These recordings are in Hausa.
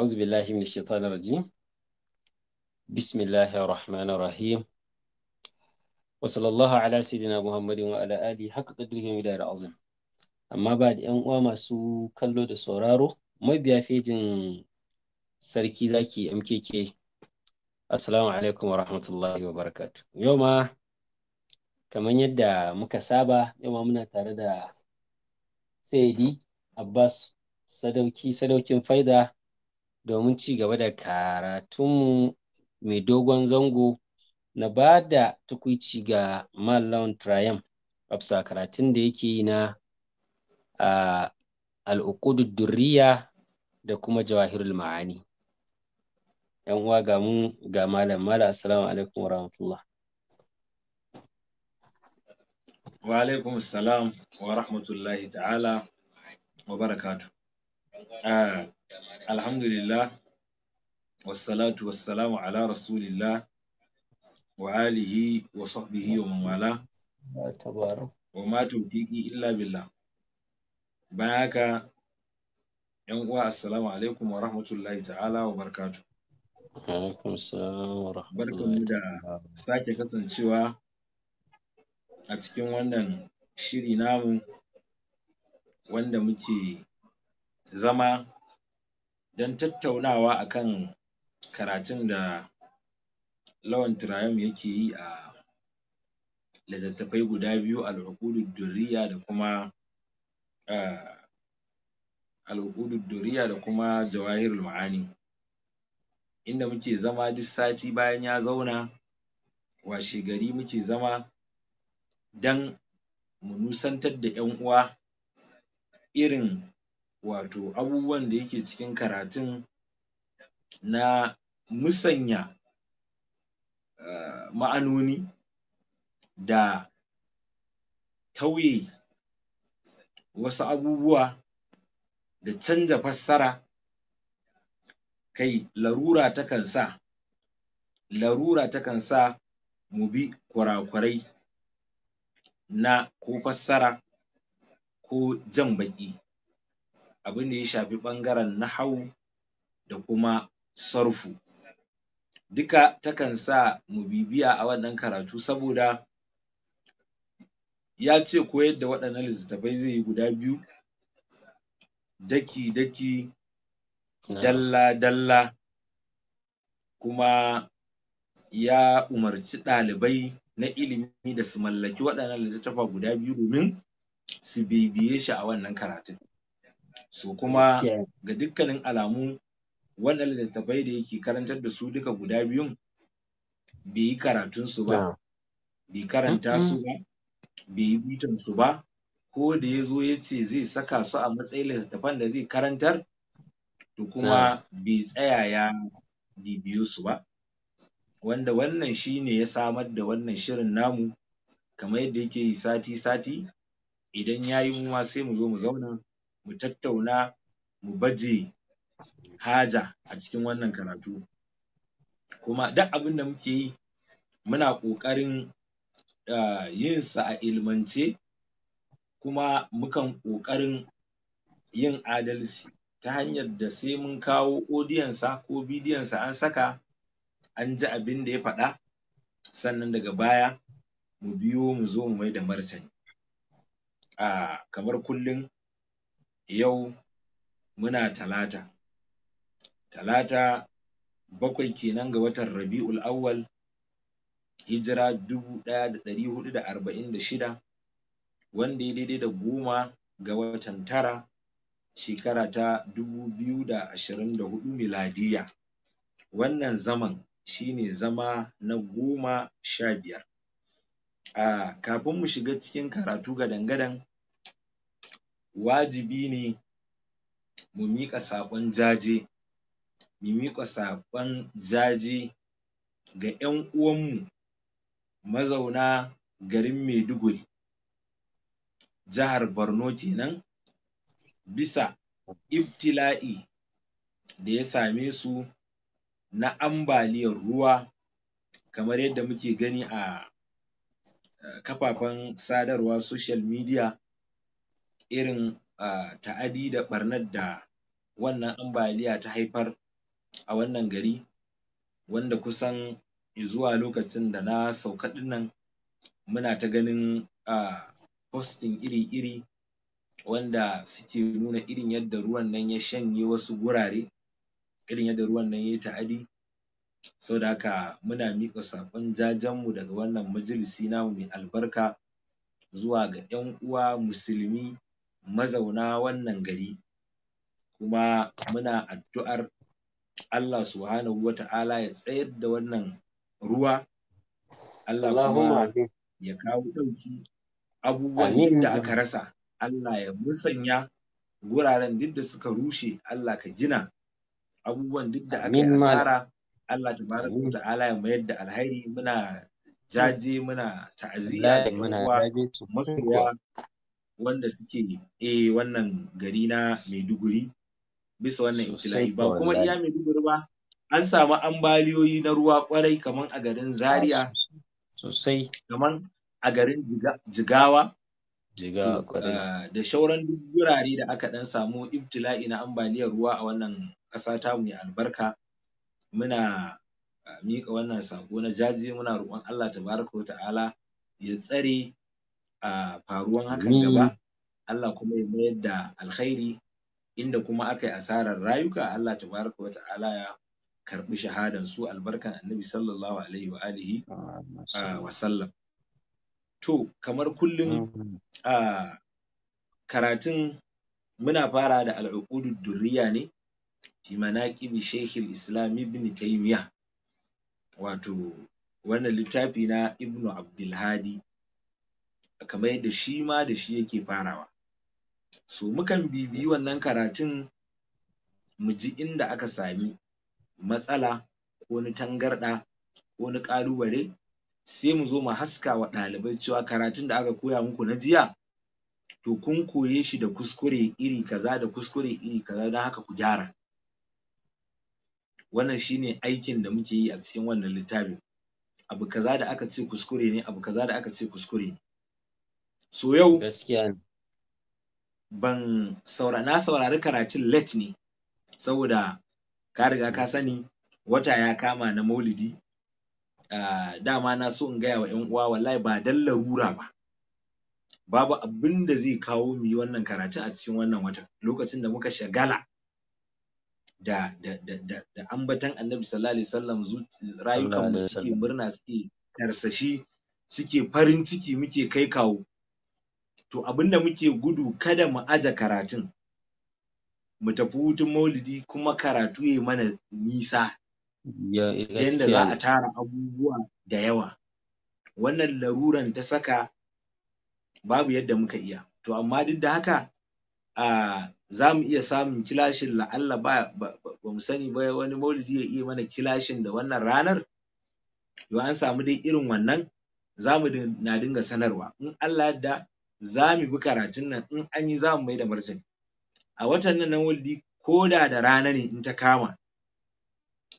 أعوذ بالله من الشيطان الرجيم بسم الله الرحمن الرحيم وصلى الله على سيدنا محمد وعلى آله حق قدره مدار عظيم amma ba da 'yan uwa masu kallo da sauraro mabiya fejin sarki zaki mkk assalamu alaikum wa rahmatullahi wa barakatu yau ma kamar yadda muka saba yau ma muna tare da saidi abbas sadauki sadaukin faida domin ci gaba da karatunmu mai dogon zango na ba da tukwici ga Mallam Triumph afsa karatun da yake yi na al'uqudud duriya da kuma jawahirul ma'ani yan uwa ga mu ga malam mala assalamu alaikum wa warahmatullah wa alaikum assalam wa rahmatullahi ta'ala wa barakatuh ah, alhamdulillah wassalatu wassalamu ala rasulillah wa alihi wa sahbihi wa man wa ma tawfiqi illa billah bayan haka yan uwa assalamu alaikum wa rahmatullahi ta'ala wa barakatuh barkanmu da sake kasancewa a cikin wannan shiri namu wanda muke zama don tattaunawa akan karatun da Lawan Turayam yake yi a littattafai guda biyu a Durriya da kuma um eh, al Durriya da kuma Jawahirul Ma'ani inda muke zama duk sati bayan ya zauna washe gari muke zama don mu nusantar da 'yan uwa irin wato abubuwan da yake cikin karatun na musanya eh, ma'anoni da tauye wasu abubuwa da canza fassara kai larura takan sa larura takan sa mu bi kurakurai na ko fassara ko jan baki. ne ya shafi ɓangaren nahawu da kuma sarfu duka takan sa mu bibiya a wannan karatu saboda ya ce koyar da waɗannan littattafai zai yi guda biyu daki-daki dalla-dalla kuma ya umarci ɗalibai na ilimi da su mallaki waɗannan littattafa guda biyu domin su bibiye shi a wannan karatun su kuma ga dukkanin alamu wannan littattafai da yake karantar da su duka guda biyun bai yi karatun su ba bai karanta su ba bai yi bitan su ba ko da ya zo ya ce zai saka su a matsayin littattafan da zai karantar to kuma bai tsaya ya bibiyo su ba wanda wannan shi ne ya samar da wannan shirin namu kamar yadda yake yi sati-sati idan ya yi mu ma sai mu zo mu zauna mu tattauna mu baje haja a cikin wannan karatu kuma duk abin da muke yi muna ƙoƙarin yinsa ah, yin sa a ilimance kuma mukan ƙoƙarin yin adalci ta hanyar da sai mun kawo odiyon sa ko bidiyon sa an saka an ji abinda ya faɗa sannan daga baya mu biyo mu zo mu mai da martani a ah, kamar kullum yau muna talata talata bakwai kenan ga watan Rabi'ul Awwal hijira dubu ɗaya da ɗari huɗu da arba'in da shida wanda ya daidai da goma ga watan tara shekara ta dubu biyu da ashirin da huɗu miladiyya wannan zaman shi ne zama na goma sha biyar a ah, kafin mu shiga cikin karatu gadan-gadan wajibi ne mu miƙa saƙon jaje mu miƙa saƙon jaje ga 'yan uwanmu mazauna garin Maiduguri jahar Borno kenan bisa ibtila'i da ya same su na ambaliyar ruwa kamar yadda muke gani a kafafen sadarwa social media irin ta'adi da ɓarnar da wannan ambaliya ta haifar a wannan gari wanda kusan zuwa lokacin da na sauka ɗinnan muna ta ganin posting iri-iri wanda suke nuna irin yadda ruwan nan ya shanye wasu gurare irin yadda ruwan nan yai ta'adi da haka muna miƙa saƙon jajenmu daga wannan majalisi namu mai albarka zuwa ga 'yan uwa musulmi mazauna wannan gari kuma muna addu'ar Allah subhanahu wa ta'ala ya tsayar da wannan ruwa Allah kuma ya kawo ɗauki abubuwan duk da aka rasa Allah ya musanya wuraren duk da suka rushe Allah ka gina abubuwan duk da aka yi asara Allah tabaraka wa ta'ala ya mayar da alhairi muna jaje muna ta'aziyya da masoya wanda suke eh wannan gari na Maiduguri bisa wannan ibtila'i ba kuma iya Maiduguri ba an samu ambaliyoyi na ruwa kwarai kaman a garin Zaria ah, sosai kaman a garin Jigawa ah, da shauran gurare da aka dan samu ibtila'i na ambaliyar ruwa a wannan ƙasa ta mai albarka muna ah, miƙa wannan sako na jaje muna roƙon Allah tabaraka wa ta'ala ya tsare faruwan hakan gaba Allah kuma ya mayar da alkhairi inda kuma aka yi asarar rayuka Allah tabaraka wa ta'ala ya karɓi shahadan su albarkan annabi sallallahu alaihi wa alihi wa sallam to kamar kullum karatun muna fara da al'uqudud durriya ne fi manaqibi shaykhil islam ibn taymiya wato wannan littafi na ibnu abdulhadi kamar yadda shi ma da shi yake farawa so mukan bibiyi wannan karatun mu ji inda aka sami matsala ko wani tangarɗa ko wani ƙalubale sai mu zo mu haska wa ɗalibai cewa karatun da aka koya muku na jiya to kun koye shi da kuskure iri kaza da kuskure iri kaza don haka ku gyara wannan shine aikin da muke yi a cikin wannan littafin abu kaza da aka ce kuskure ne abu kaza da aka ce kuskure ne so yau ban saurana na saurari karatun let ne saboda ka riga ka sani wata ya kama na maulidi dama na so in gaya wa yan uwa wallahi ba dan larura ba babu abin da zai kawo mu yi wannan karatun a cikin wannan watan lokacin da muka shagala da da da da, da ambatan annabi sallallahu alaihi wasallam rayukan suke murna suke karsashi suke farin ciki muke kai kawo to abinda muke gudu kada mu aje karatun mu tafi hutun maulidi kuma karatu ya mana nisa ta yadda za a tara abubuwa da yawa wannan laruran ta saka babu yadda muka iya to amma duk da haka a za mu iya samun kilashin la'alla ba ba mu sani ba wani maulidi ya iya mana kilashin da wannan ranar to an samu dai irin wannan za mu na dinga sanarwa in Allah yadda za mu bi karatun nan in an yi za mu mai da martani a watan nan na wuldi ko da da rana ne in ta kama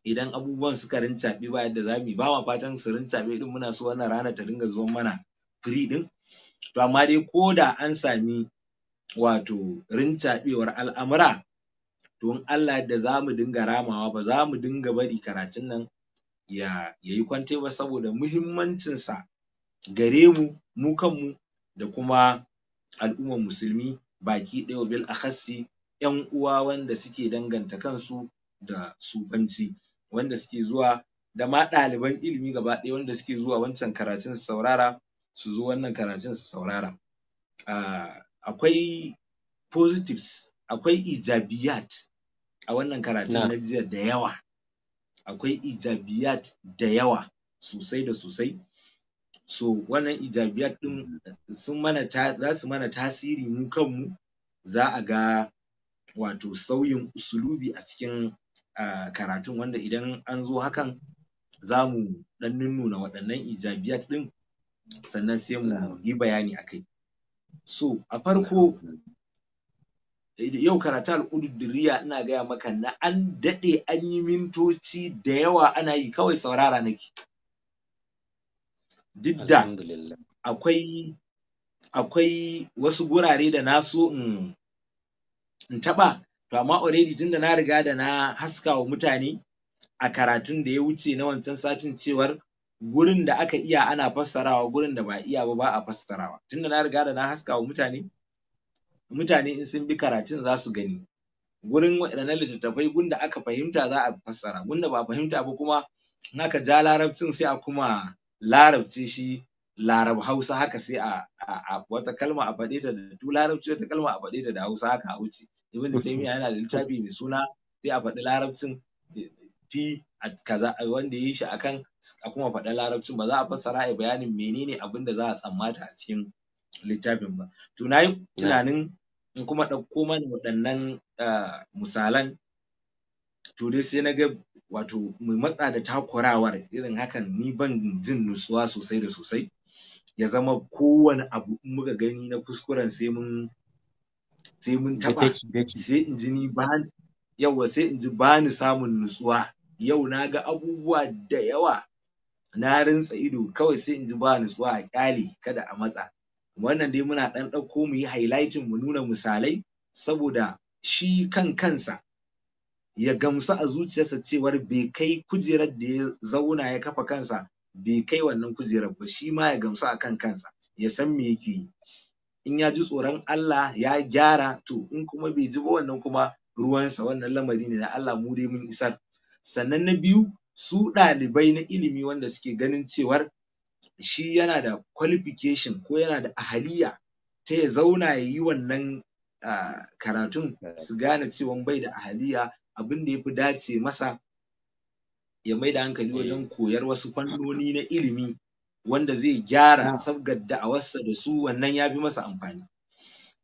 idan abubuwan suka rincaɓe ba yadda za mu yi ba ma fatan su rincaɓe din muna so wannan rana ta dinga zuwa mana free din to amma dai ko da an sami wato rincaɓewar al'amura to in Allah yadda za mu dinga ramawa ba za mu dinga bari karatun nan ya yayi kwante ba saboda muhimmancinsa gare mu mu kanmu da kuma al'ummar musulmi baki ɗaya bil akhassi yan uwa wanda suke danganta kansu da sufanci wanda suke zuwa da ma ɗaliban ilimi gaba ɗaya wanda suke zuwa wancan karatun su saurara su zo wannan karatun su saurara akwai positives akwai ijabiyat a wannan karatun na jiya da yawa akwai ijabiyat da yawa sosai da sosai so wannan ijabiyat din sun mana za su mana tasiri mu kanmu za a ga wato sauyin usulubi a cikin karatun wanda idan an zo hakan za mu ɗan nunnuna waɗannan ijabiyat ɗin sannan sai mu yi bayani a kai so a farko yau karatu al'udurriya ina gaya maka na an daɗe an yi mintoci da yawa ana yi kawai saurara nake duk da akwai akwai wasu gurare da na so in in taɓa to amma already tunda na riga da na haska wa mutane a karatun da ya wuce na wancan satin cewar gurin da aka iya ana fassarawa gurin da ba iya ba ba a fassarawa tunda na riga da na haska wa mutane mutane in sun bi karatun za su gani gurin waɗannan littattafai gunda aka fahimta za a fassara gunda ba a fahimta ba kuma in aka ja larabcin sai a kuma larabce shi larab hausa haka sai a, a, wata kalma a faɗe ta da tu larabci wata kalma a faɗe ta da hausa haka a wuce ibn miya yana da littafi mai suna sai a faɗi larabcin fi eh, kaza wanda yi shi akan a kuma faɗa larabcin ba za a fassara a bayanin menene abin da za a tsammata a cikin littafin ba to na tunanin in kuma ɗauko mana waɗannan eh, misalan to dai sai na ga wato mu matsa da takurawar irin hakan ni ban jin nutsuwa sosai da sosai ya zama kowane abu in muka gani na kuskuren sai mun sai mun taɓa sai in ji ni ba yawa sai in ji ba ni samun nutsuwa yau na ga abubuwa da yawa na rintsa ido kawai sai in ji ba nutsuwa a ƙyale kada a matsa wannan dai muna ɗan ɗauko mu yi highlighting mu nuna misalai saboda shi kan kansa ya gamsu a zuciyarsa cewar bai kai kujerar da ya zauna ya kafa kansa bai kai wannan kujerar ba shi ma ya gamsu a kan kansa ya san me yake yi in ya ji tsoron Allah ya gyara to in kuma bai ji ba wannan kuma ruwansa wannan lamari ne da Allah mu dai mun isar sannan na biyu su ɗalibai na ilimi wanda suke ganin cewar shi yana da qualification ko yana da ahaliya ta ya zauna ya yi wannan ah, karatun su gane cewa bai da ahaliya abin da ya fi dace masa ya mai da hankali eh. wajen koyar wasu fannoni na ilimi wanda zai gyara ah. sabgar da'awarsa da su wannan ya fi masa amfani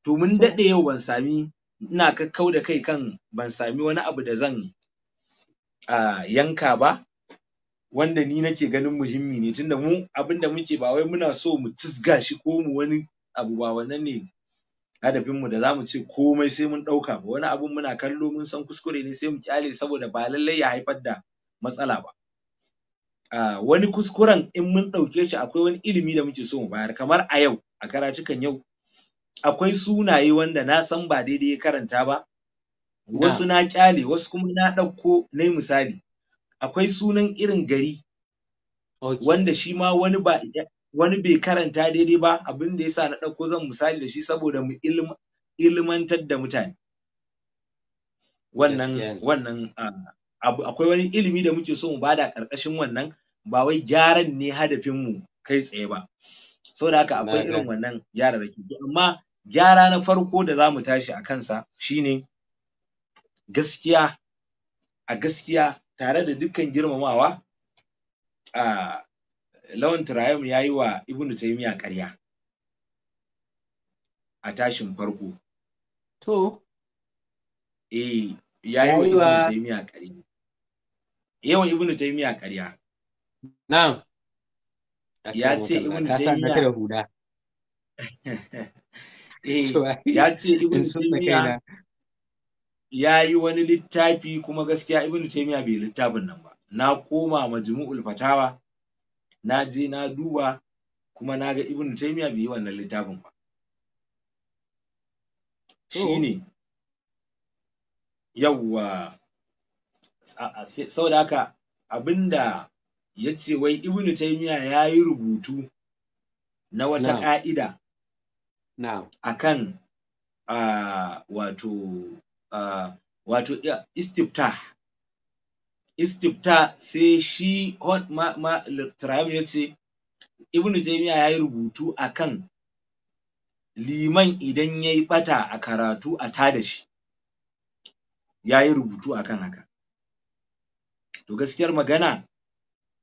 to mun daɗe yau ban sami ina kakkau da kai kan ban sami wani abu da zan yanka ba wanda ni nake ganin muhimmi ne tunda mu abin da muke ba wai muna so mu cisga shi ko mu wani abu ba wannan ne hadafinmu da zamu ce komai sai mun ɗauka ba wani abun muna kallo mun san kuskure ne sai mu kyale saboda ba lallai ya haifar da matsala ba wani kuskuren in mun ɗauke shi akwai wani ilimi da muke so mu bayar kamar a yau a karatukan yau akwai sunaye wanda na san ba daidai ya karanta ba wasu na kyale wasu kuma na ɗauko na misali akwai sunan irin gari wanda shi ma wani ba wani bai karanta daidai ba abin da yasa na ɗauko zan misali da shi saboda mu ilmantar da mutane wannan wannan akwai wani ilimi da muke so mu bada ƙarƙashin wannan ba wai gyaran ne hadafin mu kai tsaye ba saboda haka akwai irin wannan gyara yararraki amma gyara na farko da zamu tashi a kansa shine gaskiya a gaskiya tare da dukkan girmamawa a lawan turayim ya yi wa ibnu taimiya ƙarya a tashin farko to eh ya yi wa ibnu taimiya ƙarya yawan ibnu taimiya ƙarya na'am ya ce ibnu taimiya ya ce ibnu taimiya ya yi wani littafi kuma gaskiya ibnu taimiya bai littafin nan ba na koma majmu'ul fatawa na je na duba kuma na ga ibn taymiya bai yi wannan littafin ba shine yawwa saboda haka abinda ya ce wai ibn taymiya ya yi rubutu na wata ƙa'ida a kan wato wato istifta istifta sai shi ma, ma ya ce ibnu jami'a ya yi rubutu akan liman idan ya yi bata a karatu a tada shi ya yi rubutu akan haka to gaskiyar magana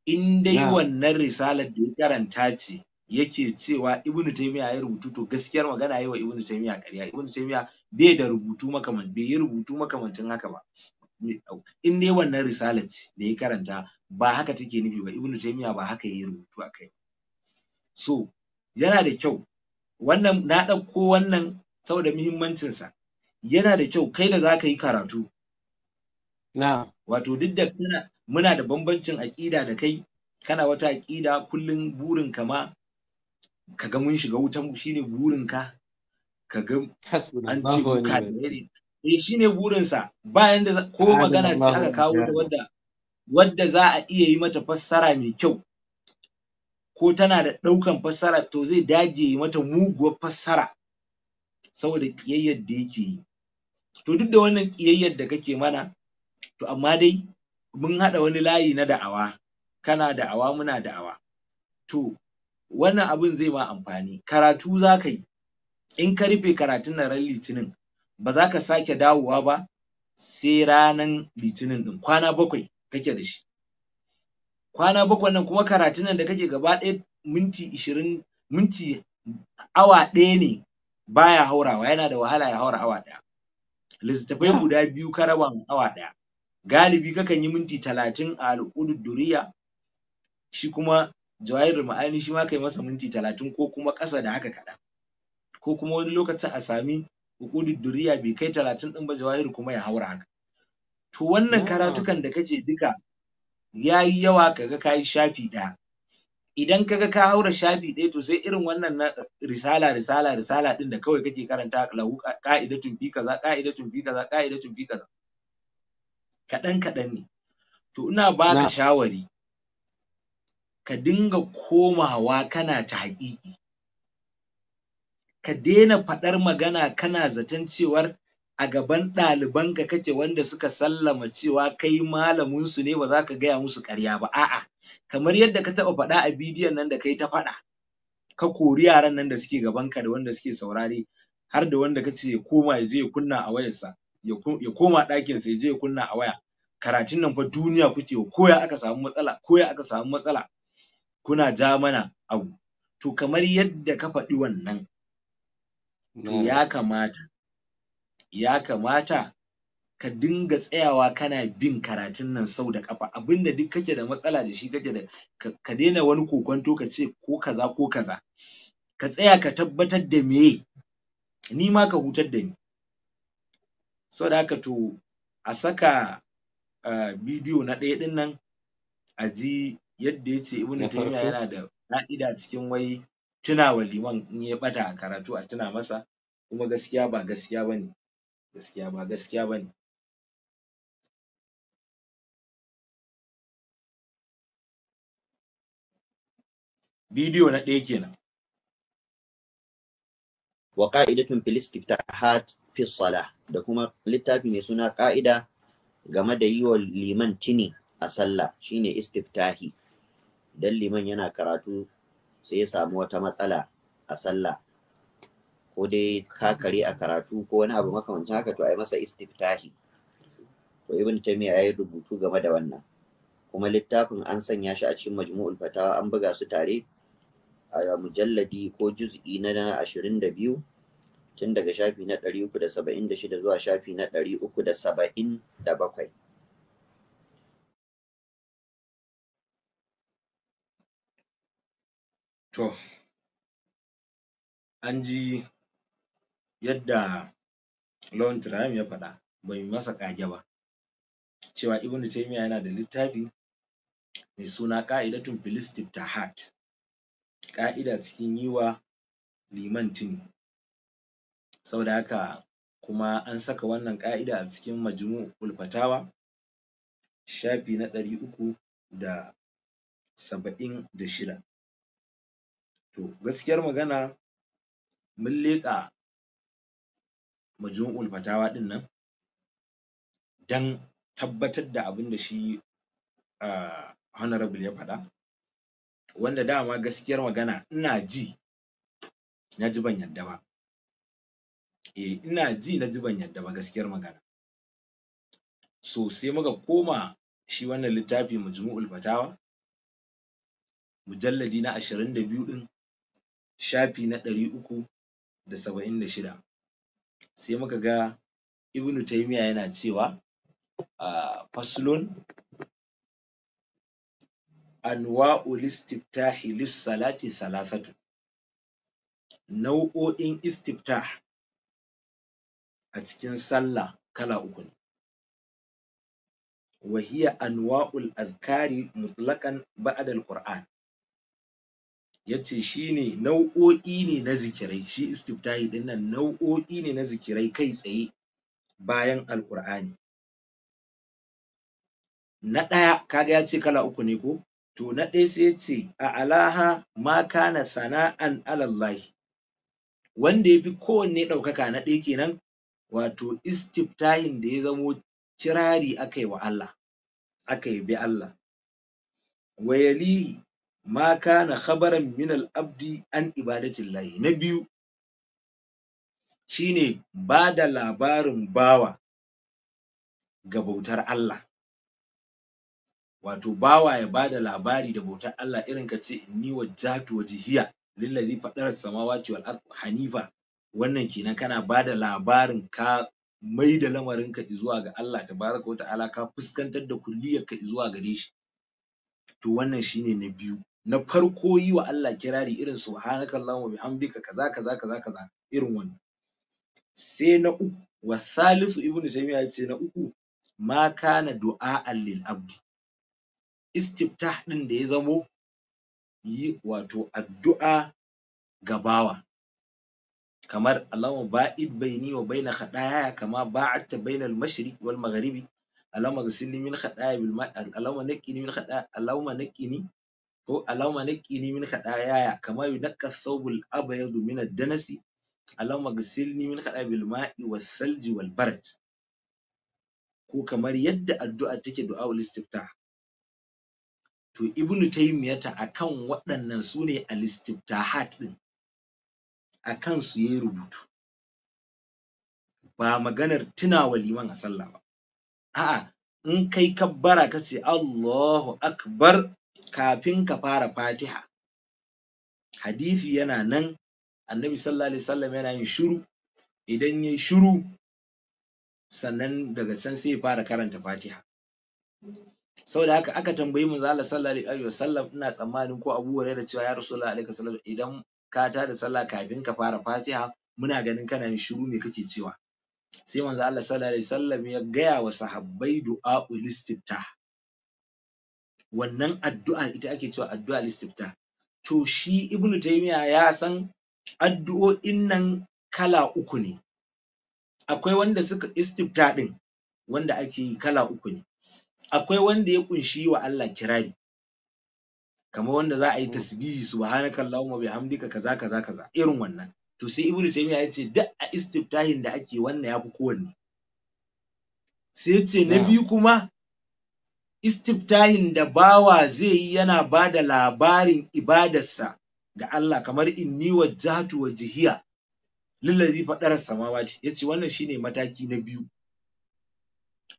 in dai yeah. wannan risalar da ya karanta ce yake cewa ibnu jami'a ya yi rubutu to gaskiyar magana ya yi wa ibnu jami'a ƙarya ibnu jami'a bai da rubutu makaman bai yi rubutu makamancin haka ba in dai wannan risalat da ya karanta ba haka take nufi ba ibnu taymiya ba haka yayi rubutu a kai so yana da kyau wannan na ɗauko wannan saboda muhimmancin sa yana da kyau kai da zaka yi karatu na wato duk da muna da bambancin aƙida da kai kana wata aƙida kullun burin ka ma ka ga mun shiga wutan shine burin ka ka ga an ce ka eh shine burinsa bayan da ko magana ce aka kawo ta wadda wadda za a iya yi mata fassara mai kyau ko tana da ɗaukan fassara to zai dage mata muguwar fassara saboda ƙiyayyar da yake yi to duk da wannan ƙiyayyar da kake mana to amma dai mun haɗa wani layi na da'awa kana da'awa muna da'awa to wannan abin zai ma amfani karatu za ka yi in ka rufe karatun na ran litinin ba za ka sake dawowa ba sai ranan litinin din. kwana bakwai kake da shi kwana bakwai nan kuma karatun da kake gaba ɗaya minti ishirin minti awa ɗaya ne baya haurawa yana da wahala ya haura awa ɗaya littattafai guda biyu ka awa ɗaya galibi kakan yi minti talatin a duriya shi kuma jawahir ma'ani shi ma kai masa minti talatin ko kuma ƙasa da haka kaɗan ko kuma wani lokacin a sami uqudud duriya bai kai talatin din ba jawahir kuma ya haura haka to wannan karatukan da kake duka yayi yawa kaga kayi shafi ɗaya idan kaga ka haura shafi ɗaya to sai irin wannan na risala risala risala din da kawai kake karanta lahu ka'idatun fi kaza ka'idatun fi kaza ka'idatun fi kaza kaɗan kaɗan ne to ina baka shawari ka dinga komawa kana ta haƙiƙi ka daina faɗar magana kana zaton cewar a gaban ɗalibanka kake wanda suka sallama cewa kai malamin su ne ba za ka gaya musu ƙarya ba a'a kamar yadda ka taɓa faɗa a bidiyon nan da kai ta faɗa ka kori yaran nan da suke gabanka da wanda suke saurare har da wanda kace ya koma ya je ya kunna a wayarsa ya koma ɗakinsa ya je ya kunna a waya karatun nan fa duniya kuke ya aka samu matsala ya aka samu matsala kuna ja mana abu to kamar yadda ka faɗi wannan to ya kamata ya kamata ka dinga tsayawa kana bin karatun nan sau da kafa abinda duk kake da matsala da shi kake da ka daina wani kokonto ka ce ko kaza ko kaza ka tsaya ka tabbatar da me ni ma ka hutar da ni da haka to a saka eh, bidiyo na ɗaya ɗin nan a ji yadda ya ce Ibn Taymiyyah yana da na'ida cikin wai Tuna wa liman in ya ɓata a karatu a tuna masa kuma gaskiya ba gaskiya bane gaskiya ba gaskiya bane bidiyo na ɗaya kenan wa qa'idatun fil istiftahat fi salah da kuma littafi mai suna ƙa'ida game da yi wa liman tini a sallah shine istiftahi dan liman yana karatu sai ya samu wata matsala a sallah ko dai kakare a karatu ko wani abu makamancin haka to a yi masa istiftahi to ibn taymiya ya yi rubutu game da wannan kuma littafin an sanya shi a cikin majmu'ul fatawa an buga su tare a mujalladi ko juz'i na 22 tun daga shafi na 376 zuwa shafi na 377 To an ji yadda Lawan Turayam ya faɗa bai masa ƙage ba cewa Ibn Taymiyya yana da littafi mai suna ƙa'idatun fil hat ƙa'ida cikin yi wa liman tuni saboda haka kuma an saka wannan ƙa'ida a cikin majmu'ul fatawa shafi na ɗari uku da saba'in da shida. To gaskiyar magana mun leƙa majmu'ul fatawa ɗin nan don tabbatar da abinda shi um Honorable ya faɗa wanda dama gaskiyar magana ina ji na ji ban yadda ba eh ina ji na ji ban yadda ba gaskiyar magana so sai muka koma shi wannan littafi majmu'ul fatawa mujalladi na ashirin da biyu ɗin shafi na ɗari uku da saba'in da shida sai muka ga Ibn Taymiyya yana cewa um faslun anwa'ul istiftahi salati thalathatu nau'o'in istiftah a cikin sallah kala uku ne wa hiya anwa'ul azkari mutlaqan al Qur'an yace shine nau'o'i ne na zikirai shi istiftahi din nan nau'o'i ne na zikirai kai tsaye bayan alƙur'ani na ɗaya kaga yace kala uku ne ko to na ɗaya sai yace alaha ma kana sana'an alallahi wanda ya fi kowanne ɗaukaka na ɗaya kenan wato istiftahin da ya zamo kirari aka yi wa Allah aka bi Allah wa ma kana khabaran min al-abdi an ibadatillahi na biyu shine ba da labarin bawa ga bautar Allah wato bawa ya ba da labari da bautar Allah irin ka ce inni wajjatu wajhiya lillazi fadara samawati wal hanifa wannan kenan kana ba da labarin ka mai da lamarin ka zuwa ga Allah tabaraka wa ta'ala ka fuskantar da kai zuwa gare shi to wannan shine na biyu na farko yi wa Allah kirari irin subhanakallahumma bihamdika kaza kaza kaza kaza irin wannan sai na uku wa salisu ibnu taymiya yace na uku ma kana du'a lil abdi istiftah din da ya zamo yi wato addu'a ga bawa kamar Allahumma ba'id baini wa baina khataaya kama ba'adta baina al-mashriq wal maghribi Allahumma ghsilni min khataaya bil ma'i Allahumma naqqini min khataaya Allahumma naqqini ko alama naqini min yaya kama yunqqa sobul aba yadu mina danasi alama gsilni min khada bil ma'i wa salji wal barat ko kamar yadda addu'a take wal istiftah to ibnu ta akan waɗannan sune al-istiftahat din akan su yayi rubutu ba maganar wa liman a sallah ba a'a in kai kabbara ka ce Allahu akbar kafin ka fara fatiha hadisi yana nan annabi sallallahu alaihi wasallam yana yin shiru idan yayi shiru sannan daga can sai ya fara karanta fatiha saboda haka aka tambayi manzo Allah sallallahu alaihi wasallam ina tsammanin ko Abu Hurairah cewa ya Rasulullah alaihi wasallam idan ka tada sallah kafin ka fara fatiha muna ganin kana yin shiru ne kake cewa sai manzo Allah sallallahu alaihi wasallam ya gaya wa sahabbai ul istiftah wannan addu'a ita ake cewa addu'a listifta to shi ibnu taymiya ya san addu'o'in nan kala uku ne akwai wanda suka istifta din wanda ake yi kala uku ne akwai wanda ya kunshi wa Allah kirari kamar wanda za a yi mm. tasbihi subhanakallahumma bihamdika kaza kaza kaza irin wannan to sai ibnu taymiya ya ce duk a istiftahin da ake wannan yafi kowanne sai ce na biyu kuma istiftahin da bawa zai yi yana ba da labarin ibadarsa ga Allah kamar inni wajjatu wajhiya lillazi faɗarar samawati yace wannan shine mataki na biyu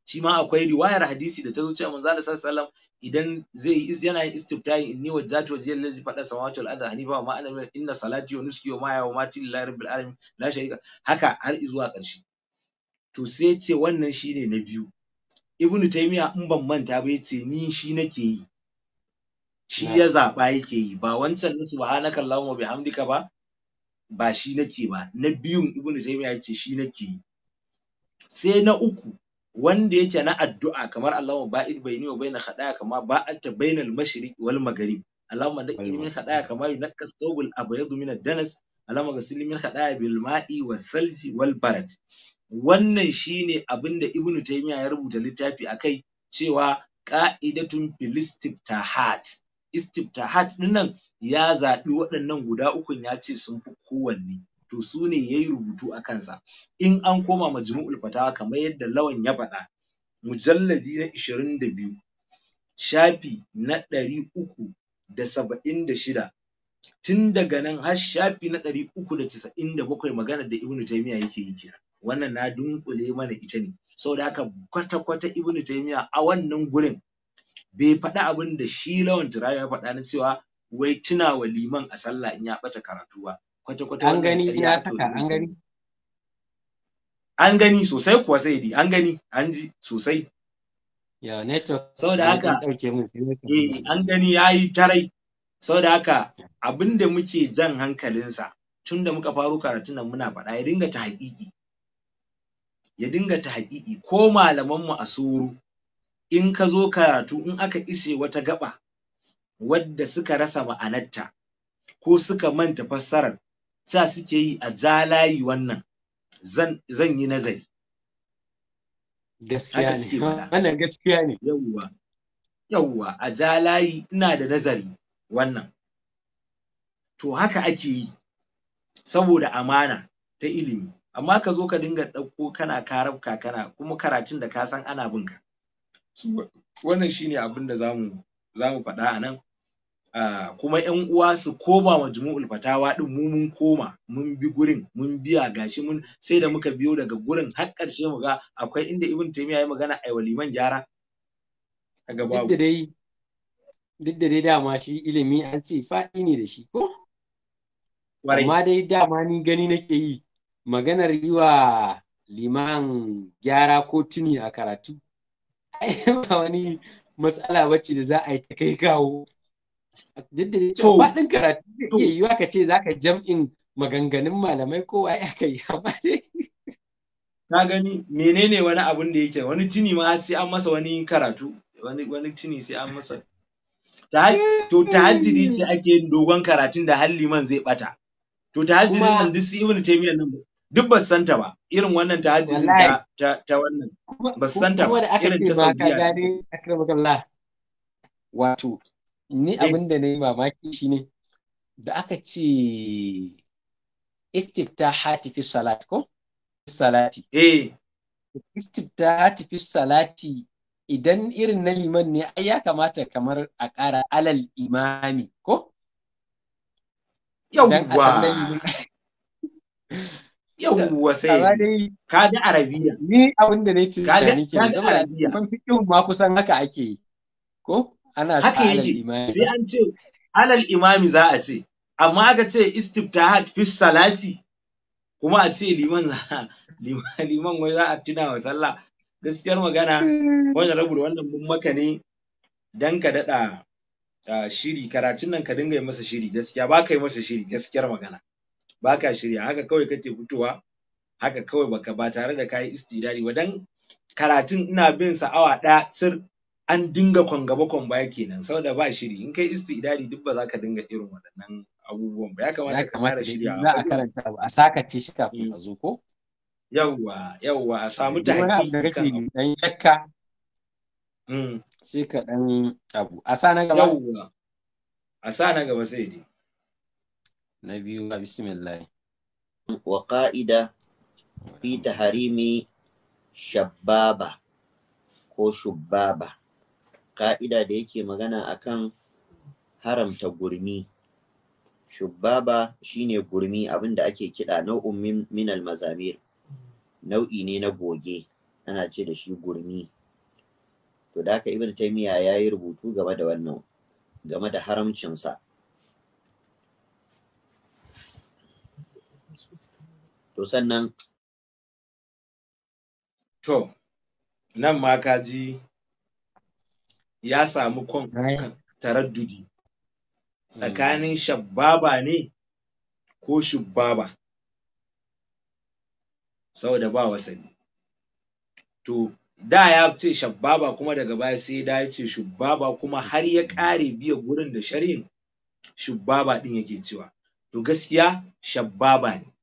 shi ma akwai riwayar hadisi da ta zo cewa manzo Allah sallallahu idan zai yi yana yin istiftahin inni wajjatu wajhiya lillazi fadarar samawati wal ardi hanifa ma ana inna salati wa nuski wa maya wa mati lillahi rabbil alamin la sharika haka har zuwa ƙarshe to sai ce wannan shine na biyu ibn taymiya in ban manta ba yace ni shi nake yi shi ya zaɓa yake yi ba wancan na subhanaka allahumma bihamdika ba ba shi nake ba na biyun ibn taymiya yace shi nake yi sai na uku wanda yake na addu'a kamar allahumma ba'id baini wa baina khadaya kama ba'atta bainal mashriq wal maghrib allahumma naqqini min khadaya kama yunqas thawbul abyad min ad-danas allahumma ghsilni min khadaya bil ma'i wath thalji wal barad wannan shine da Ibn taymiya ya rubuta littafi a kai cewa ka'idatun fil istiftahat istiftahat dinnan ya zaɓi waɗannan guda ukun ya ce sun fi kowanne to su ne ya yi rubutu a kansa in an koma majmu'ul fatawa kamar yadda lawan ya faɗa mujalladi na ishirin da biyu shafi na ɗari uku da saba'in da shida tun daga nan har shafi na ɗari uku da casa'in da bakwai magana da ibnu taymiya yake yi kenan wannan na dunkule mana ita ne saboda haka kwata-kwata ibnu taymiya a wannan gurin bai faɗi abin da shi lawan turawa ya faɗa na cewa wai tuna wa liman a sallah in ya ɓata karatu ba kwata-kwata an gani ya saka an gani an gani sosai kuwa sai di an gani an ji sosai ya network saboda haka eh an gani yayi tarai saboda haka abin da muke jan hankalinsa tun da muka faro karatun nan muna faɗa ya dinga ta haƙiƙi ya dinga ta haƙiƙi ko malamanmu a soro in ka zo karatu in aka ise wata gaba wadda suka rasa ma'anarta ko suka manta fassarar ta suke yi a zalayi wannan zan yi nazari gaskiya ne gaskiya ne yawwa yawwa a zalayi ina da nazari wannan to haka ake yi saboda amana ta ilimi amma ka zo ka dinga ɗauko kana karabka kana kuma karatun da ka san ana bin ka so wannan shine abin da zamu zamu faɗa a nan kuma yan uwa su koma wa jumu'ul fatawa din mu mun koma mun bi gurin mun biya gashi mun sai da muka biyo daga gurin har ƙarshe mu ga akwai inda ibn taymiya ya magana ai waliman gyara kaga babu duk da dai duk da dai dama shi ilimi an ce faɗi ne da shi ko amma dai dama ni gani nake yi maganar yi wa liman gyara ko tuni a karatu ba wani matsala bacci da za a yi ta kai kawo duk da faɗin karatu ne yi. yiwa ka ce za ka jam'in maganganun malamai ko waye ya kai amma dai na gani menene wani abun da yake wani tuni ma sai an masa wani karatu wani wani tuni sai an masa to ta hajjidi ce ake dogon karatun da halliman zai bata to ta tahajjudi nan duk su ibnu taymiyyah nan duk ba san ta ba irin wannan ta hajjin ta ta ta wannan ba san ta ba irin ta saudiya wato ni eh. abin da na yi mamaki shine da aka ce istifta hatifi salat ko salati eh istifta hatifi salati idan irin na liman ne ai ya kamata kamar a ƙara alal imami ko yawwa yawwa sai ka ga arabiya ni abin da nace ka ga arabiya ban fiqhin ma kusan haka ake yi ko ana haka yake sai an ce alal imami za a ce amma aka ce istiftahat fi salati kuma a ce liman liman wai za a tuna wa sallah gaskiyar magana wannan rabu wannan mun maka ne dan ka dada ah, shiri karatun nan ka dinga yi masa shiri gaskiya ba ka yi masa shiri gaskiyar magana ba ka shirya haka kawai kake fitowa haka kawai baka ba tare da kayi istidari ba dan karatun ina bin sa awa ɗaya sir an dinga kwangaba kwamba kwan baya kenan saboda ba shiri in kai istidari duk ba za ka dinga irin waɗannan abubuwan ba ya kamata ka fara shirya za a karanta a ce shi kafin mm. a zo ko yawwa yawwa a samu ta hakiki dan yakka mm. sai ka dan abu a sa na gaba yawwa a sa na gaba sai dai na biyu a bismillah wa ƙa'ida fi harimi shabbaba ko shubbaba ka'ida da yake magana akan haramta gurmi shubbaba ne gurmi abinda da ake kiɗa nau'in minal mazamir nau'i ne na goge ana ce da shi gurmi to da haka ibn miya ya yi rubutu game da wannan game da haramcinsa to sannan to nan ma ka ji ya samu kon taraddudi hmm. tsakanin shabbaba ne ko shubbaba saboda ba wasani to da ya ce shabbaba kuma daga baya sai da ya ce shubbaba kuma har ya ƙare biya gurin da shari'in shubbaba din yake cewa to gaskiya shabbaba ne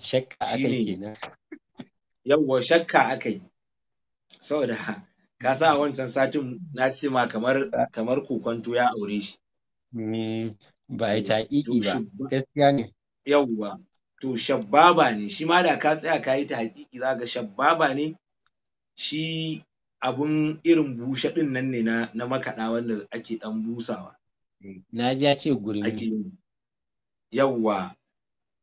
shakka aka yi kenan yawwa shakka aka yi saboda ka sa wancan satin na ce ma kamar kamar kokonto ya aure shi mm, ba ya ta iki ba gaskiya ne yawwa to shabbaba ne shi ma da ka tsaya ka yi ta hakiki za ga shabbaba ne shi abun irin bushe din nan ne na na makaɗa wanda ake ɗan busawa na ji ya ce gurmi yawwa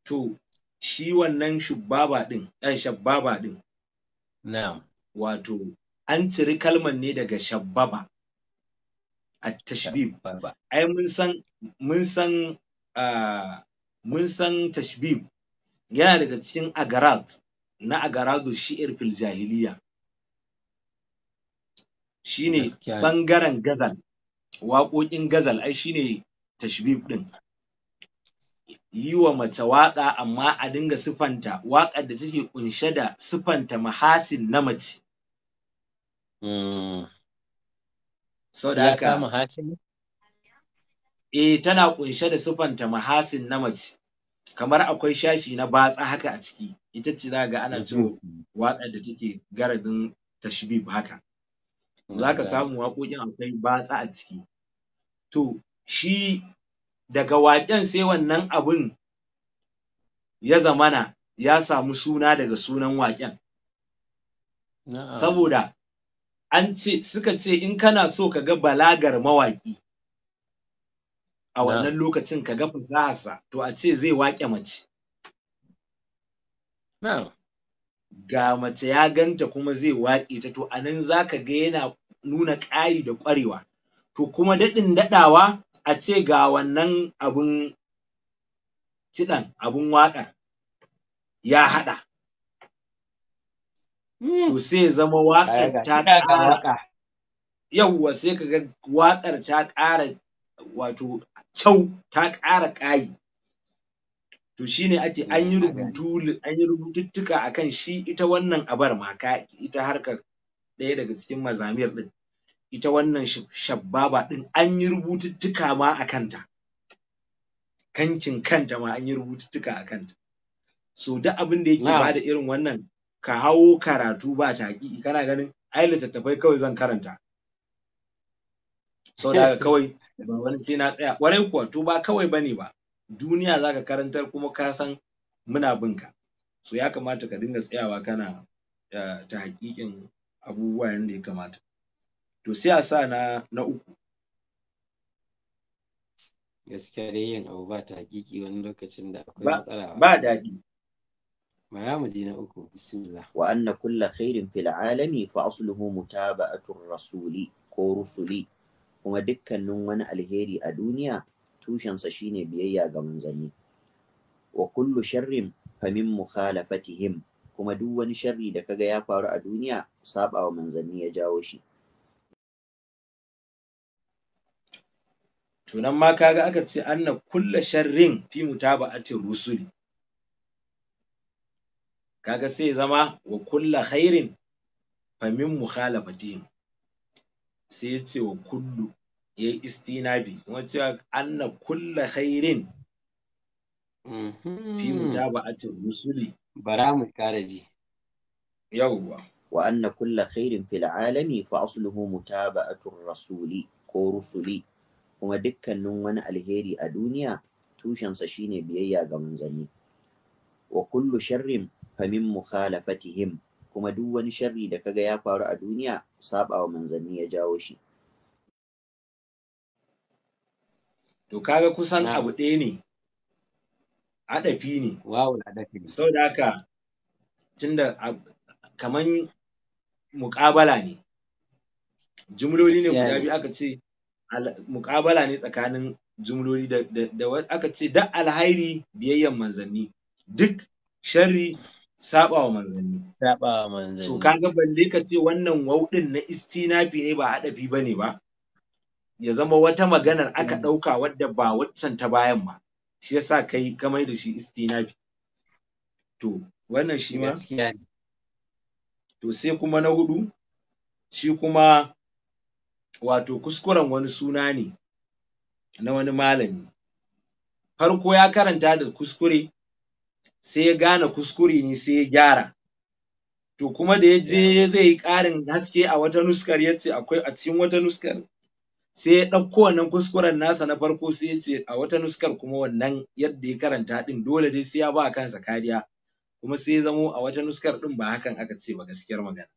to shi wannan shubaba din ɗan eh, shabbaba din na'am wato an ciri kalman ne daga shabbaba a tashbib ai mun san mun san mun san tashbib yana daga cikin agarat na agaradu shi'ir fil jahiliya shine bangaren gazal waƙoƙin gazal ai shine tashbib ɗin. yi wa mace waƙa amma a dinga siffanta waƙar da take kunshe da siffanta mahasin na mace. Mm. Eh tana kunshe da siffanta mahasin na mace. Kamar akwai shashi na batsa haka a ciki, ita ce za ga ana ciro mm-hmm. waƙar da take garadin tashbib haka. Za ka mm-hmm. samu waƙoƙin akwai batsa a ciki. To, shi daga waƙen sai wannan abun ya zamana ya samu suna daga sunan waƙen saboda an ce suka ce in kana so ka ga balagar mawaƙi a wannan lokacin ka ga fasaharsa to a ce zai waƙe mace ga mace ya ganta kuma zai waƙe ta to anan za ka ga yana nuna ƙayi da ƙwarewa to kuma daɗin daɗawa a ce ga wannan abun kiɗan abun waƙar ya haɗa. Hmm. To sai zama waƙar ta ƙara. Yawwa sai ka ga waƙar ta ƙara wato kyau ta ƙara ƙayi. To shi ne ake an yi rubutu an yi rubututtuka akan shi ita wannan abar ma ka ita harkar ɗaya daga cikin mazamir ɗin. ita wannan shabbaba ɗin an yi rubututtuka ma a kanta kancin kanta ma an yi rubututtuka a kanta so duk abin da yake ba da irin wannan ka hawo karatu ba taƙi kana ganin ai littattafai kawai zan karanta sau da kawai ba wani sai na tsaya warai kuwa to ba kawai ba ne ba duniya za ka karantar kuma ka san muna bin ka so ya kamata ka dinga tsayawa kana eh, ta haƙiƙin abubuwa yadda ya kamata to sai a sa na na uku gaskiya dai yin abu ba ta hakiki wani lokacin da akwai matsala ba daɗi bara mu na uku bismillah wa anna kulla khairin fil alami fa asluhu mutaba'atur rasuli ko rusuli kuma dukkanin wani alheri a duniya tushensa shine biyayya ga manzanni wa kullu sharrin min mukhalafatihim kuma duk wani sharri da kaga ya faru a duniya saba wa manzanni ya jawo shi to nan ma kaga aka ce anna kulla sharrin fi mutaba'atir rusuli kaga sai zama wa kulla khairin fa min mukhalafatihim sai ya ce wa kullu ya istinabi kuma cewa anna kulla khairin mhm. fi mutaba'atir rusuli bara mu kare ji yawwa wa anna kulla khairin fil alami fa asluhu mutaba'atur rasuli ko rusuli kuma dukkanin wani alheri a duniya tushensa shine biyayya ga manzanni wa kullu sharrin famin mukhalafatihim kuma duk wani sharri da kaga ya faru a duniya saba wa manzanni ya jawo shi to kaga kusan abu ɗaya ne adafi ne wawo adafi ne sau da haka tunda kaman muƙabala ne jumloli ne guda biyu aka ce Mukabala ne tsakanin jumloli da, aka ce da alhairi biyayyan manzanni duk sharri sabawa manzanni saɓawa manzanni so kaga balle ka ce wannan wauɗin na istinafi ne ba haɗafi ba ne ba ya zama wata maganar aka mm. ɗauka wadda ba waccan ta bayan ba shi yasa kai ka da shi istinafi to wannan shi ma to sai kuma na hudu shi kuma wato kuskuren wani suna ne na wani malami farko ya karanta da kuskure sai ya gane kuskure ne sai ya gyara to kuma da ya je zai yi ƙarin haske a wata nuskar ya ce akwai a cikin wata nuskar sai ya ɗauko wannan kuskuren nasa na farko sai ya ce a wata nuskar kuma wannan yadda ya karanta ɗin dole dai sai ya ba kansa kariya kuma sai ya zamo a wata nuskar ɗin ba hakan aka ce ba gaskiyar magana.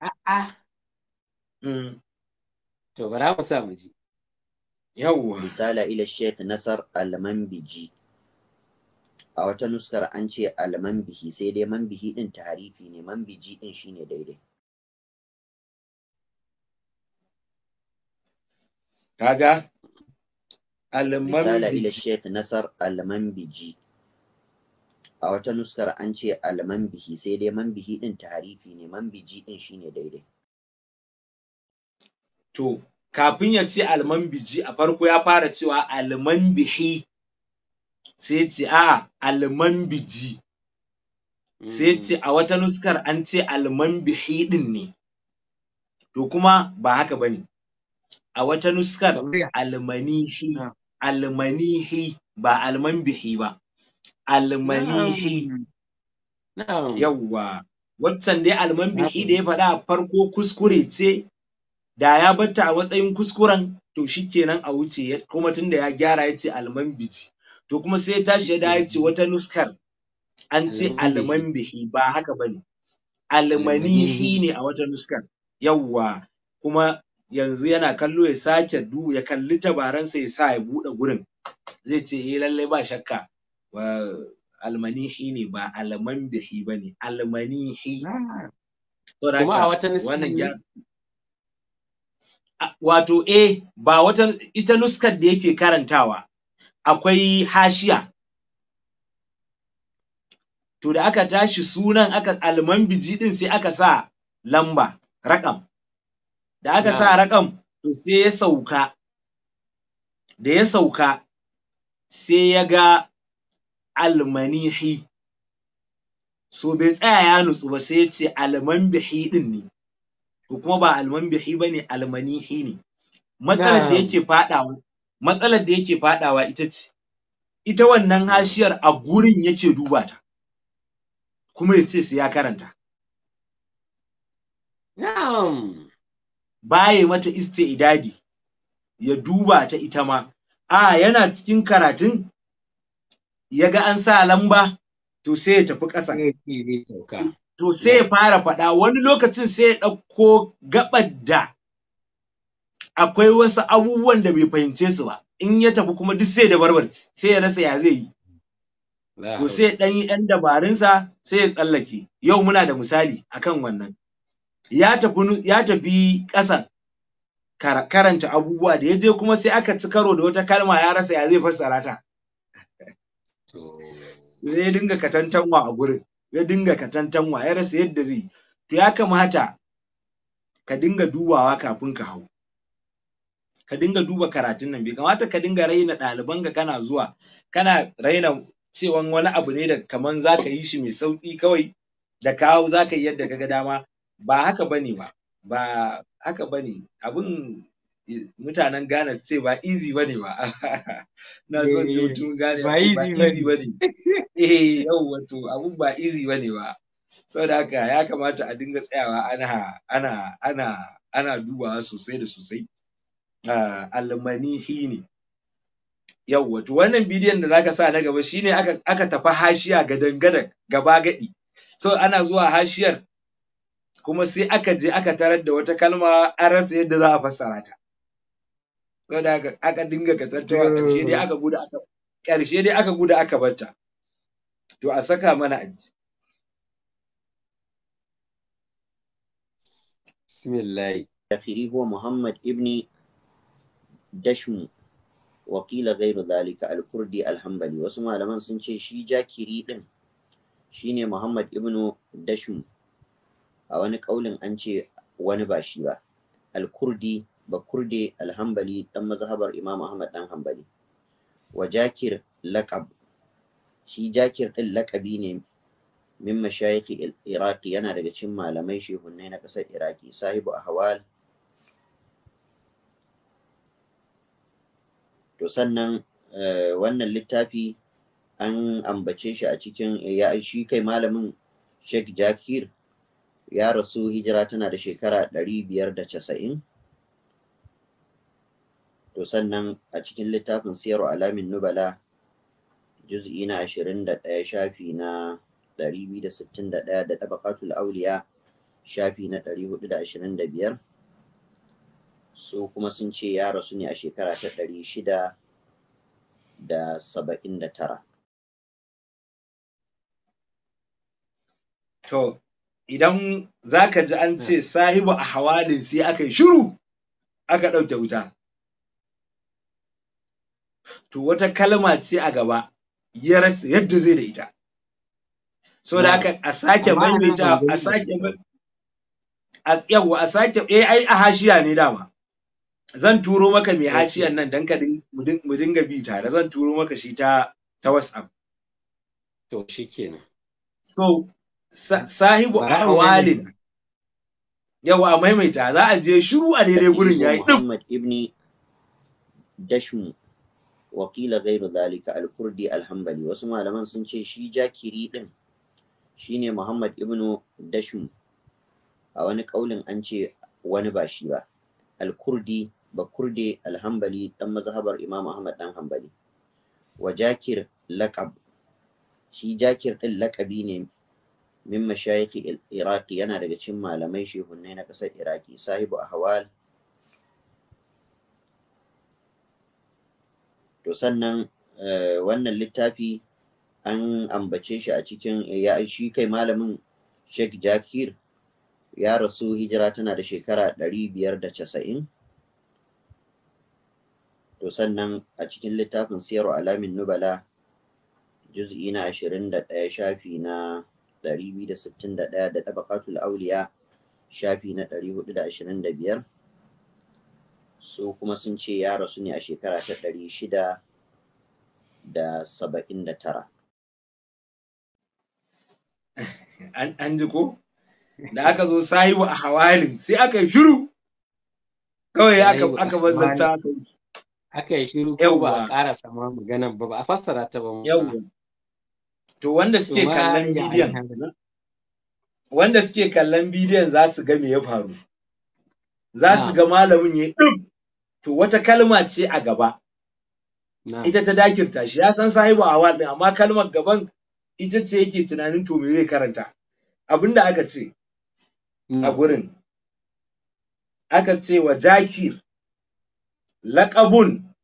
A'a. Mm. to bara mu sa mu ji yawwa misala ila sheikh nasar al-manbiji a wata nuskar an ce alman bihi sai dai manbihi din tarifi ne manbiji din shine daidai kaga al misala ila sheikh nasar al-manbiji a wata nuskar an ce alman bihi sai dai man bihi din tarifi ne man biji din shine daidai to kafin ya ce almanbiji a farko ya fara cewa alman bihi. sai ce a biji. sai ce a wata nuskar an ce alman bihi din ne to kuma ba haka bane a wata nuskar almanihi ah. almanihi ba bihi ba almanihi yawwa waccan dai bihi da ya faɗa farko kuskure ce da ya batta a matsayin kuskuren to shikenan a wuce kuma tunda ya gyara ya ce alman biji to kuma sai ya tashi ya da ya ce wata nuskar an ce alman bihi ba haka bane almanihi ne a wata nuskar yawwa kuma yanzu yana kallo ya sake du ya kalli tabaransa ya sa ya buɗe gurin zai ce eh lallai ba shakka almanihi ne ba alman bihi bane almanihi kuma a wata nuskar wato A eh, ba wata ita nuskar da yake karantawa akwai hashiya to da aka tashi sunan aka biji din sai aka sa lamba raƙam. da aka sa raƙam to sai ya sauka da ya sauka sai ya ga almanihi so bai tsaya ya nutsu ba sai ya ce bihi ɗin ne to kuma ba almanbihi ba ne almanihi ne matsalar da yake faɗawa matsalar da yake fadawa ita ce ita wannan hashiyar a gurin yake duba ta kuma ya ce sai ya karanta na'am baye mata idadi, ya duba ta ita ma a yana cikin karatun ya ga an sa lamba to sai ya tafi ƙasa to sai ya fara faɗa wani lokacin sai ya ɗauko gaɓar da akwai wasu abubuwan da bai fahimce su ba in ya tafi kuma duk sai da barbar sai ya rasa ya zai yi to sai ya ɗan yi ɗan dabarunsa sai ya tsallake yau muna da misali akan wannan ya tafi ya ƙasan karanta abubuwa da ya je kuma sai aka ci karo da wata kalma ya rasa ya zai fassara ta. Zai dinga katantanwa a gurin. ya dinga katantanwa ya rasa yadda zai to ya kamata ka dinga dubawa kafin ka hau ka dinga duba karatun nan bai kamata ka dinga raina ɗalibanka kana zuwa kana raina cewan wani abu ne da kaman za ka yi shi mai sauƙi kawai da ka hau za ka yi yadda ka ga dama ba haka ba ba ba haka ba ne abin mutanen Ghana ce ba easy bane ba na son tutu eh, Ghana ba easy bane eh yau wato abun ba easy bane ba saboda haka ya kamata a dinga tsayawa ana ana ana ana dubawa sosai da sosai ah, almanihi ne yau wato wannan bidiyon da zaka sa na gaba shine aka aka tafi hashiya ga dangadan gaba gadi so ana zuwa hashiyar kuma sai aka je aka tarar da wata kalma an rasa yadda za a fassara ta saboda aka dinga katantawa ƙarshe dai aka gudu aka ƙarshe dai aka gudu aka bata to a saka mana aji bismillah kafiri huwa muhammad ibni dashmu wakila gairu zalika al-kurdi al-hambali wasu malaman sun ce shi jakiri din shine muhammad ibnu dashmu a wani kaulin an ce wani ba shi ba al-kurdi bakurde alhambali dan mazhabar imam ahmad dan hambali wa jakir laqab shi jakir din laqabi ne min mashayikh iraqi yana daga cikin malamai shehunnai na kasar iraki sahibu ahwal to sannan eh, wannan littafi an ambace shi a cikin ya shi kai malamin sheikh jakir ya rasu hijira tana da shekara 590 to sannan a cikin littafin siyar alamin nubala juz'i na 21 shafi na 261 da tabakatul auliya shafi na 425 su kuma sun ce ya rasu ne a shekara ta 679 to idan za ka ji an ce sahibu a hawalin sai aka yi shiru aka ɗauke wuta to wata kalma ce a gaba ya rasa yadda zai da ita so da haka a sake maimaita a sake yawa a sake eh ai a hashiya ne dama zan turo maka mai hashiyan nan dan ka mu dinga bi tare zan turo maka shi ta ta WhatsApp to shikenan so sahibu walin yawa a maimaita za a je shiru a daidai gurin yayi yi Muhammad ibni Dashmu wakila gairu zalika al-kurdi al-hambali wasu malaman sun ce shi jakiri din shine muhammad ibnu dashum a wani kaulin an ce wani ba shi ba al-kurdi ba kurde al-hambali dan mazhabar imam ahmad dan hambali wa jakir laqab shi jakir din laqabi ne min mashayikh iraqi yana daga cikin malamai shehunnai na kasar iraki sahibu ahwal to sannan eh, wannan littafi an ambace shi a cikin ya shi kai malamin Sheikh Jakir ya rasu hijira tana da shekara 590 to sannan a cikin littafin siyarwa alamin nubala juz'i na 21 shafi na 261 da tabaqatul auliya shafi na 425 su kuma sun ce ya rasu ne a shekara ta ɗari shida da saba'in da tara. An ji ko? Da aka zo sahiwa a hawalin sai aka yi shiru kawai aka bazanta aka yi. Aka yi shiru ko ba a ƙara sama maganan ba ba a fassara ta ba mu. To wanda suke kallon bidiyon wanda suke kallon bidiyon za su ga me ya faru. Za su ah. ga malamin ya yi ɗin to wata kalma ce a gaba ita ta dakirta shi ya san sahibu a din, amma kalmar gaban ita ce yake tunanin to me zai karanta abinda aka ce a gurin aka ce wa jakir laƙabun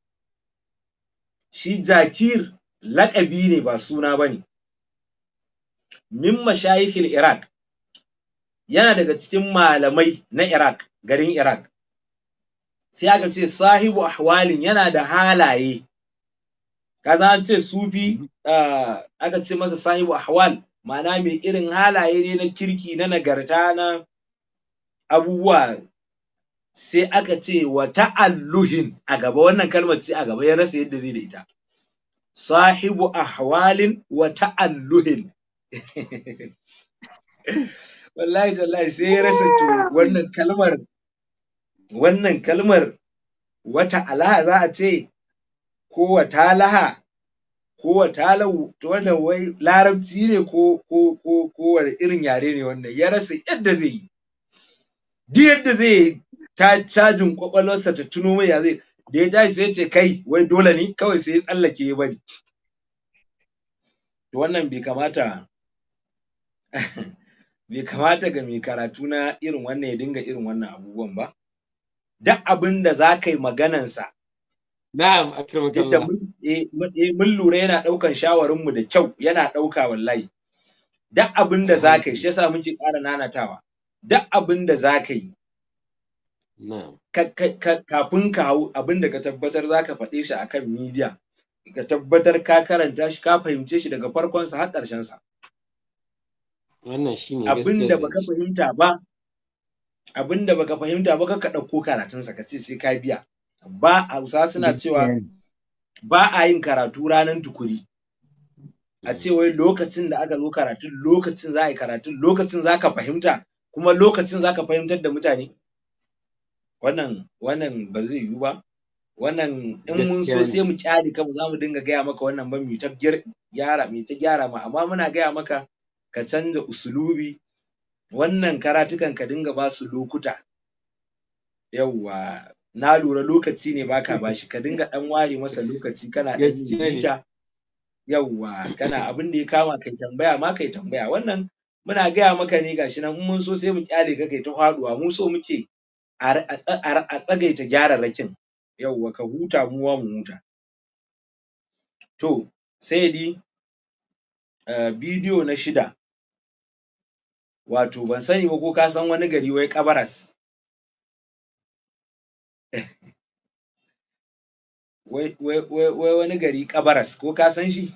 shi jakir laƙabi ne ba suna ba ne min mashayikil iraq yana daga cikin malamai na iraq garin iraq sai aka ce sahibu ahwalin yana da halaye za a ce sufi aka ce masa sahibu ahwal ma'ana mai irin halaye ne na kirki na nagarta na abubuwa sai aka ce wa ta'alluhin a gaba wannan kalmar ce a gaba ya rasa yadda zai da ita sahibu ahwalin wa ta'alluhin wallahi tallahi sai ya rasa to wannan kalmar wannan kalmar wata alaha za a ce ko wata laha ko wata lau wannan wai larabci ne ko ko ko ko wani irin yare ne wannan ya rasa yadda zai yi duk yadda zai yi ta cajin kwakwalwarsa ta tuno mai ya zai da ya tashi sai ce kai wai dole ne kawai sai ya tsallake ya bari to wannan bai kamata bai kamata ga mai karatu na irin wannan ya dinga irin wannan abubuwan ba duk abin da za ka yi maganansa Na'am, akramakallah. Eh, eh, mun lura yana ɗaukan shawarinmu da kyau, yana ɗauka wallahi. Duk abin da za ka yi, shi yasa muke ƙara nanatawa. Duk abin da za ka yi. Kafin ka hau abin da ka tabbatar za ka faɗe shi a kan midiya, ka tabbatar ka karanta shi, ka fahimce shi daga farkonsa har ƙarshensa. Wannan shi ne Abin da baka fahimta ba, abinda baka fahimta ba ka ɗauko karatunsa ka ce sai ka biya ba hausa suna cewa ba a yin karatu ranar tukuri a ce wai lokacin da aka zo karatun lokacin za a yi karatun lokacin za ka fahimta kuma lokacin za ka fahimtar da mutane wannan wannan ba zai yiwu ba wannan in mun so sai mu kyale ka za mu dinga gaya maka wannan ba mu ta gyara mu ta gyara ma amma muna gaya maka ka canza usulubi wannan karatukan ka dinga ba su lokuta yawwa na lura lokaci ne baka bashi ka dinga dan ware masa lokaci kana dan jita yawwa kana abin da ya kama kai tambaya ma kai tambaya wannan muna gaya maka ne gashi nan mun so sai mu kyale ka kai ta faduwa mu so muke a tsagaita rakin. yawwa ka huta mu mu huta to sai di eh, bidiyo na shida wato ban sani ba ko ka san wani gari wai kabaras wai wani gari kabaras ko ka san shi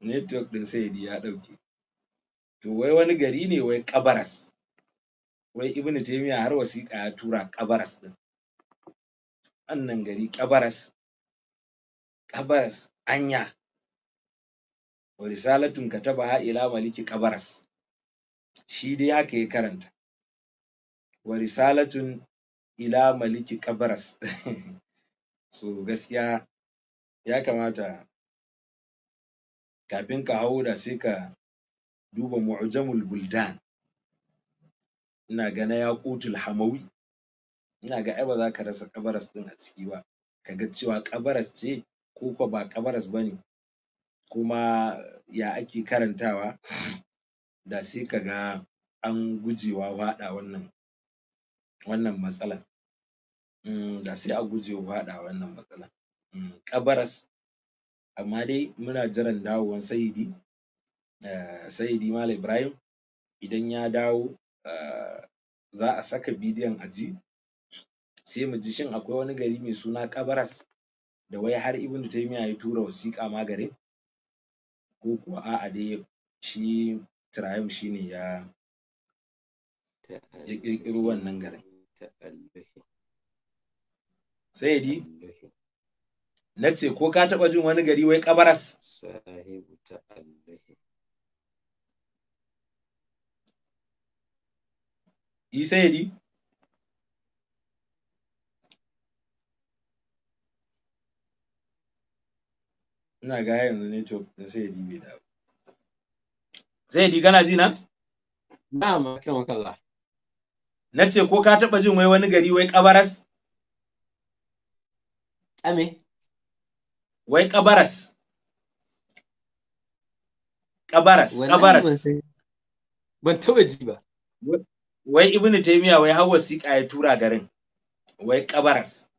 network din sai ya dauke to wai wani gari ne wai kabaras wai ibn taymiya har wasiƙa ya tura kabaras din wannan gari kabaras kabaras anya wa risalatun katabaha ila maliki qabaras shi dai haka ya karanta wa risalatun ila maliki qabaras so gaskiya ya kamata kafin ka hau da sai ka duba mu'jamul buldan ina ga na yaqutul hamawi ina ga ai ba za ka rasa qabaras ɗin a ciki ba ka ga cewa qabaras ce ko ba qabaras ba ne kuma ya ake karantawa da sai ka ga an gujewa faɗa wannan wannan matsalan um mm, da sai a wa faɗa wannan matsalan um mm, ƙabaras amma dai muna jiran dawowan Sayyidi um eh, Sayyidi Malam Ibrahim idan ya dawo um za a saka bidiyon a ji sai mu ji shin akwai wani gari mai suna Ƙabaras da wai har Ibn Taymiyyah ya tura wasiƙa ma garin ko kuwa a'a dai shi Traoré shi ne ya ya ƙirƙiro wannan garin Saidi na ce ko ka taɓa jin wani gari wai ƙabaras Isayidi ina ga yanzu to in sai ya bai dawo sai di kana ji na na'am akramaka Allah nace ko ka taba jin wai wani gari wai kabaras ame wai kabaras kabaras kabaras ban taba ji ba wai ibnu taymiya wai har wasiƙa ya tura garin wai kabaras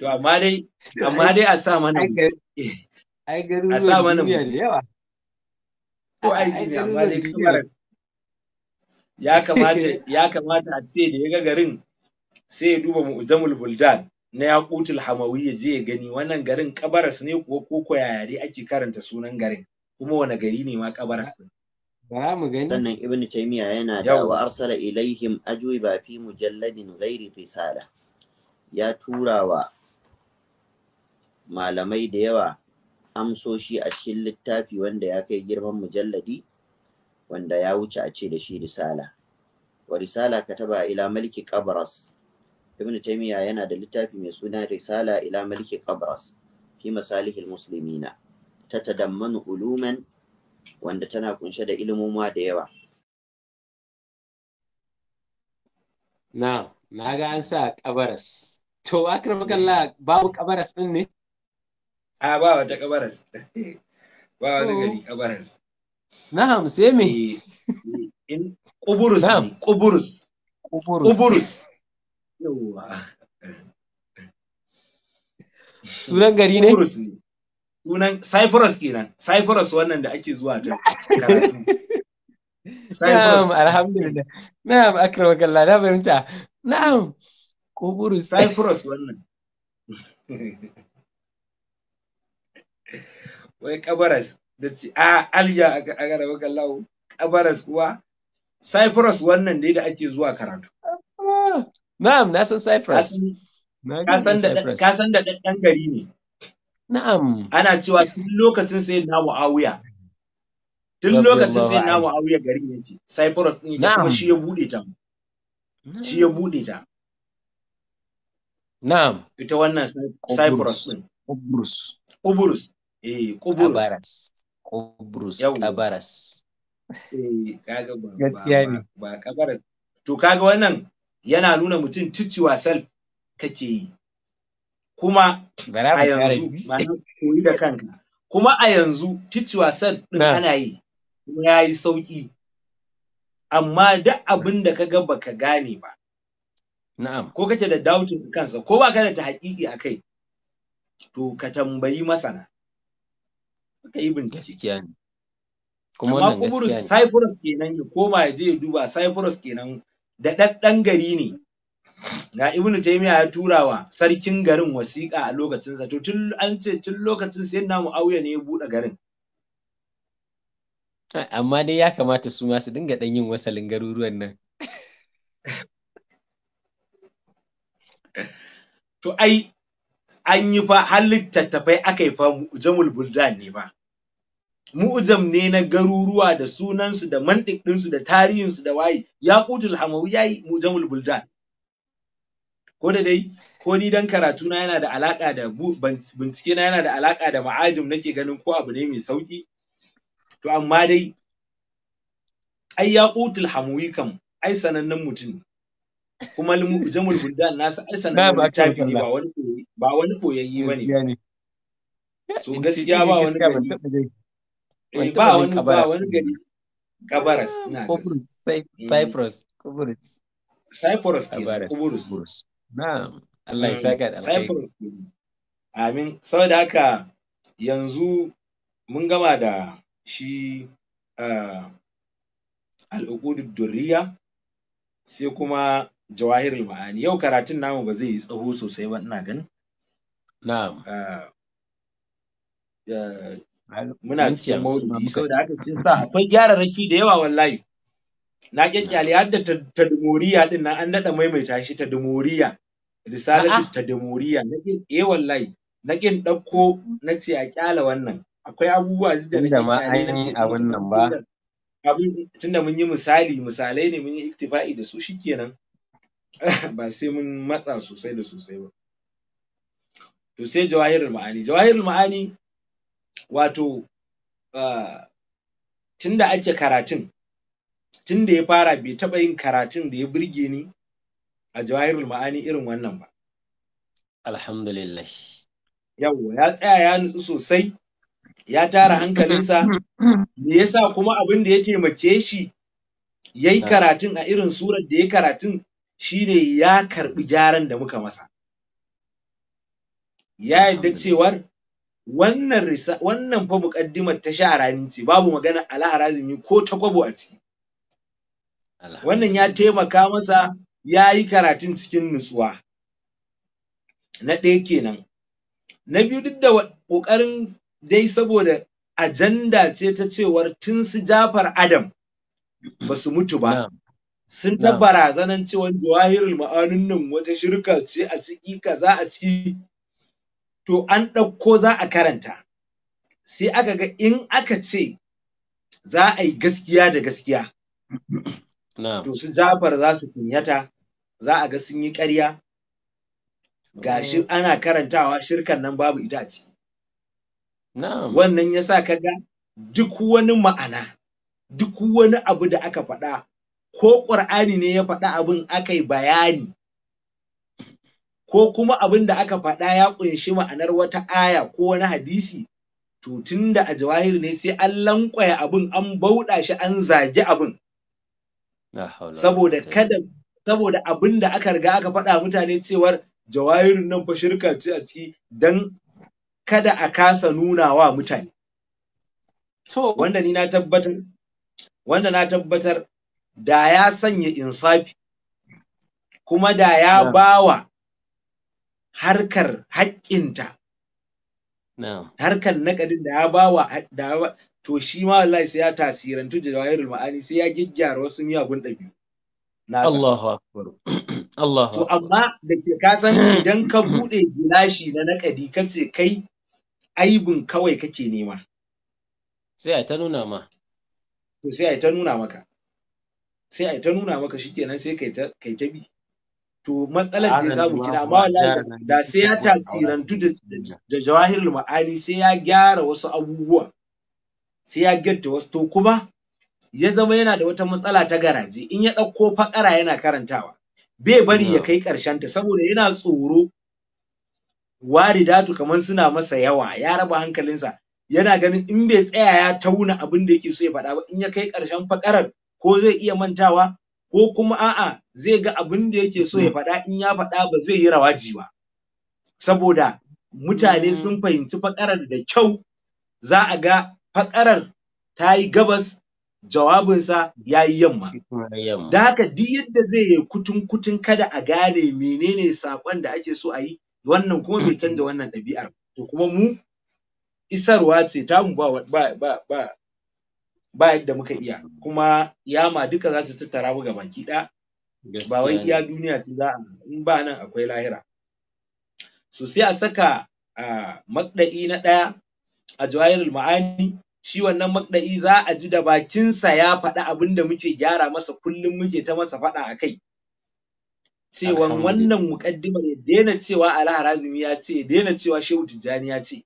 To amma dai amma dai a sa mana ai eh. garuruwan duniya da yawa. Ko aiki ne amma dai kamar ya kamata ya kamata a ce da ya ga garin sai ya duba mu'jamul buldan na yaqutul hamawi ya je ya gani wannan garin kabaras ne ko ko koyaya dai ake karanta sunan garin kuma wani gari ne ma kabaras din ba mu gani sannan ibnu taymiya yana da wa arsala ilaihim ajwiba fi mujalladin ghairi risala ya tura wa malamai da yawa amsoshi a cikin littafi wanda ya kai girman mujalladi wanda ya wuce a ce da shi risala wa risala ka taba ila mulki qabras ibn taymiya yana da littafi mai suna risala ila mulki qabras fi masalihil muslimina ta tadammanu uluman wanda tana kunshe da ilimuma da yawa na na ga an sa kabaras To akramakallah babu kabaras ɗin ne? A ba wata kabaras. Ba wani gari kabaras. Na sai me? Eh, eh, in Kuburus ne, Kuburus. Kuburus. Sunan gari ne? Kuburus ne. Sunan Cyprus kenan. Cyprus wannan da ake zuwa ta karatu. Na'am alhamdulillah. Na'am kalla, na fahimta. Na'am. Ko burin Cyprus wannan. Wai kabaras da ce a alya a gara maka lawo kabaras kuwa Cyprus wannan dai da ake zuwa karatu. Na'am, na san Cyprus. Ka san da ɗan gari ne. Na'am. Ana cewa tun lokacin sai na Muawiya. Tun lokacin sai na Muawiya garin yake. Cyprus ne da kuma shi ya bude ta. Shi ya buɗe ta. Na'am. Ita wannan Cyprus din. Kubrus. Kubrus. Eh, Kubrus. Abaras. Kubrus, Kabaras. Eh, kaga ba. Gaskiya ne. Ba Kabaras. To kaga wannan yana nuna mutum cicciwa sal kake yi. Kuma a yanzu ba koyi da kanka. Kuma a yanzu cicciwa sal din ana yi. Kuma ya yi sauki. Amma duk abin da kaga baka gane ba. na'am ko kake da doubting kansa ko ba ka da a akai to ka tambayi masana ka yi bincike kuma wannan gaskiya ne amma Cyprus kenan ya koma ya je ya duba Cyprus kenan da daddan gari ne Ga Ibn Taymiyyah ya turawa sarkin garin wasiƙa a lokacin sa to tun an ce tun lokacin sayyidina Muawiya ne ya buɗe garin amma dai ya kamata su ma su dinga ɗan yin wasalin garuruwan nan to ai an yi fa har littattafai aka yi fa mu'jamul buldan ne ba mu'jam ne na garuruwa da sunansu da mantik ɗinsu da tarihinsu da waye yaqutul hamawi yayi mu'jamul buldan ko da dai ko ni dan karatu na yana da alaka da bincike na yana da alaka da ma'ajim nake ganin ko abu ne mai sauki to amma dai ai yaqutul hamawi kam ai sanannen mutum ne. kuma jamul buddan nasu ai sanan littafi ne ba wani ba wani ba bane so gaskiya ba wani gari eh, ba wani ba wani gari kabaras na mm. cyprus cyprus cyprus cyprus na'am Allah ya mm. saka da cyprus amin saboda haka yanzu mun gama da shi ah, al'uqudud durriya sai kuma jawahirul ma'ani yau karatun namu ba zai yi tsaho sosai ba ina ganin na'am ah, ah, muna cikin mawdu'i da haka sun sa akwai raki da yawa wallahi na kyakkyale har da tadmuriya din nan an dada maimaita shi risalar ta tadmuriya na kin eh wallahi na kin dauko na ce a kyala wannan akwai abubuwa da nake kyakkyale na ce abin nan ba abin tunda mun yi misali misalai ne mun yi iktifa'i da su shikenan ba sai mun matsa sosai da sosai ba to sai jawahirul ma'ani jawahirul ma'ani wato tunda ake karatun tunda ya fara bai taɓa yin karatun da ya burge ni a jawahirul ma'ani irin wannan ba alhamdulillah yawo ya tsaya ya nutsu sosai ya tara hankalinsa me yasa kuma abin da ya taimake shi yayi ah. karatun a irin surar da ya karatun shine ya karɓi gyaran da muka masa ya yadda cewar wannan risa wannan fa muƙaddimar ta sha'arani ce babu magana alharazimi ko ta kwabo a ciki wannan ya taimaka masa ya yi karatun cikin nutsuwa na ɗaya kenan na biyu duk da ƙoƙarin dai saboda ajanda ce ta cewar tun su jafar adam ba su mutu ba sun ta barazanan cewa jawahirul ma'anun nan wata shirka ce a ciki kaza a ciki to an ɗauko za a karanta sai aka ga in aka ce za a yi gaskiya da gaskiya to su jafar za su kunyata za a ga sun yi ƙarya gashi mm. ana karantawa shirkan nan babu ita a wannan ya sa ga duk wani ma'ana duk wani abu da aka faɗa ko ƙur'ani ne ya faɗa abin aka bayani ko kuma abin da aka faɗa ya ƙunshi ma'anar wata aya ko wani hadisi to tunda a jawahir ne sai an lankwaya abin an bauɗa shi an zagi abin saboda kada saboda abin da aka riga aka faɗa mutane cewar jawahirin nan fa shirka ce a ciki dan kada a kasa nuna wa mutane wanda ni na tabbatar wanda na tabbatar da ya sanya insafi kuma da ya bawa harkar haƙƙinta harkar naƙadin da ya bawa da to shi ma wallahi sai ya tasirantu da jawahirul ma'ani sai ya gyaggyara wasu miyagun ɗabi'u Allahu akbar. Allahu To amma da ke kasan idan ka bude gilashi na nakadi ka ce kai aibin kawai kake nema. Sai a ta nuna ma. To sai a ta nuna maka. sai ai ta nuna maka shi kenan sai kai ta kai ta bi to matsalar da ya samu kina amma wallahi da sai ya tasirantu da jawahirul ma'ani sai ya gyara wasu abubuwa sai ya gyatta wasu to kuma ya zama yana da wata matsala ta garaji in ya ɗauko fakara yana karantawa bai bari ya kai ƙarshen ta saboda yana tsoro waridatu kamar suna masa yawa ya raba hankalinsa yana ganin in bai tsaya ya tauna abin da yake so ya faɗa ba in ya kai karshen fakarar ko zai iya mantawa ko kuma a'a zai ga abin da yake so ya mm. faɗa in ya faɗa ba zai yi rawaji ba saboda mutane mm. sun fahimci faƙarar da kyau za a ga faƙarar ta yi gabas jawabinsa ya yi yamma da haka duk yadda zai yi kutun kutun kada a gane menene saƙon da ake so a yi wannan kuma bai mm. canza wannan ɗabi'ar to kuma mu isarwa ce ta mu ba ba ba ba yadda muka iya kuma yama duka za ta tattara mu gaba baki ɗaya ba wai iya duniya ce za in ba nan akwai lahira so sai a saka makda'i na ɗaya a jawahirul ma'ani shi wannan makda'i za a ji da bakinsa ya faɗi abin da muke gyara masa kullum muke ta masa faɗa a kai cewa wannan muƙaddimar ya daina cewa alharazimi ya ce ya daina cewa shehu tijjani ya ce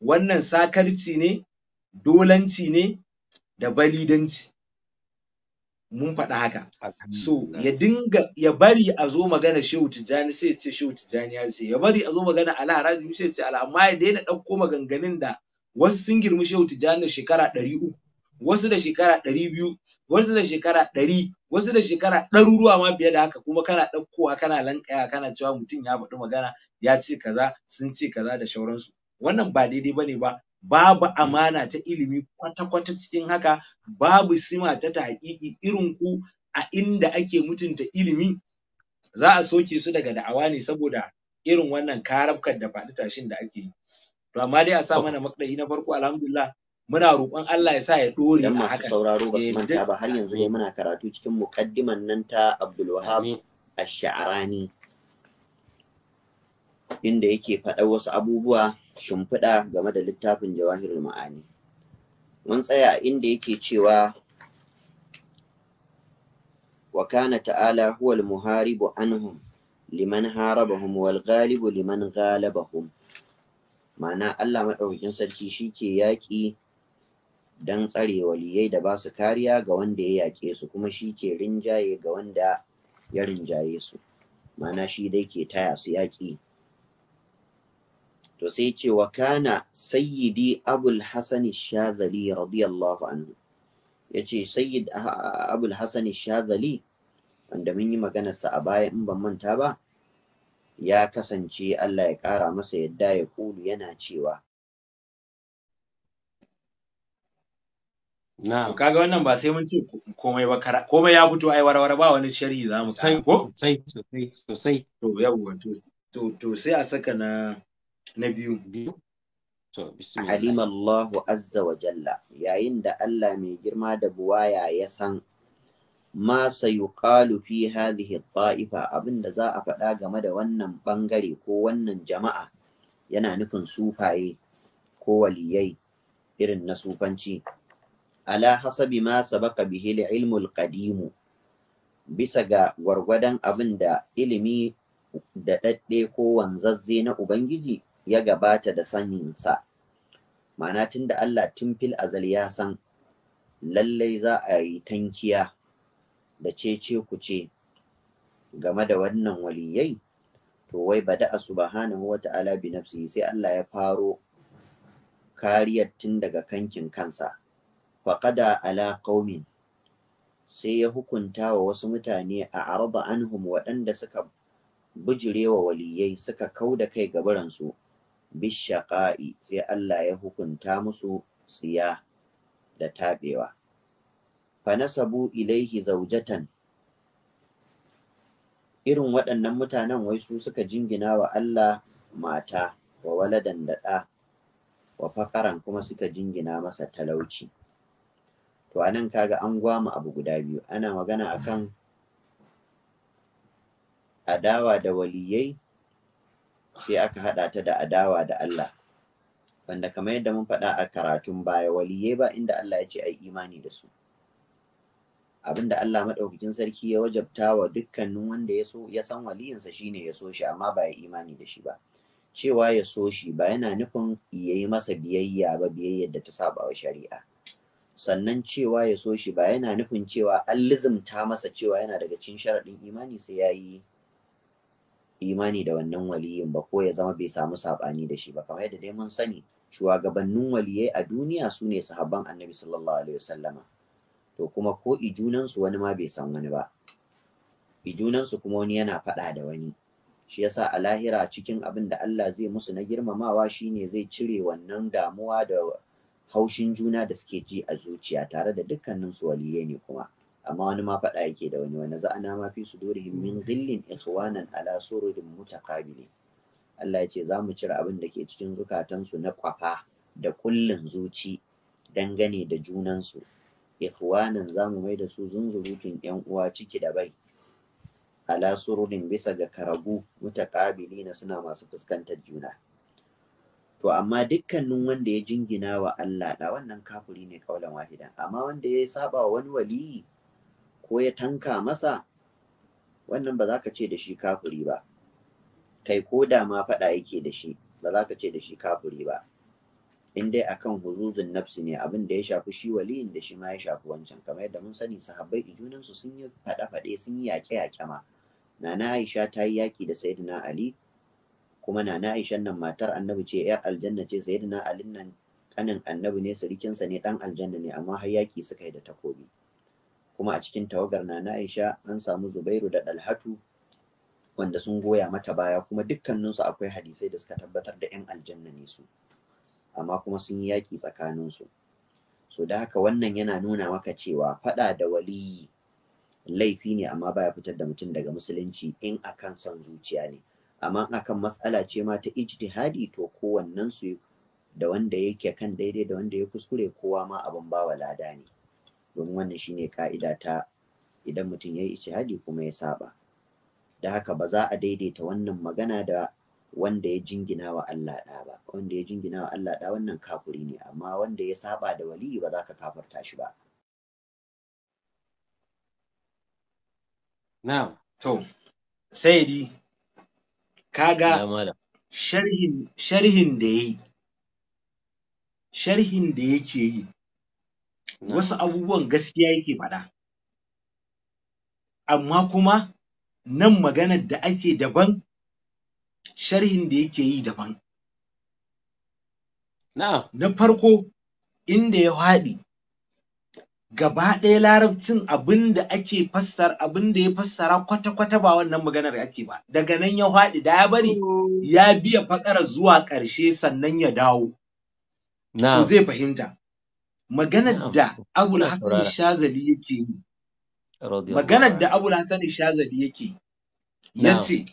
wannan sakarci ne dolanci ne da validanci mun faɗa haka so ya dinga ya bari a zo magana shehu tijjani sai ce shehu tijjani ya ce ya bari a zo magana ala haraji sai ce ala amma ya daina ɗauko maganganun da wasu sun girmi shehu tijjani da shekara ɗari uku wasu da shekara ɗari biyu wasu da shekara ɗari wasu da shekara ɗaruruwa ma fiye da haka kuma kana ɗaukowa kana lankaya kana cewa mutum ya faɗi magana ya ce kaza sun ce kaza da shauransu. wannan ba daidai ne ba babu amana ta ilimi kwata-kwata cikin haka babu sima ta taƙiƙi irin ku a inda ake mutunta ilimi za a soke su daga da'awa ne saboda irin wannan karabkar da faɗi tashin da ake yi to amma dai a sa mana makdai na farko alhamdulillah muna roƙon Allah ya sa ya ɗore a haka masu sauraro ba su eh, manta ba har yanzu ne muna karatu cikin muqaddiman nan ta Abdul Wahab ash inda yake faɗa wasu abubuwa shimfiɗa game da littafin jawahirul ma'ani mun tsaya a inda yake cewa wa kana ta'ala huwa al-muharibu anhum liman harabahum wal ghalibu liman ghalabahum ma'ana Allah madaukakin sarki shike yaki dan tsare waliyai da ba su kariya ga wanda ya yake su kuma shike rinjaye ga wanda ya rinjaye su ma'ana shi dai ke taya su yaki to sai ce wa kana sayyidi abul hasan shazali radiyallahu anhu yace sayyid ah, ah, abul hasan shazali wanda mun yi maganarsa a baya in ban manta ba ya kasance Allah ya ƙara masa yadda ya kulu yana cewa To kaga wannan ba sai mun ce komai ba komai ya fito ai warware ba wani sharhi za mu ko sai sosai sosai to yawwa to to sai a saka na na biyu to bismillah azza wa jalla yayin da Allah mai girma da buwaya ya san ma sayuqalu fi hadhihi ta'ifa abinda za a faɗa game da wannan bangare ko wannan jama'a yana nufin sufaye ko waliyai irin na sufanci ala hasabi ma sabaka bihi ilmul qadimu bisa ga gwargwadon abin da ilimi da ɗaɗɗe ko wanzazze na Ubangiji ya gabata da sanyinsa. ma'ana tun da Allah tun fil azal ya san lallai za a yi tankiya da cece ce, game da wannan waliyai to wai bada a subhanahu wa ta'ala bi nafsi sai Allah ya faro kariyar tun daga kankin kansa faqada ala qaumin sai ya hukunta wa wasu mutane a arba anhum waɗanda suka bijirewa waliyai suka kau da kai gabaransu su bishaka'i sai Allah ya hukunta musu tsiya da taɓewa fanasabu ilaihi zaujatan irin waɗannan mutanen wai su suka jingina wa Allah mata wa waladan da ɗa wa fakaran kuma suka jingina masa talauci to anan kaga an gwama abu guda biyu ana magana akan adawa da waliyai sai aka haɗa ta da adawa da Allah wanda kamar yadda mun faɗa a karatun baya waliyai ba inda Allah ya ce ai imani da su abinda Allah maɗaukakin sarki ya wajabta wa dukkanin wanda ya so ya san waliyinsa shine ya so shi amma ba ya imani da shi ba cewa ya so shi ba yana nufin ya yi masa biyayya ba biyayya da ta saba wa shari'a sannan cewa ya so shi ba yana nufin cewa an masa cewa yana daga cikin sharaɗin imani sai ya yi imani da wannan waliyin ba ko ya zama bai samu saɓani da shi ba kamar yadda dai mun sani shugabannin waliyai a duniya su ne sahabban annabi sallallahu alaihi wasallama to kuma ko ijunansu wani ma bai san wani ba ijunansu kuma wani yana faɗa da wani shi yasa a lahira cikin abin da Allah zai musu na girmamawa shine zai cire wannan damuwa da haushin juna da suke ji a zuciya tare da dukkanin su waliyai ne kuma amma wani ma faɗa yake da wani wani za'ana ma fi sudurihim min ghillin ikhwanan ala sururin mutaqabili Allah ya ce za mu cire abin da ke cikin zukatansu na kwafa da kullun zuci dangane da junansu ikhwanan za mu mai da su zunzurutun yan uwa ciki da bai ala sururin bisa ga karagu mutaqabili na suna masu fuskantar juna to amma dukkanin wanda ya jingina wa Allah da wannan kafuri ne kaulan wahidan amma wanda ya saba wani waliyi ko ya tanka masa wannan ba za ka ce da shi kafuri ba kai ko da ma faɗa yake da shi ba za ka ce da shi kafuri ba in dai akan huzuzun nafsi ne abin da ya shafi shi waliyin da shi ma ya shafi wancan kamar yadda mun sani sahabbai ijunan su sun yi faɗa faɗe sun yi yaƙe yaƙe ma nana Aisha ta yi yaƙi da sayyidina Ali kuma nana Aisha nan matar annabi ce yar aljanna ce sayyidina Ali nan kanin annabi ne sirikinsa ne dan aljanna ne amma har yaƙi suka yi da takobi kuma a cikin tawagar na Aisha an samu Zubairu da Dalhatu wanda sun goya mata baya kuma dukkaninsu akwai hadisai da suka tabbatar da 'yan aljanna ne su amma kuma sun yi yaƙi tsakaninsu so da haka wannan yana nuna maka cewa faɗa da waliyi laifi ne amma baya fitar da mutum daga musulunci in akan son zuciya ne amma akan matsala ce ma ta ijtihadi to kowannen su da wanda yake kan daidai da wanda ya kuskure kowa ma abin bawa lada ne domin wannan shine ka'ida ta idan mutum ya yi ijtihadi kuma ya saba da haka ba za a daidaita wannan magana da wanda ya jingina wa Allah ɗa ba wanda ya jingina wa Allah ɗa wannan kafuri ne amma wanda ya saba da wali ba za ka kafarta shi ba na'am to sai kaga sharhin sharhin da yayi sharhin da yake yi wasu abubuwan gaskiya yake faɗa amma kuma nan maganar da ake daban sharhin da yake yi daban na farko inda ya faɗi, gaba ɗaya larabcin abin da ake fassara abin da ya fassara kwata-kwata ba wannan maganar ake ba daga nan ya faɗi da ya bari ya biya fakara zuwa ƙarshe sannan ya dawo to zai fahimta maganar da abul hassan shazali yake yi maganar da abul hassan shazali yake yi yace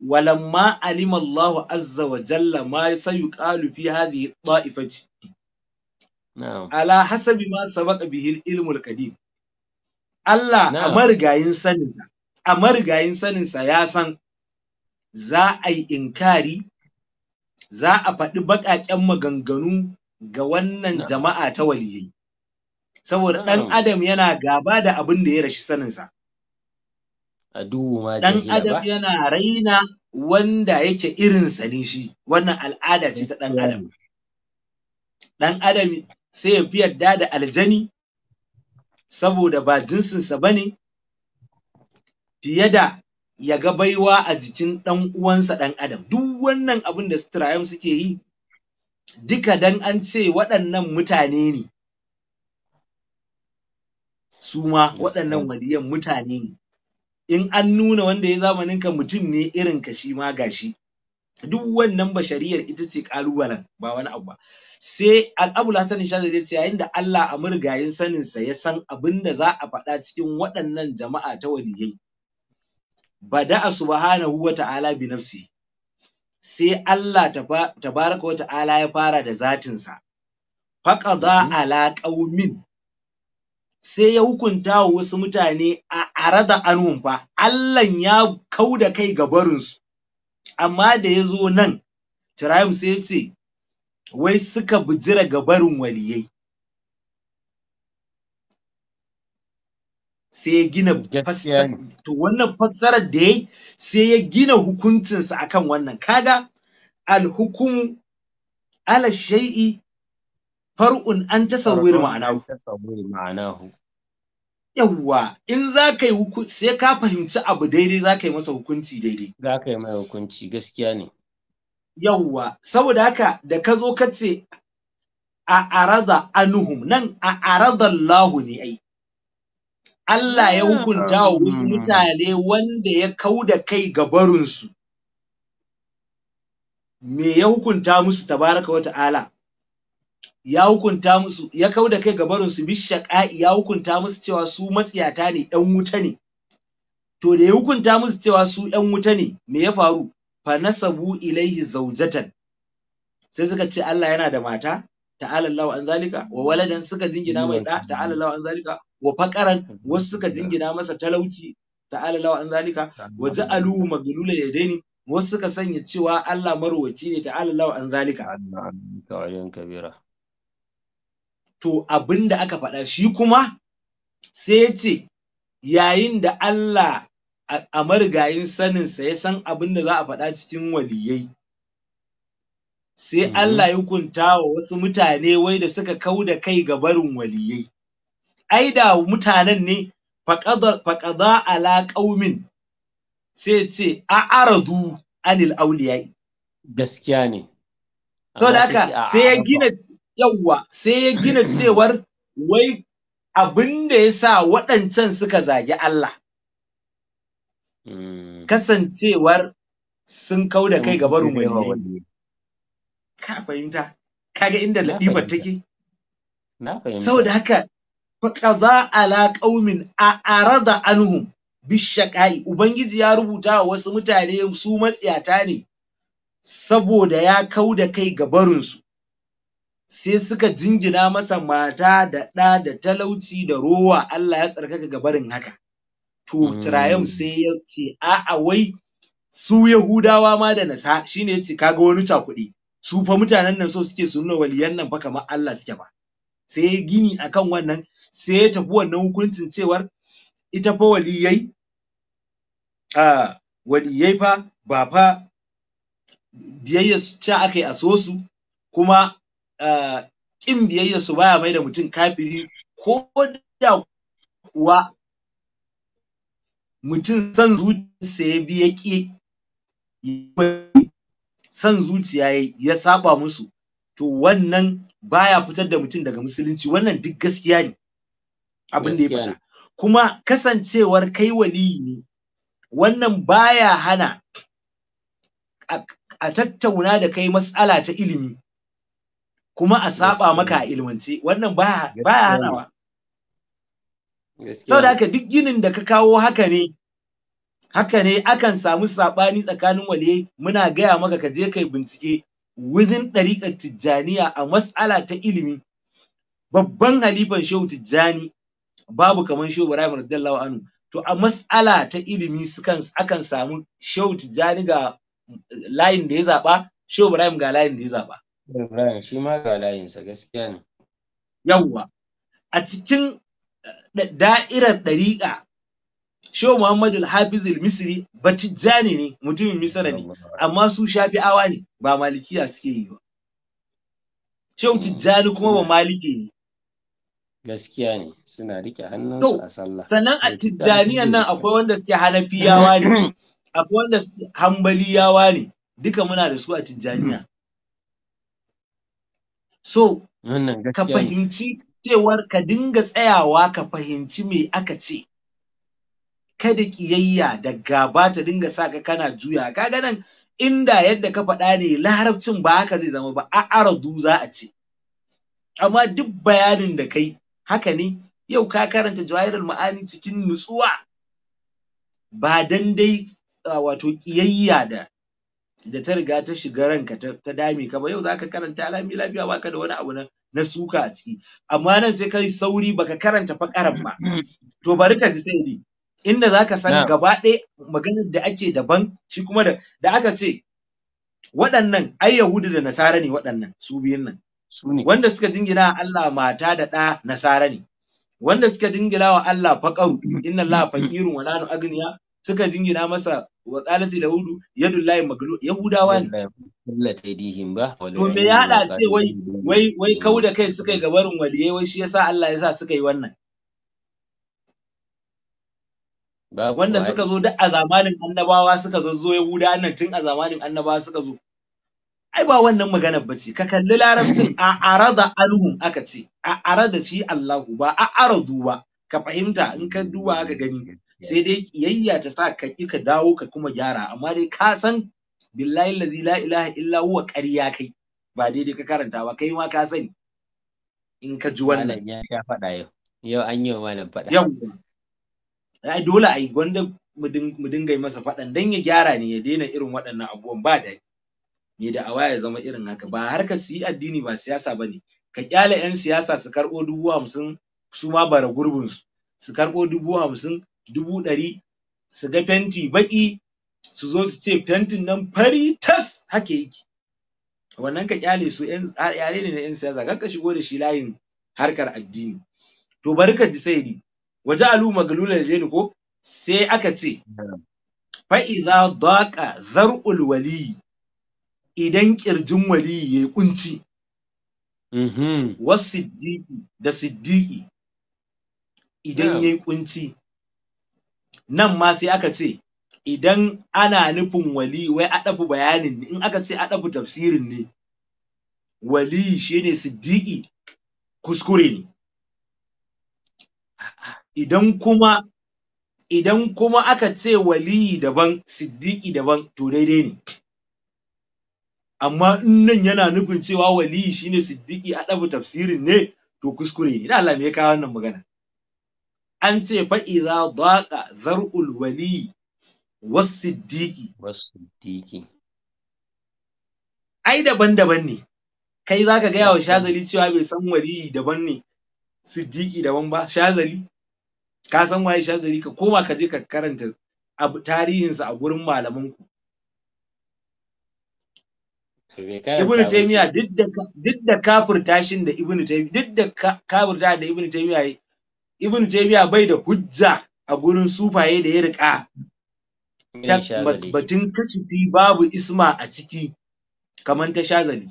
walamma alim Allah azza wa jalla ma sayuqalu fi hadhihi ta'ifati ala hasabi ma sabaqa bihi ilmul qadim Allah a marigayin saninsa a marigayin saninsa ya san za a yi inkari za a faɗi baƙaƙen maganganu ga wannan jama'a ta waliyai saboda ɗan adam yana gaba da abin da ya rashi saninsa ɗan adam yana raina wanda yake irin ne shi wannan al'ada ce ta ɗan adam ɗan adam sai ya fi yadda da aljani saboda ba jinsinsa ba ne fiye da ya ga baiwa a jikin ɗan uwansa ɗan adam duk wannan abin da suturayim suke yi duka dan an ce waɗannan mutane ne su ma waɗannan waliyan mutane ne in an nuna wanda ya zamanin ka mutum ne irin ka shi ma gashi duk wannan bashariyar ita ce kalubalen ba wani abu ba sai al'abul sha shazali ce yayin da Allah a murgayin sanin ya san abin da za a faɗa cikin waɗannan jama'a ta waliyai a subhanahu wa ta'ala bi nafsihi. sai Allah tabaraka wa ta'ala ya fara da zatinsa. Faƙada mhm. ala ƙaumin sai ya hukunta wa wasu mutane a ara da anun fa Allah ya kau da kai gabarinsu. Amma da ya zo nan, Tirayim sai ce, wai suka bijira gabarin waliyai. sai ya gina to wannan fassarar da yayi sai ya gina hukuncinsa akan wannan kaga alhukumu ala shay'i far'un an tasawwir ma'anahu yawwa in za ka yi hukunci sai ka fahimci abu daidai za ka yi masa hukunci daidai za ka yi mai hukunci gaskiya ne yawwa saboda haka da ka zo ka ce a arada anuhum nan a arada Allahu ne ai Allah ya hukunta wa hmm. wasu mutane wanda ya kau da kai ga barinsu. Me ya hukunta musu tabaraka wa ta'ala? Ya hukunta musu, ya kau da kai ga barinsu ƙa’i ya hukunta musu cewa su matsiyata ne, ‘yan wuta ne. To da ya hukunta musu cewa su ‘yan wuta ne, me ya faru? Fa nasabu ilaihi zaujatan. Sai suka ce Allah yana da mata, ta'ala Allah an zalika, wa waladan suka jingina mai ɗa, ta'ala Allah an zalika, wa faqaran mm-hmm. wasu suka jingina masa talauci ta lawa an zalika wa ja'aluhu ya yadaini wasu suka sanya cewa Allah marwaci ne ta lawa an zalika kabira to abinda aka fada shi kuma sai ya ce yayin da Allah a marigayin sanin sa ya san abin da za a fada cikin waliyai sai mm-hmm. Allah ya hukunta wa wasu mutane wai da suka kauda kai ga barin waliyai ai da mutanen ne faƙaza ala ƙaumin sai ce a aradu anil auliyai gaskiya ne to da haka sai ya gina yawwa sai ya gina cewar wai abin da ya sa waɗancan suka zagi Allah hmm. kasancewar sun kau da kai gabar wani ka fahimta kaga inda laɗifar take saboda haka faƙaza ala ƙaumin a arada anhum bishaƙa'i ubangiji ya rubuta wa wasu mutane su matsiyata ne saboda ya kau da kai ga barinsu sai suka jingina masa mata da ɗa da talauci da rowa Allah ya tsarkaka ga barin haka to Tirayim sai ya ce a'a wai su Yahudawa ma da nasa shine yace kaga wani cakuɗi su fa mutanen nan so suke su waliyan nan fa kamar Allah suke ba sai ya gini akan wannan sai ya tafi wannan hukuncin cewar ita fa waliyai a waliyai fa ba fa biyayya su aka yi a so su kuma ƙin biyayya su baya mai da mutum kafiri ko da kuwa mutum san sai ya ƙi ya ƙi san zuciya ya saba musu to wannan baya fitar da mutum daga musulunci wannan duk gaskiya ne abin da ya faɗa kuma kasancewar kai waliyi ne wannan baya hana a tattauna da kai matsala ta ilimi kuma a saba maka a ilmance wannan baya hanawa saboda haka duk ginin da ka kawo haka ne haka ne akan samu saɓani tsakanin waliyai muna gaya maka ka je kai bincike within ɗariƙar tijjaniya a matsala ta ilimi babban halifan shehu tijjani babu kamar shehu ibrahim radiyallahu anhu to a matsala ta ilimi sukan akan samu shehu tijjani ga layin da ya zaɓa shehu ibrahim ga layin da ya zaɓa ibrahim shi ma ga layinsa gaskiya ne yawwa a cikin eh, da'irar ɗariƙa Shehu Muhammadu Al-Hafiz Al-Misri Tijjani ne mutumin Misra ne amma su Shafi'awa ne ba Malikiya suke yi ba. Shehu Tijjani kuma ba Maliki ne. Gaskiya ne suna rike hannunsu a sallah. Sannan a Tijjaniyan nan akwai wanda suke Hanafiyawa ne, akwai wanda suke Hambaliyawa ne, duka muna da su a Tijjaniya. So, ka fahimci cewar ka dinga tsayawa ka fahimci me aka ce. kada ƙiyayya da gaba ta dinga sa ka kana juya kaga nan inda yadda ka faɗa ne larabcin ba haka zai zama ba a rabu za a ce amma duk bayanin da kai haka ne yau ka karanta jawahirul ma'ani cikin nutsuwa ba dan dai wato ƙiyayya da da ta riga ta shiga ranka ta dame ka ba yau zaka karanta alami lafiya baka da wani abu na suka a ciki amma nan sai kai sauri baka karanta fakaran ba to bari ka ji sai inda za ka san gaba ɗaya maganar da ake daban shi kuma da da aka ce waɗannan ai yahudu da nasara ne waɗannan su biyun nan wanda suka jingina Allah mata da ɗa nasara ne wanda suka jingina wa Allah faƙaru inna Allah faqirun wa nanu agniya suka jingina masa wa qalati lahudu yadullahi maglu yahudawa ne to me ya da ce wai wai wai kauda kai suka yi gabarin waliye wai shi yasa Allah yasa suka yi wannan wanda suka zo duk a zamanin annabawa suka zo zazzo yahuda nan tun a zamanin annabawa suka zo ai ba wannan magana bace ka kalli larabcin a arada anhum aka ce a arada shi Allahu ba a aradu ba ka fahimta in ka duba ka gani sai dai kiyayya ta sa ka ki ka dawo ka kuma gyara amma dai ka san billahi lazi la ilaha illa huwa kai ba daidai ka karanta ba kai ma ka sani in ka ji wannan yau an yi wa malam faɗa ai dole a yi gwanda mu dinga masa faɗan dan ya gyara ne ya daina irin waɗannan abubuwan ba daɗi ne da awa ya zama irin haka ba harkar su yi addini ba siyasa ba ne ka kyale 'yan siyasa su karɓo dubu hamsin su ma bara gurbin su su karɓo dubu hamsin dubu ɗari su ga fenti baƙi su zo su ce fentin nan fari tas haka yake wannan ka kyale su yan yare ne na yan siyasa kar ka shigo da shi layin harkar addini to bari ka ji saidi waje alu magalula da ko sai aka ce fa'iza daƙa zar'ul waliyi idan ƙirjin waliyi ya yi ƙunci, wasu siddiƙi da siddiƙi idan ya yi ƙunci. nan ma sai aka ce idan ana nufin wali wai a ɗafi bayanin ne in aka ce a ɗafi tafsirin ne wali ne siddiƙi kuskure ne idan kuma idan kuma aka ce waliyi daban siddiƙi daban to daidai ne amma in nan yana nufin cewa waliyi shine siddiƙi a ɗabu tafsirin ne to kuskure ne idan Allah me ya kawo wannan magana an ce fa idza daqa zar'ul waliyi was-siddiqi was-siddiqi ai daban-daban ne kai zaka ga yawa shazali cewa bai san waliyi daban ne siddiqi daban ba shazali ka san waye shazari ka koma ka je ka karanta tarihinsa a gurin malamanku. ku Ibn Taymiyyah duk da kafir tashin da Ibn Taymiyyah duk da kafir tashin da Ibn Taymiyyah Ibn Taymiyyah bai da hujja a gurin sufaye da ya riƙa batun kasufi babu isma a ciki kamar ta shazali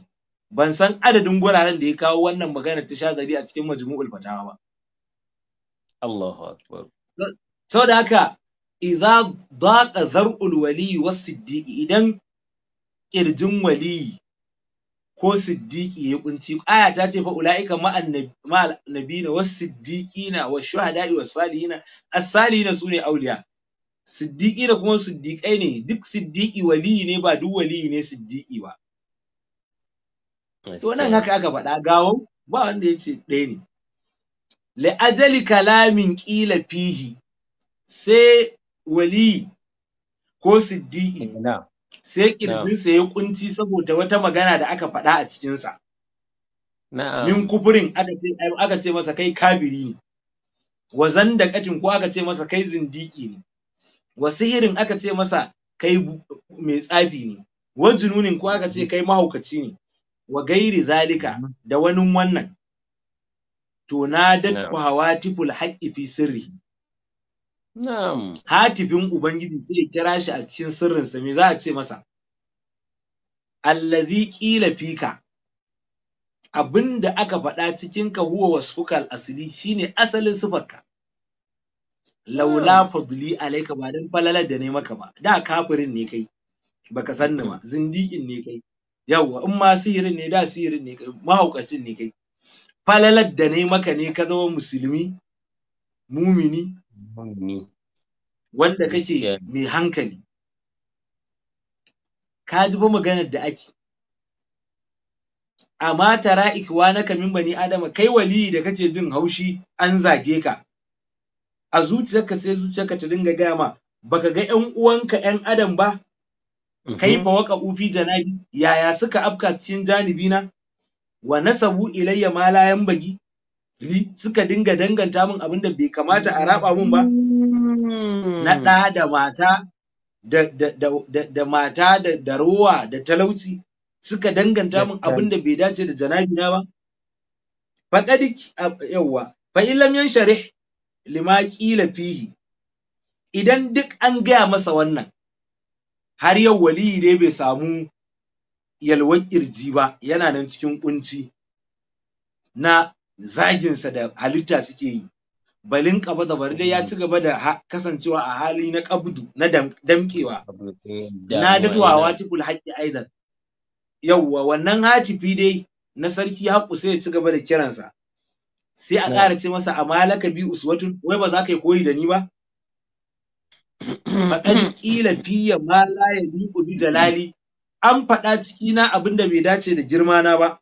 ban san adadin guraren da ya kawo wannan maganar ta shazali a cikin majmu'ul fatawa ba Allahu akbar saboda haka idza daqa zar'ul wali was siddiƙi idan ƙirjin wali ko siddiqi ya kunci aya ta ce fa ulaika ma annabina was siddiqina was shuhada'i was salihina as salihina sune auliya siddiqi da kuma siddiqai ne duk siddiqi wali ne ba duk wali ne siddiqi ba to nan haka aka faɗa gawo ba wanda ya ce ɗaya ne li'ajali kalamin ƙila fihi sai wali ko siddi'i sai ƙirjinsa ya kunci saboda wata magana da aka faɗa a cikinsa. Min kufurin aka ce masa kai kabiri ne, wa ƙatin ko aka ce masa kai zindiki ne, wa sihirin aka ce masa kai mai tsafi ne, wa jununin ko aka ce kai mahaukaci ne, wa gairi zalika da wani wannan. to na hawa tiful haƙƙi fi sirri hatifin ubangiji sai ya kira shi a cikin sirrinsa me za a ce masa allazi qila fika abinda aka faɗa cikin ka huwa wasfukal asli shine asalin sufarka. laula fadli alaika ba don falalar da ne maka ba da kafirin ne kai baka san ni ba mm. zindikin ne kai yawwa in ma sihirin ne da sihirin ne kai mahaukacin ne kai falalar da nai maka ne ka zama musulmi mumini wanda kace mai hankali ka ji ba maganar da ake amma tara na kamin bani adama kai waliyi da kake jin haushi an zage ka a zuciyarka sai zuciyarka ta dinga gaya ma baka ga yan uwanka yan adam ba mhm. kai ba waka ufi janabi yaya suka afka cikin janibi na wa nasabu ilayya ma la li suka dinga danganta min abin bai kamata a raba min ba na ɗa da mata da, da, da, da, mata da, da ruwa da talauci suka danganta min abin bai dace da na ba faƙadik yawwa fa illam yansharih lima qila fihi idan duk an gaya masa wannan har yau waliyi dai bai samu yalwan ƙirji ba yana nan cikin ƙunci. na zaginsa da halitta suke yi balin kaba da bari dai ya ci gaba da kasancewa a hali na kabdu na damkewa na dadwawa tibul haƙƙi aidan yawwa wannan hatifi dai na sarki haƙu sai ya ci gaba da kiransa sai a ƙara ce masa a laka bi uswatu wai ba za ka yi koyi da ni ba faɗan ƙila fiye ma la ya ku bi jalali an faɗa cikina abin da bai dace da girma na ba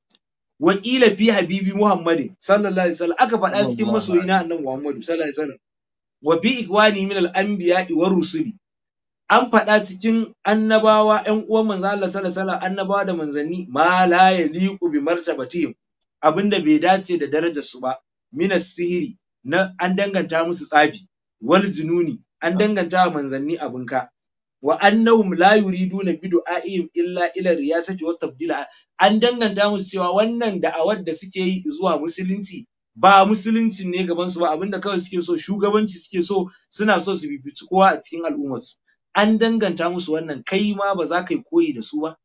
wakila fi habibi muhammadi sallallahu alaihi wasallam aka faɗa cikin masoyina annabi muhammadu sallallahu alaihi wasallam wa bi ikwani min al anbiya wa rusuli an faɗa cikin annabawa ƴan uwan manzo Allah sallallahu alaihi annabawa da manzanni ma la yaliqu bi martabatihim abinda bai dace da darajar su ba min sihiri na an danganta musu tsafi wal jununi an ah. danganta wa manzanni abinka wa annahum la yuriduna bi du'a'ihim illa ila riyasati wa tabdila an danganta musu cewa wannan da'awar da suke yi zuwa musulunci ba musulunci ne gaban su ba abinda kawai suke so shugabanci suke so suna so su bibici kowa a cikin al'ummar su an danganta musu wannan kai ma ba za ka yi koyi da su ba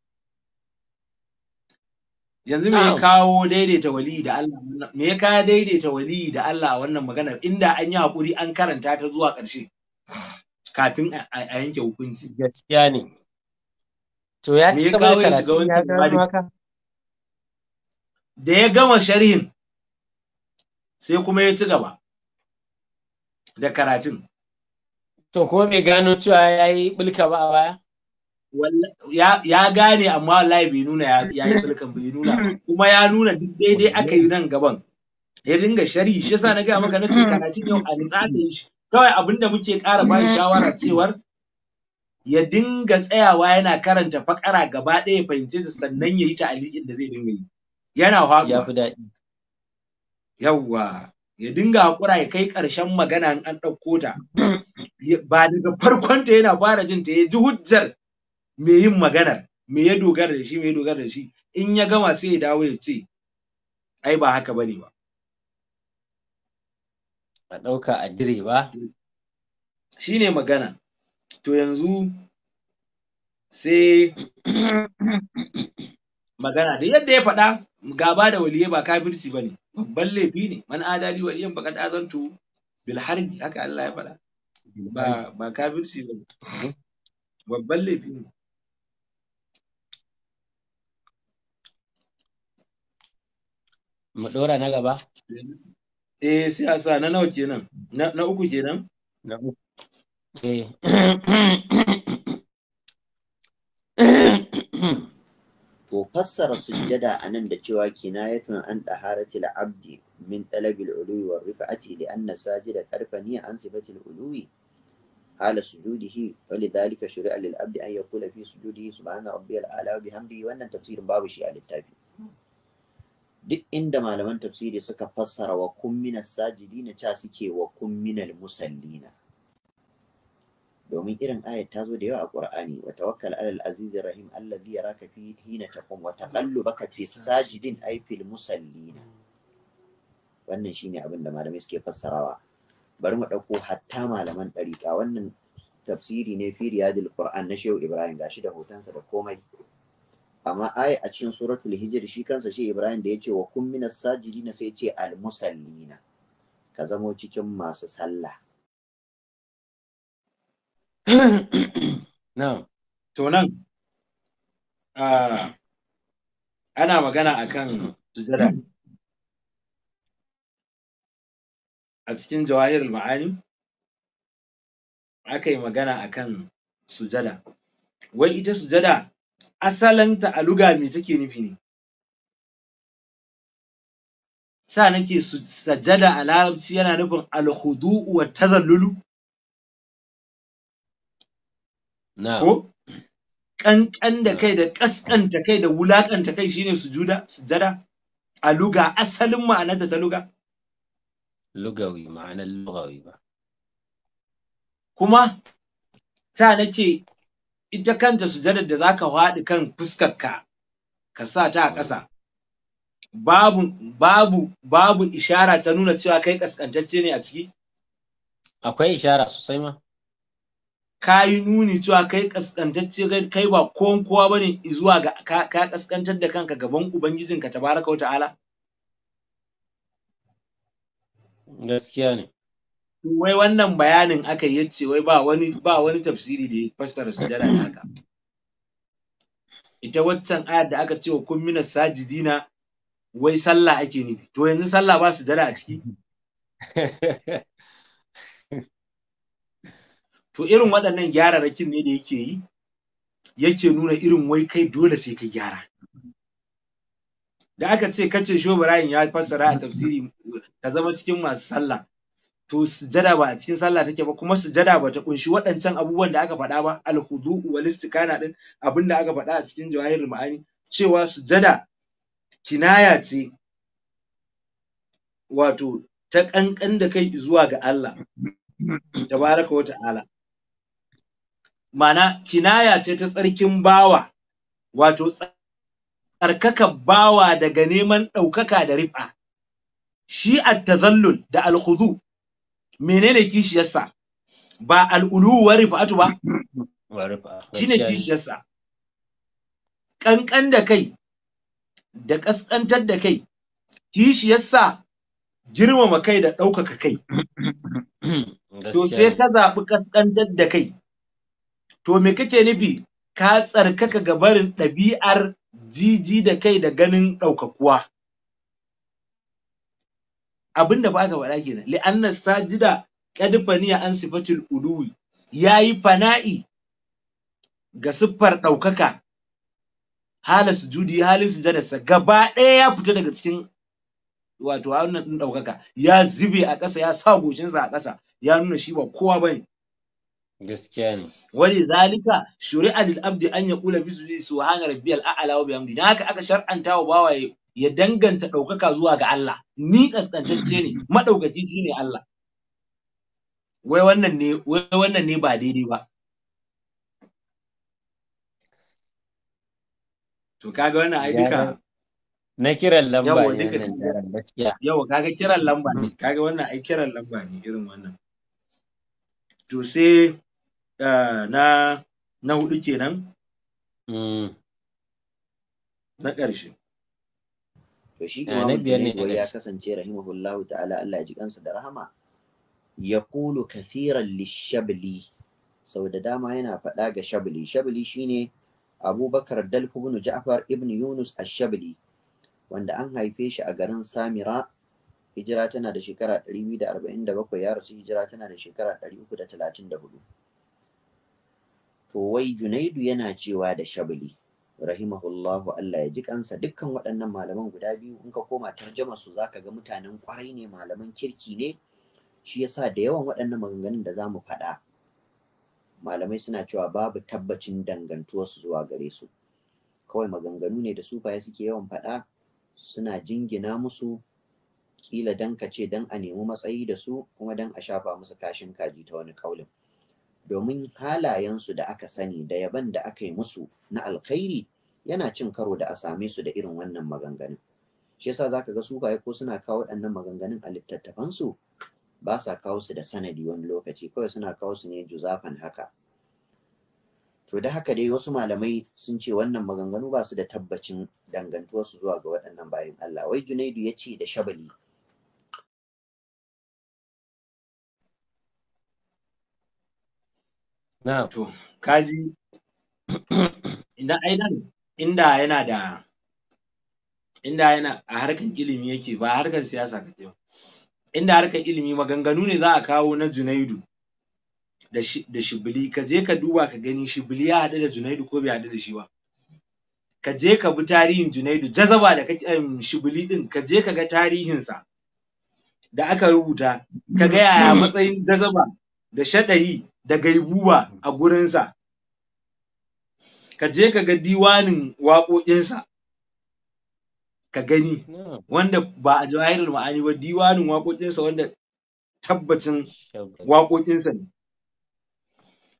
yanzu me ya kawo daidaita wali da Allah me ya daidaita wali da Allah a wannan magana inda an yi hakuri an karanta ta zuwa ƙarshe kafin a yanke hukunci. Gaskiya ne. To ya ci gaba da karatu ya gano haka? Da ya gama sharhin sai kuma ya ci gaba da karatun. To kuma bai gano cewa ya yi bulka ba a baya? ya gane amma wallahi bai nuna ya yi bulkan bai nuna kuma ya nuna duk daidai aka yi nan gaban ya dinga sharhi shi yasa na gaya maka na ce karatun yau a nisa aka yi shi kawai abin da muke ƙara ba mm. shawara cewar ya dinga tsayawa yana karanta fakara gaba ɗaya fahimce ta sannan ya yi ta da zai dinga yi yana haɗuwa. ya fi daɗi yawwa ya dinga haƙura ya kai ƙarshen magana in an ɗauko ta ba daga farkon ta yana fara jin ta ya ji hujjar me yin maganar me ya dogara da shi me ya dogara da shi in ya gama sai ya dawo ya ce ai ba haka bane ba a ɗauka a dire ba ne magana to yanzu sai magana da yadda ya faɗa gaba da waliyai ba kafirci ba ne babban laifi ne man adali waliyan faƙad azantu bil harbi haka Allah ya faɗa ba kafirci ba ne. Mhm. babban laifi ne mu ɗora na gaba Eh siyasa na nawa Na uku kenan? Na uku. Eh. To fassara sujjada anan da cewa kina ya yatun an daharati al-abdi min talabil uluwi wa rifa'ati li anna sajida karfa ni an sifati al-uluwi hala sujudihi wa li dhalika shuri'a lil-abdi an yaqula fi sujudihi subhana rabbiyal a'la wa bihamdihi wannan tafsirin babu shi a littafi. duk inda malaman tafsiri suka fassara wa kun sajidi na ca suke wa kun musallina domin irin ayat ta zo da yawa a ƙur'ani, wa tawakkal alal azizir rahim allazi yaraka fi hina taqum wa taqallubaka fi sajidin ay fil musallina wannan shine abin da malamai suke fassarawa bari mu dauko hatta malaman dariqa wannan tafsiri ne fi riyadil qur'an na shehu ibrahim gashi da hotonsa da komai amma ai a cikin suratul hijr shi kansa shi Ibrahim da yace wa kun minas sajidina sai yace al musallina ka zamo cikin masu sallah na'am to nan ana magana akan sujada a cikin jawahirul ma'ani aka yi magana akan sujada wai ita sujada asalanta a luga me take nufi ne sa nake su sajada a larabci yana nufin alhudu'u wa tazallulu ko kankan da kai da ƙasƙanta kai da wulaƙanta kai shine sujuda sujada a luga asalin ma'anarta ta luga lugawi ma'anar lugawi ba kuma sa nake ita kanta sujadar da zaka faɗi kan fuskarka ka sa ta a ƙasa babu babu babu ishara ta nuna cewa kai kaskantacce ne a ciki akwai ishara sosai ma ka yi nuni cewa kai kaskantacce kai ba kowan kowa bane zuwa ga ka kaskantar da kanka gaban ubangijinka tabaraka wa ta'ala gaskiya ne wai wannan bayanin aka yi yace wai ba wani ba wani tafsiri da ya fassara sujada da haka ita waccan ayar da aka ce wa kun minas sajidina wai sallah ake nufi to yanzu sallah ba sujada a ciki to irin waɗannan gyararrakin ne da yake yi yake nuna irin wai kai dole sai ka gyara da aka ce kace sho Ibrahim ya fassara a tafsiri ka zama cikin masu sallah to sujada ba a cikin sallah take ba kuma sujada ba ta kunshi waɗancan abubuwan da aka faɗa ba alhudu wal istikana din abin da aka faɗa a cikin jawahirul ma'ani cewa sujada kinaya ce wato ta ƙanƙan da kai zuwa ga Allah tabaraka wata'ala ma'ana kinaya ce ta tsarkin bawa wato tsarkaka bawa daga neman ɗaukaka da rifa shi at-tazallul da alhudu menene kishiyarsa ba al'ulu wa rifa'atu ba shine kishiyarsa kankan da kai da kaskantar da kai kishiyarsa girmama kai da ɗaukaka kai to sai ka zaɓi ƙasƙantar da kai to me kake nufi ka tsarkaka gabarin ɗabi'ar jiji da kai da ganin ɗaukakuwa abin da ba ka faɗa kenan anna sajida qad faniya an sifatil uluwi yayi fana'i ga siffar ɗaukaka hala sujudi halin sujadarsa gaba ɗaya ya fita daga cikin wato hannun ɗin ɗaukaka ya zube a ƙasa ya sa goshinsa a ƙasa ya nuna shi ba kowa bane gaskiya ne wani zalika shuri'a lil abdi an ya kula bisu su hanga rabbiyal a'la wa bihamdi dan haka aka shar'anta wa bawaye ya danganta ɗaukaka zuwa ga Allah ni ƙasƙantacce ne maɗaukaki shi ne Allah wai wannan ne wai wannan ne ba daidai ba to kaga wannan ai duka na kiran lamba yawa duka gaskiya yawa kaga kiran lamba ne kaga wannan ai kiran lamba ne irin wannan to sai eh, na na hudu kenan mm. na ƙarshe to shi kuma imamu Junaidu ya kasance rahimahullahu ta'ala Allah ya ji kansa da rahama ya kulu kathiran lishabli sau da dama yana faɗa ga shabli shabli shine abubakar dalfu ibn ja'far ibn yunus ash-shabli wanda an haife shi a garin samira hijira tana da shekara 247 ya rasu hijira tana da shekara 334 to wai junaidu yana cewa da shabli rahimahullahu Allah ya ji kansa dukkan waɗannan malaman guda biyu in ka koma tarjama su zaka ga mutanen kwarai ne malaman kirki ne shi yasa da yawan waɗannan maganganun da zamu faɗa malamai suna cewa babu tabbacin dangantuwar su zuwa gare su kawai maganganu ne da sufaye suke yawan faɗa suna jingina musu kila dan ka ce dan a nemi matsayi da su kuma dan a shafa musu kashin kaji ta wani kaulin domin halayensu da aka sani da yaban da aka yi musu na alkhairi yana cin karo da a same su da irin wannan maganganun shi yasa zaka ga sufaye ko suna kawo waɗannan maganganun a littattafansu ba sa kawo su da sanadi wani lokaci kawai suna kawo su ne juzafan haka to da haka dai wasu malamai sun ce wannan maganganu ba su da tabbacin dangantuwarsu zuwa ga waɗannan bayan Allah wai Junaidu ya ce da Shabali To, kaji, idan ai nan inda yana da inda yana a harkan ilimi yake ba harkan siyasa kake ba inda harkan ilimi maganganu ne za a kawo na Junaidu da shi da Shibli ka je ka duba ka gani Shibli ya haɗu da Junaidu ko bai haɗu da shi ba ka je ka bi tarihin Junaidu jazaba da kake um, Shibli din ka je ka ga tarihinsa da aka rubuta ka ga yaya matsayin jazaba da shaɗayi da gaibuwa a gurinsa ka je ka ga diwanin waƙoƙinsa ka gani hmm. wanda ba a jawahirul ma'ani ba diwanin waƙoƙinsa wanda tabbacin waƙoƙinsa ne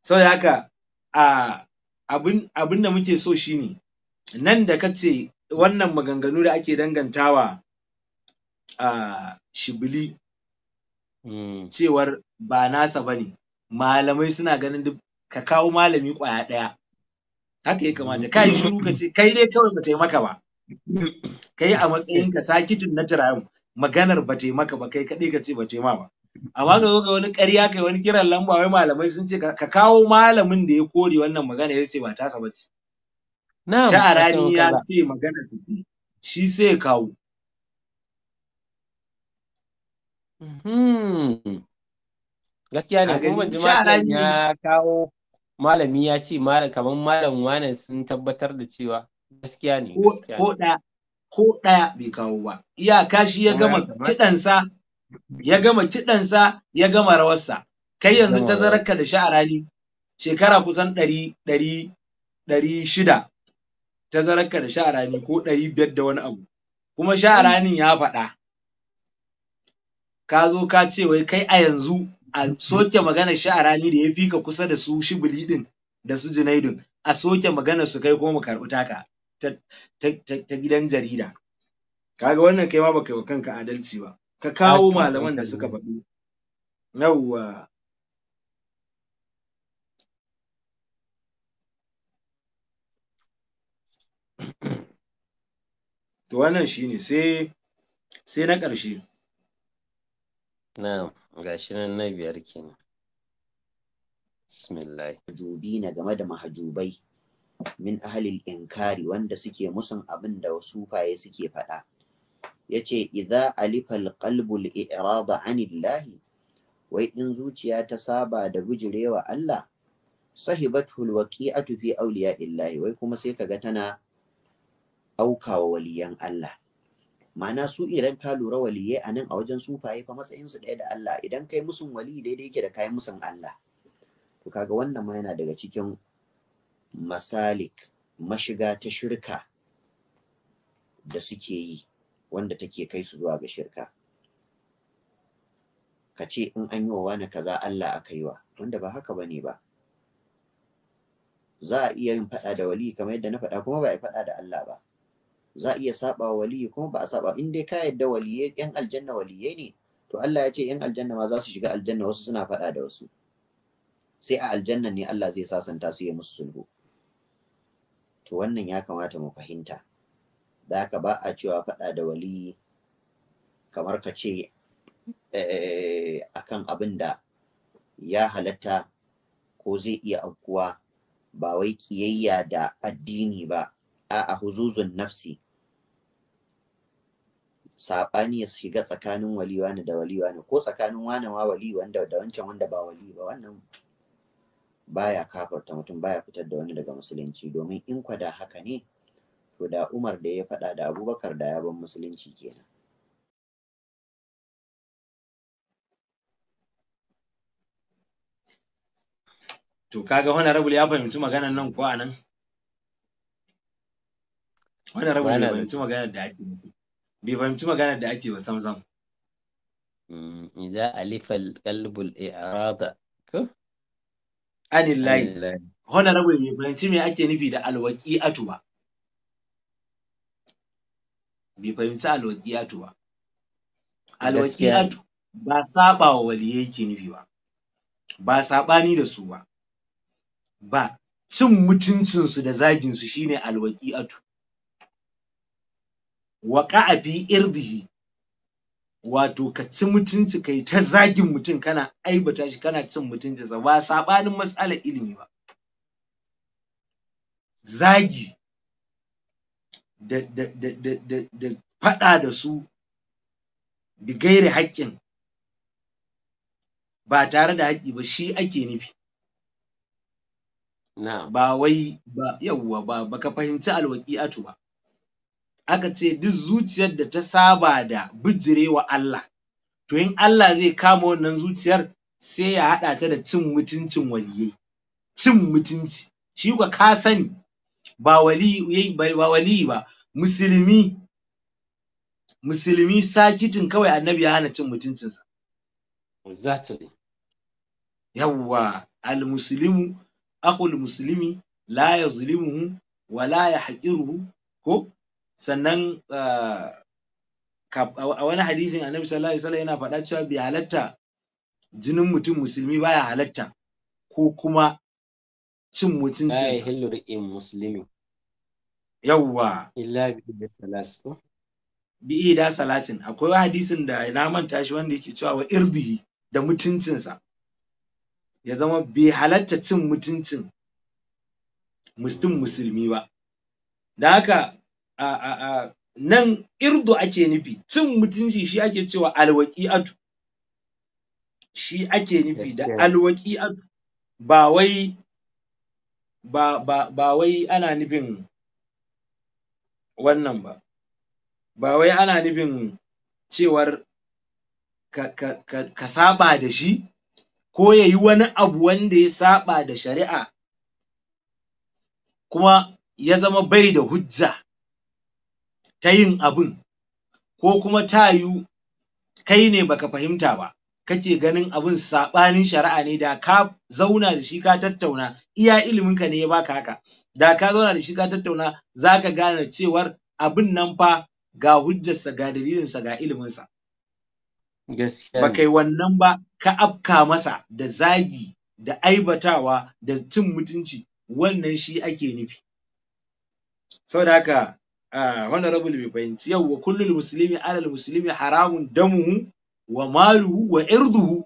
sau haka a abin da muke so shine nan da ka ce wannan maganganu da ake dangantawa a shibili hmm. cewar ba nasa ba ne malamai suna ganin duk ka kawo malami ƙwaya ɗaya haka ya kamata ka yi shiru ka ce kai dai kawai ba maka ba kai a matsayin ka sakitin na tirayen maganar ba maka ba kai kaɗai ka ce ba ma ba amma ka zo ka wani ƙarya kai wani kiran lamba wai malamai sun ce ka kawo malamin da ya kore wannan magana ya ce ba ta ba ce ya ce magana su ce shi sai ya kawo mhm. gaskiya ne kuma jima'a ya kawo malami ya ce kamar malam wane sun tabbatar da cewa gaskiya ne ko ɗaya ko bai kawo ba iyaka shi ya gama kiɗansa ya gama kiɗansa ya gama rawarsa kai yanzu ta tazararka da sha'arani shekara kusan ɗari ɗari ɗari shida tazararka da sha'arani ko ɗari biyar da wani abu kuma sha'aranin ya faɗa ka zo ka ce wai kai a yanzu a soke maganar rani da ya fika kusa da su shibili din da su junaidun a soke magana su kai kuma karɓi taka ta gidan jarida kaga wannan kai ma baka yi wa kanka adalci ba ka kawo malaman da suka faɗi yawwa to wannan shine sai sai na ƙarshe Na'am, gashi nan na biyar kenan. Bismillah. Mahajubi na game da mahajubai min ahalil inkari wanda suke musun abin da faye suke faɗa. Ya ce, Iza alifal qalbul i'rada anillahi, wai in zuciya ta saba da bijirewa Allah, sahibatul waqi'atu fi auliya illahi, wai kuma sai kaga tana aukawa waliyan Allah. ma'ana su idan ka lura waliyai a nan a wajen sufaye fa su ɗaya da Allah idan kai musun wali daidai yake da kayan musun Allah to kaga wannan ma yana daga cikin masalik mashiga ta shirka da suke yi wanda take kai su zuwa ga shirka ka ce in an yi wa wani kaza Allah aka yi wa wanda ba haka bane ba za a iya yin faɗa da wali kamar yadda na faɗa kuma ba a faɗa da Allah ba za a iya saba waliyi kuma ba a saba in dai ka yadda waliyai yan aljanna waliyai ne to Allah ya ce yan aljanna ma za su shiga aljanna wasu suna faɗa da wasu sai a aljanna ne Allah zai sasanta su ya musu sulhu to wannan ya kamata mu fahimta da haka ba a cewa faɗa da waliyi kamar ka ce eh, akan abin da ya halatta ko zai iya aukuwa ba wai kiyayya da addini ba a huzuzun nafsi saɓani ya shiga tsakanin wali wani da wali wani ko tsakanin wani wa wali wanda da wancan wanda ba wali ba wannan baya kafarta mutum baya fitar da wani daga musulunci domin in kwada haka ne to da umar da ya faɗa da abubakar da ya ban musulunci kenan to kaga rabu ya fahimci maganan nan ko anan rabu ya fahimci maganar da ake musu bai fahimci magana da ake ba samsam mm, idza alifa alqalbu al-i'rada ko anillahi honorable bai fahimci me ake nufi da alwaqi'atu ba bai fahimci alwaqi'atu ba alwaqi'atu ba saba wa waliyai yake nufi ba ba sabani da su ba ba cin mutuncinsu da zaginsu shine alwaqi'atu a fi irdihi wato ka ci mutunci kai ta zagin mutum kana aibata shi kana cin mutunci ba saɓanin matsalar ilimi ba zagi da da faɗa da su da gaire haƙƙin ba tare da haƙƙi ba shi ake nufi ba wai ba yawwa ba baka fahimci alwaƙi'atu ba aka ce duk zuciyar da ta saba da bijirewa Allah to in Allah zai kama wannan zuciyar sai ya haɗa ta da cin mutuncin waliyai cin mutunci shi kuwa ka sani ba wali ba wali ba musulmi musulmi sakitin kawai annabi ya hana cin mutuncinsa exactly yawwa al muslimu aqul muslimi la yazlimuhu wa la yahqiruhu ko sannan ah, a wani hadithin annabi sallallahu alaihi wasallam yana faɗa cewa bai halatta jinin mutum musulmi baya halatta ko kuma cin mutuncinsa. Ai hillu in musulmi. Yawwa. Illa bi da salasu. Bi da salatin akwai hadisin da na manta shi wanda yake cewa wa irdihi da mutuncinsa. Ya zama bai halatta cin mutuncin musulmi ba. Da haka a a a nan irdu ake nufi cin mutunci shi ake cewa alwaqi'atu shi ake nufi da alwaqi'atu ba wai ba ba ba wai ana nufin wannan ba ba wai ana nufin cewar ka ka ka, ka saba da shi ko ya yi wani abu wanda ya saba da shari'a kuma ya zama bai da hujja ta yin abin, ko kuma ta yiwu kai ne baka fahimta ba kake ganin abin saɓanin shari'a ne da ka zauna da shi ka tattauna iya iliminka ne ya baka haka da ka zauna da shi ka tattauna za ka gane cewar abin nan fa ga hujjarsa ga dalilinsa ga iliminsa gaskiya ba kai wannan ba ka afka masa da zagi da aibatawa da cin mutunci wannan shi ake nufi saboda haka wannan ah, rabul bai fahimci yau wa kullul muslimi alal muslimi haramun damuhu wa maluhu wa irduhu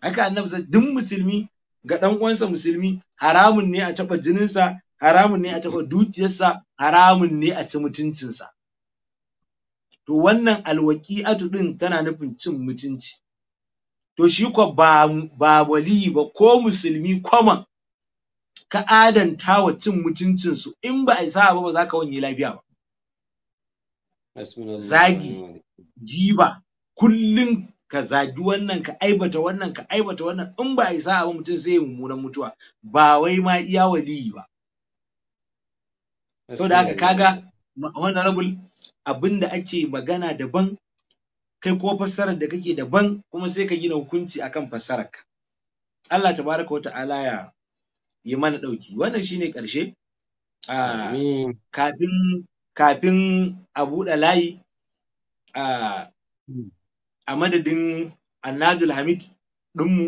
haka annabi sai duk musulmi ga dan uwansa musulmi haramun ne a taba jininsa haramun ne a taba dukiyarsa haramun ne a ci mutuncinsa to wannan alwaqi'atu din tana nufin cin mutunci to shi ko ba ba wali ba ko musulmi kwaman ka adanta wa cin mutuncinsu in ba a isa ba ba za ka wanye lafiya ba zagi jiba kullum ka zagi wannan ka aibata wannan ka aibata wannan in ba a isa ba mutum sai mummunan mutuwa ba wai ma iya waliyi ba so da haka kaga honorable abin da ake magana daban kai ko fassarar da kake daban kuma sai ka gina hukunci akan fassarar Allah tabaraka wa ta'ala ya yi mana ɗauki wannan shine ƙarshe kafin a buɗe layi a hmm. madadin annadul hamid ɗinmu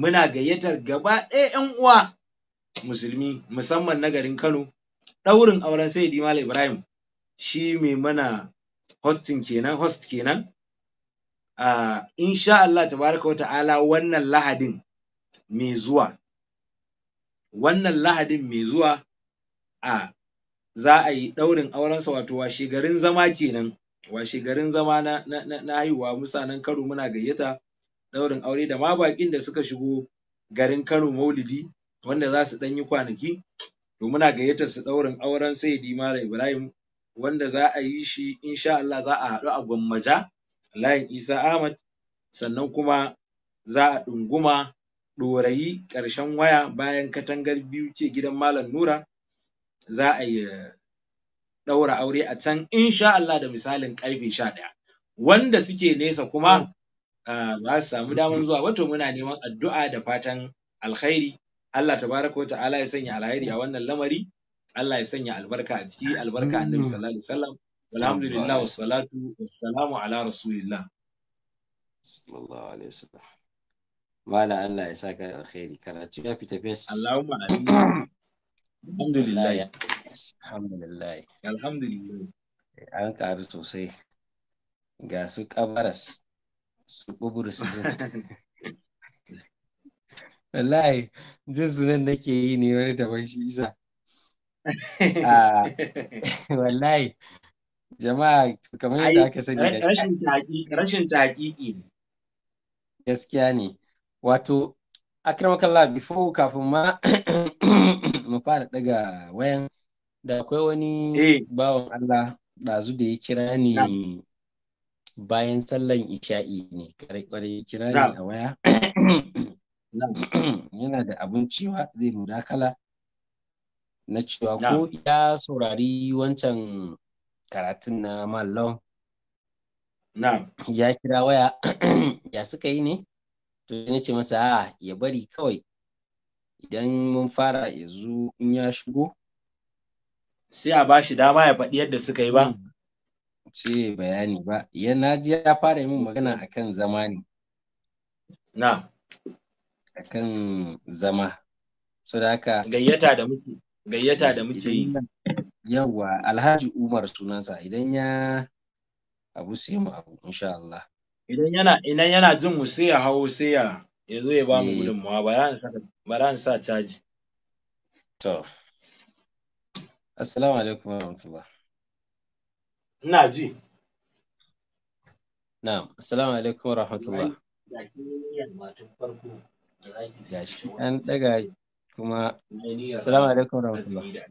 muna gayyatar gaba ɗaya 'yan uwa musulmi musamman na garin kano ɗaurin auren sayyidi mala ibrahim shi mai mana hostin kenan host kenan insha Allah tabaraka wata ala wannan lahadin mai zuwa wannan lahadin mai zuwa a za a yi ɗaurin aurensa wato washe garin zama kenan washe garin zama na, na, na, na haihuwa mutanen kano muna gayyata ɗaurin aure da ma baƙin da suka shigo garin kano maulidi wanda za su ɗan yi kwanaki to muna gayyatar su ɗaurin auren saidi malam ibrahim wanda za a yi shi insha Allah za a haɗu a gwammaja layin isa ahmad sannan kuma za a ɗunguma ɗorayi ƙarshen waya bayan katangar biyu ce gidan Malam Nura za a yi eh, ɗaura aure a can insha Allah da misalin ƙarfe sha ɗaya. Wanda suke nesa kuma eh, ba su samu daman zuwa wato muna neman addu'a da fatan alkhairi Allah tabaraka wa ta'ala ya sanya alhairi a wannan lamari Allah ya sanya albarka a ciki albarka a annabi sallallahu alaihi wasallam walhamdulillah wassalatu wassalamu ala rasulillah Mala Allah ya saka alkhairi karatu ya fita fes. Allahumma amin. Alhamdulillah. Alhamdulillah. Alhamdulillah. An karu sosai. Ga su kabaras su kuburu su Wallahi jin sunan nake yi ne wani da ban shi isa. Ah, wallahi jama'a kamar yadda aka sani da rashin taƙiƙi ne. Gaskiya ne. wato akramakallah before kafin ma mu fara daga wayan da akwai wani eh. bawan Allah ɗazu da ya kira ni bayan sallan isha'i ne ya kira ni a waya yana da abun cewa zai dakala na cewa ko ya saurari wancan karatun na mallon ya kira waya ya suka yi ne to na ce masa a ya bari kawai idan mun fara yanzu in ya shigo sai a bashi dama ya faɗi yadda suka yi ba ce hmm. bayani ba yana ji ya fara yin magana akan zama ne na akan zama so da haka gayyata da muke gayyata da muke yi yawa alhaji umar sunansa idan ya abu sai mu abu insha Allah idan yana idan yana jin mu sai ya hawo sai ya ya zo ya ba mu hmm. gudunmawa ba za saka sa caji to assalamu alaikum warahmatullah ina ji na'am assalamu alaikum warahmatullah an daga kuma assalamu alaikum warahmatullah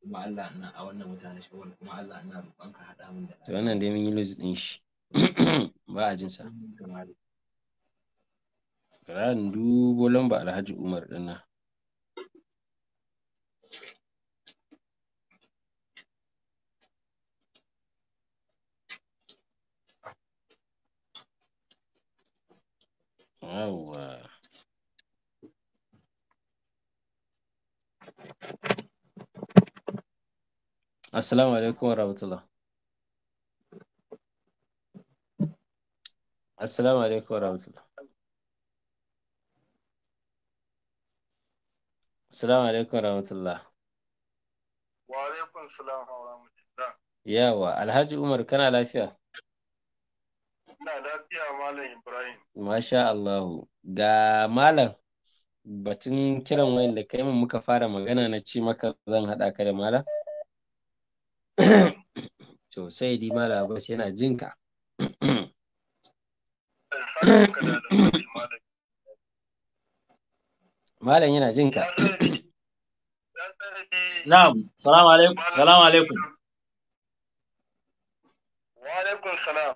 kuma Allah ina a wannan mutane kuma Allah ina roƙon hada mun da to wannan dai mun yi lose din shi ba a dubo lamba alhaji umar dinnan yawwa assalamu alaikum Assalamu alaikum warahmatullah. Assalamu alaikum warahmatullah. Wa alaikum salam warahmatullah. Yawa, Alhaji Umar kana lafiya? Ina lafiya Malam Ibrahim. Masha Allah. Ga Malam batun kiran wayan da kai muka fara magana na ci maka zan haɗa ka da Malam. To sai di Malam Abbas yana jinka. Malam yana jin ka. Na'am, salam alaikum. salam alaikum. Wa alaikum salam.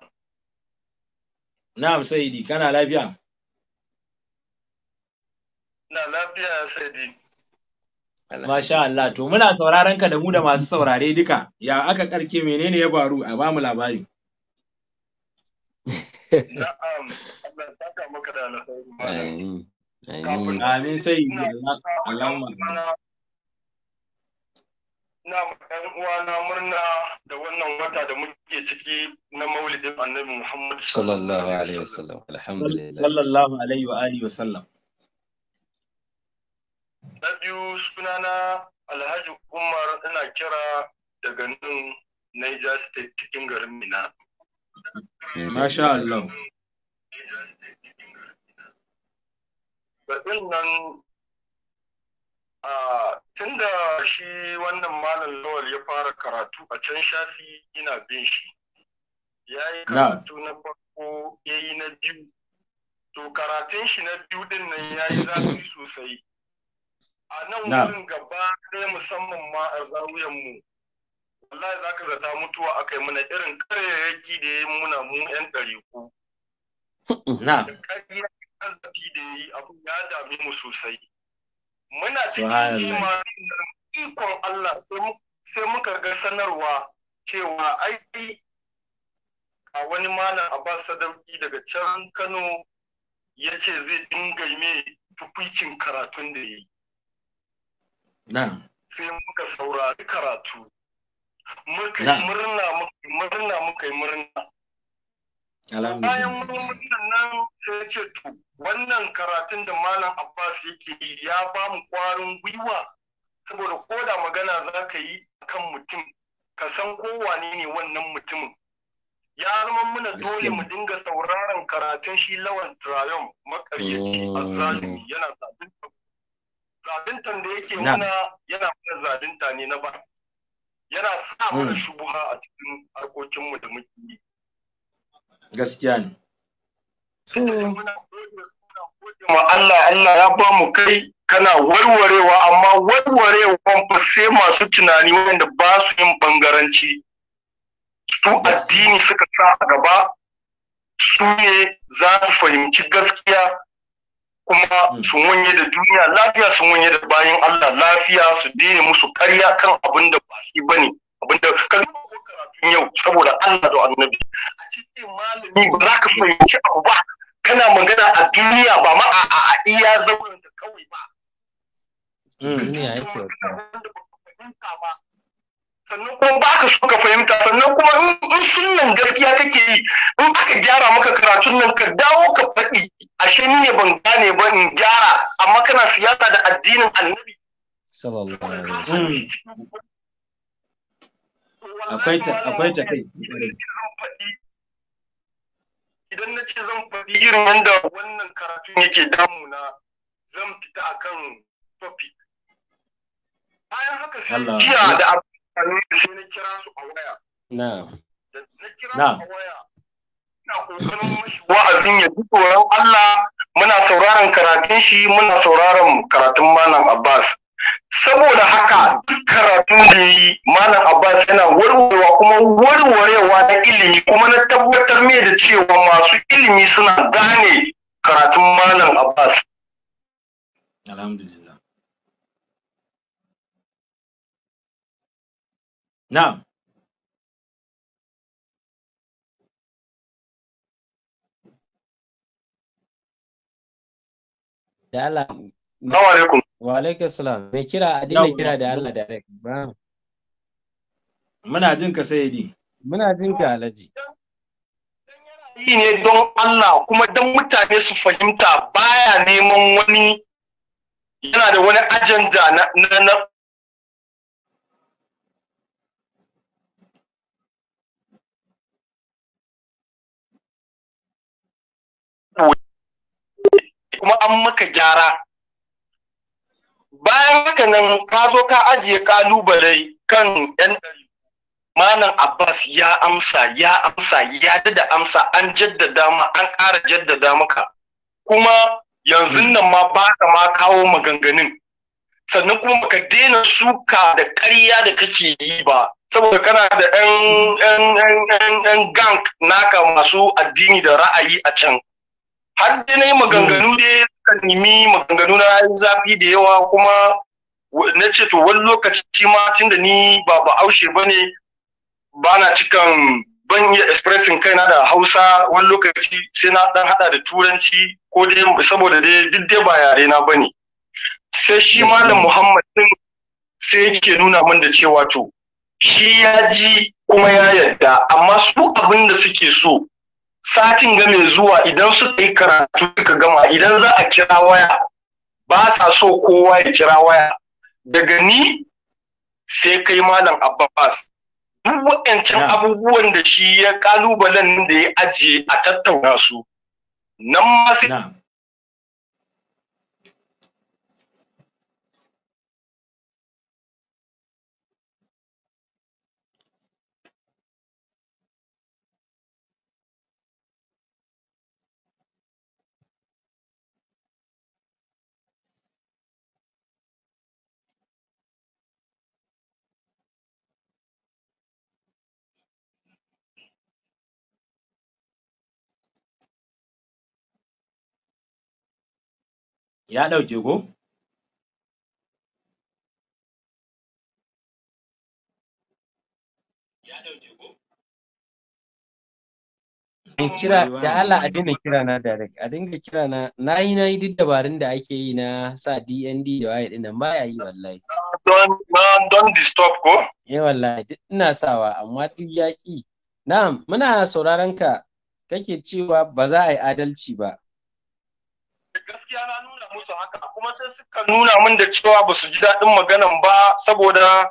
Na'am Saidi, kana lafiya? Na lafiya Saidi. Masha Allah, to muna sauraron ka da mu da masu saurare duka. Ya aka karke menene ya faru a bamu labari. Na'am, Allah ta ka da Na ɗan uwana murna da wannan wata da muke ciki na maulidin annabi Muhammad sallallahu alaihi wasallam. Alhamdulillah. Sallallahu alaihi wa alihi wasallam. Na biyu sunana Alhaji Umar ina kira daga nan Niger State cikin garin Mina. Eh, Masha Allah. Baɗin nan tun da shi wannan malam lawal ya fara karatu a can shafi ina bin shi. Ya yi karatu na farko ya yi na biyu. To karatun shi na biyu din nan ya yi zafi sosai. A nan wurin gaba ɗaya musamman ma a mu. wallahi za ka zata mutuwa a kai muna irin karyayyaki da ya yi muna mu yan ɗariku. Na. da ya yi abu ya dami mu sosai. Muna cikin ikon Allah sai muka ga sanarwa cewa aiki. a wani mana, ba Sadauki daga can Kano ya ce zai dinga mai tukwicin karatun da ya yi. Sai muka saurari karatu. muka murna muka murna muka murna bayan murnan nan sai ce to wannan karatun da malam abbas yake yi ya ba mu kwarin gwiwa saboda ko da magana za ka yi kan mutum ka san kowane ne wannan mutumin ya zama muna dole mu dinga sauraron karatun shi lawan trayon makaryaci mm. a zalimi yana zabintan zabintan da yake muna yana mana zabinta ne na ba yana sa mana hmm. shubuha a cikin harkokinmu da muke yi gaskiya ne ma Allah Allah ya ba mu kai kana warwarewa amma warwarewan fa sai masu tunani wanda ba su yin bangaranci su addini suka sa a gaba su ne za su fahimci gaskiya kuma hmm. su wanye da duniya lafiya sun wanye da bayan Allah lafiya su daina musu karya kan abin da ba shi bane abin da ka karatun yau saboda Allah da annabi a cikin malami ba za ka fahimci abu ba kana magana a duniya ba ma a a iya zauren da kawai ba. Hmm. Duniya yake. Ba sannan kuma ba ka so ka fahimta sannan kuma in sunan gaskiya kake yi in aka gyara maka karatun nan ka dawo ka faɗi ashe ni ne ban gane ba in gyara amma kana siyasa da addinin annabi hmm. akwai ta akwai ta kai idan na ce zan faɗi irin yadda wannan karatun yake damuna zan fita akan topic bayan haka sai jiya da abu sai wa'azin ya ji tsoron Allah muna sauraron karatun shi muna sauraron karatun malam Abbas saboda haka duk karatun da yi malam abbas yana warwarewa kuma warwarewa na ilimi kuma na tabbatar mai da cewa masu ilimi suna gane karatun malam abbas alhamdulillah نعم da Allah Assalamu alaikum wa alaikum salam Me kira a daina kira da Allah da ba muna jin ka sayyidi muna jin ka alaji yi ne don Allah kuma don mutane su fahimta baya neman wani yana da wani ajanda na kuma an maka gyara bayan haka nan ka zo ka ajiye kalubale kan yan malam abbas ya amsa ya amsa ya da amsa an jaddada ma an ƙara jaddada maka kuma yanzu hmm. nan ma ba ka ma kawo maganganun sannan kuma ka daina suka da ƙarya da kake yi ba saboda kana da 'yan gang naka masu addini da ra'ayi a can har da na yi maganganu hmm. dai suka nemi maganganu na zafi da yawa kuma na ce to wani lokaci ma tun da ni ba ba aushe ba ne ba na cikan ban iya expressing kaina da hausa wani lokaci sai na dan hada da turanci ko dai saboda dai duk dai ba yare na ba ne sai shi malam muhammad din sai yake nuna min da cewa to shi ya ji kuma ya yadda, amma su abin da suke so satin ga zuwa idan suka yi karatu suka gama idan za a kira waya ba sa so kowa ya kira waya daga ni sai kai malam abbas duk waɗancan abubuwan da shi ya kalubalen da ya ajiye a tattauna su nan ma sai Ya ɗauke ko. kira da Allah a dinga kira na direct a dinga kira na yi nayi duk dabarun da ake yi na sa DND da waye din nan baya yi wallahi don don disturb ko eh wallahi duk ina sawa amma duk yaƙi. na'am muna sauraron ka kake cewa ba za a yi adalci ba gaskiya na nuna musu haka kuma sai suka nuna min da cewa ba su ji daɗin maganan ba saboda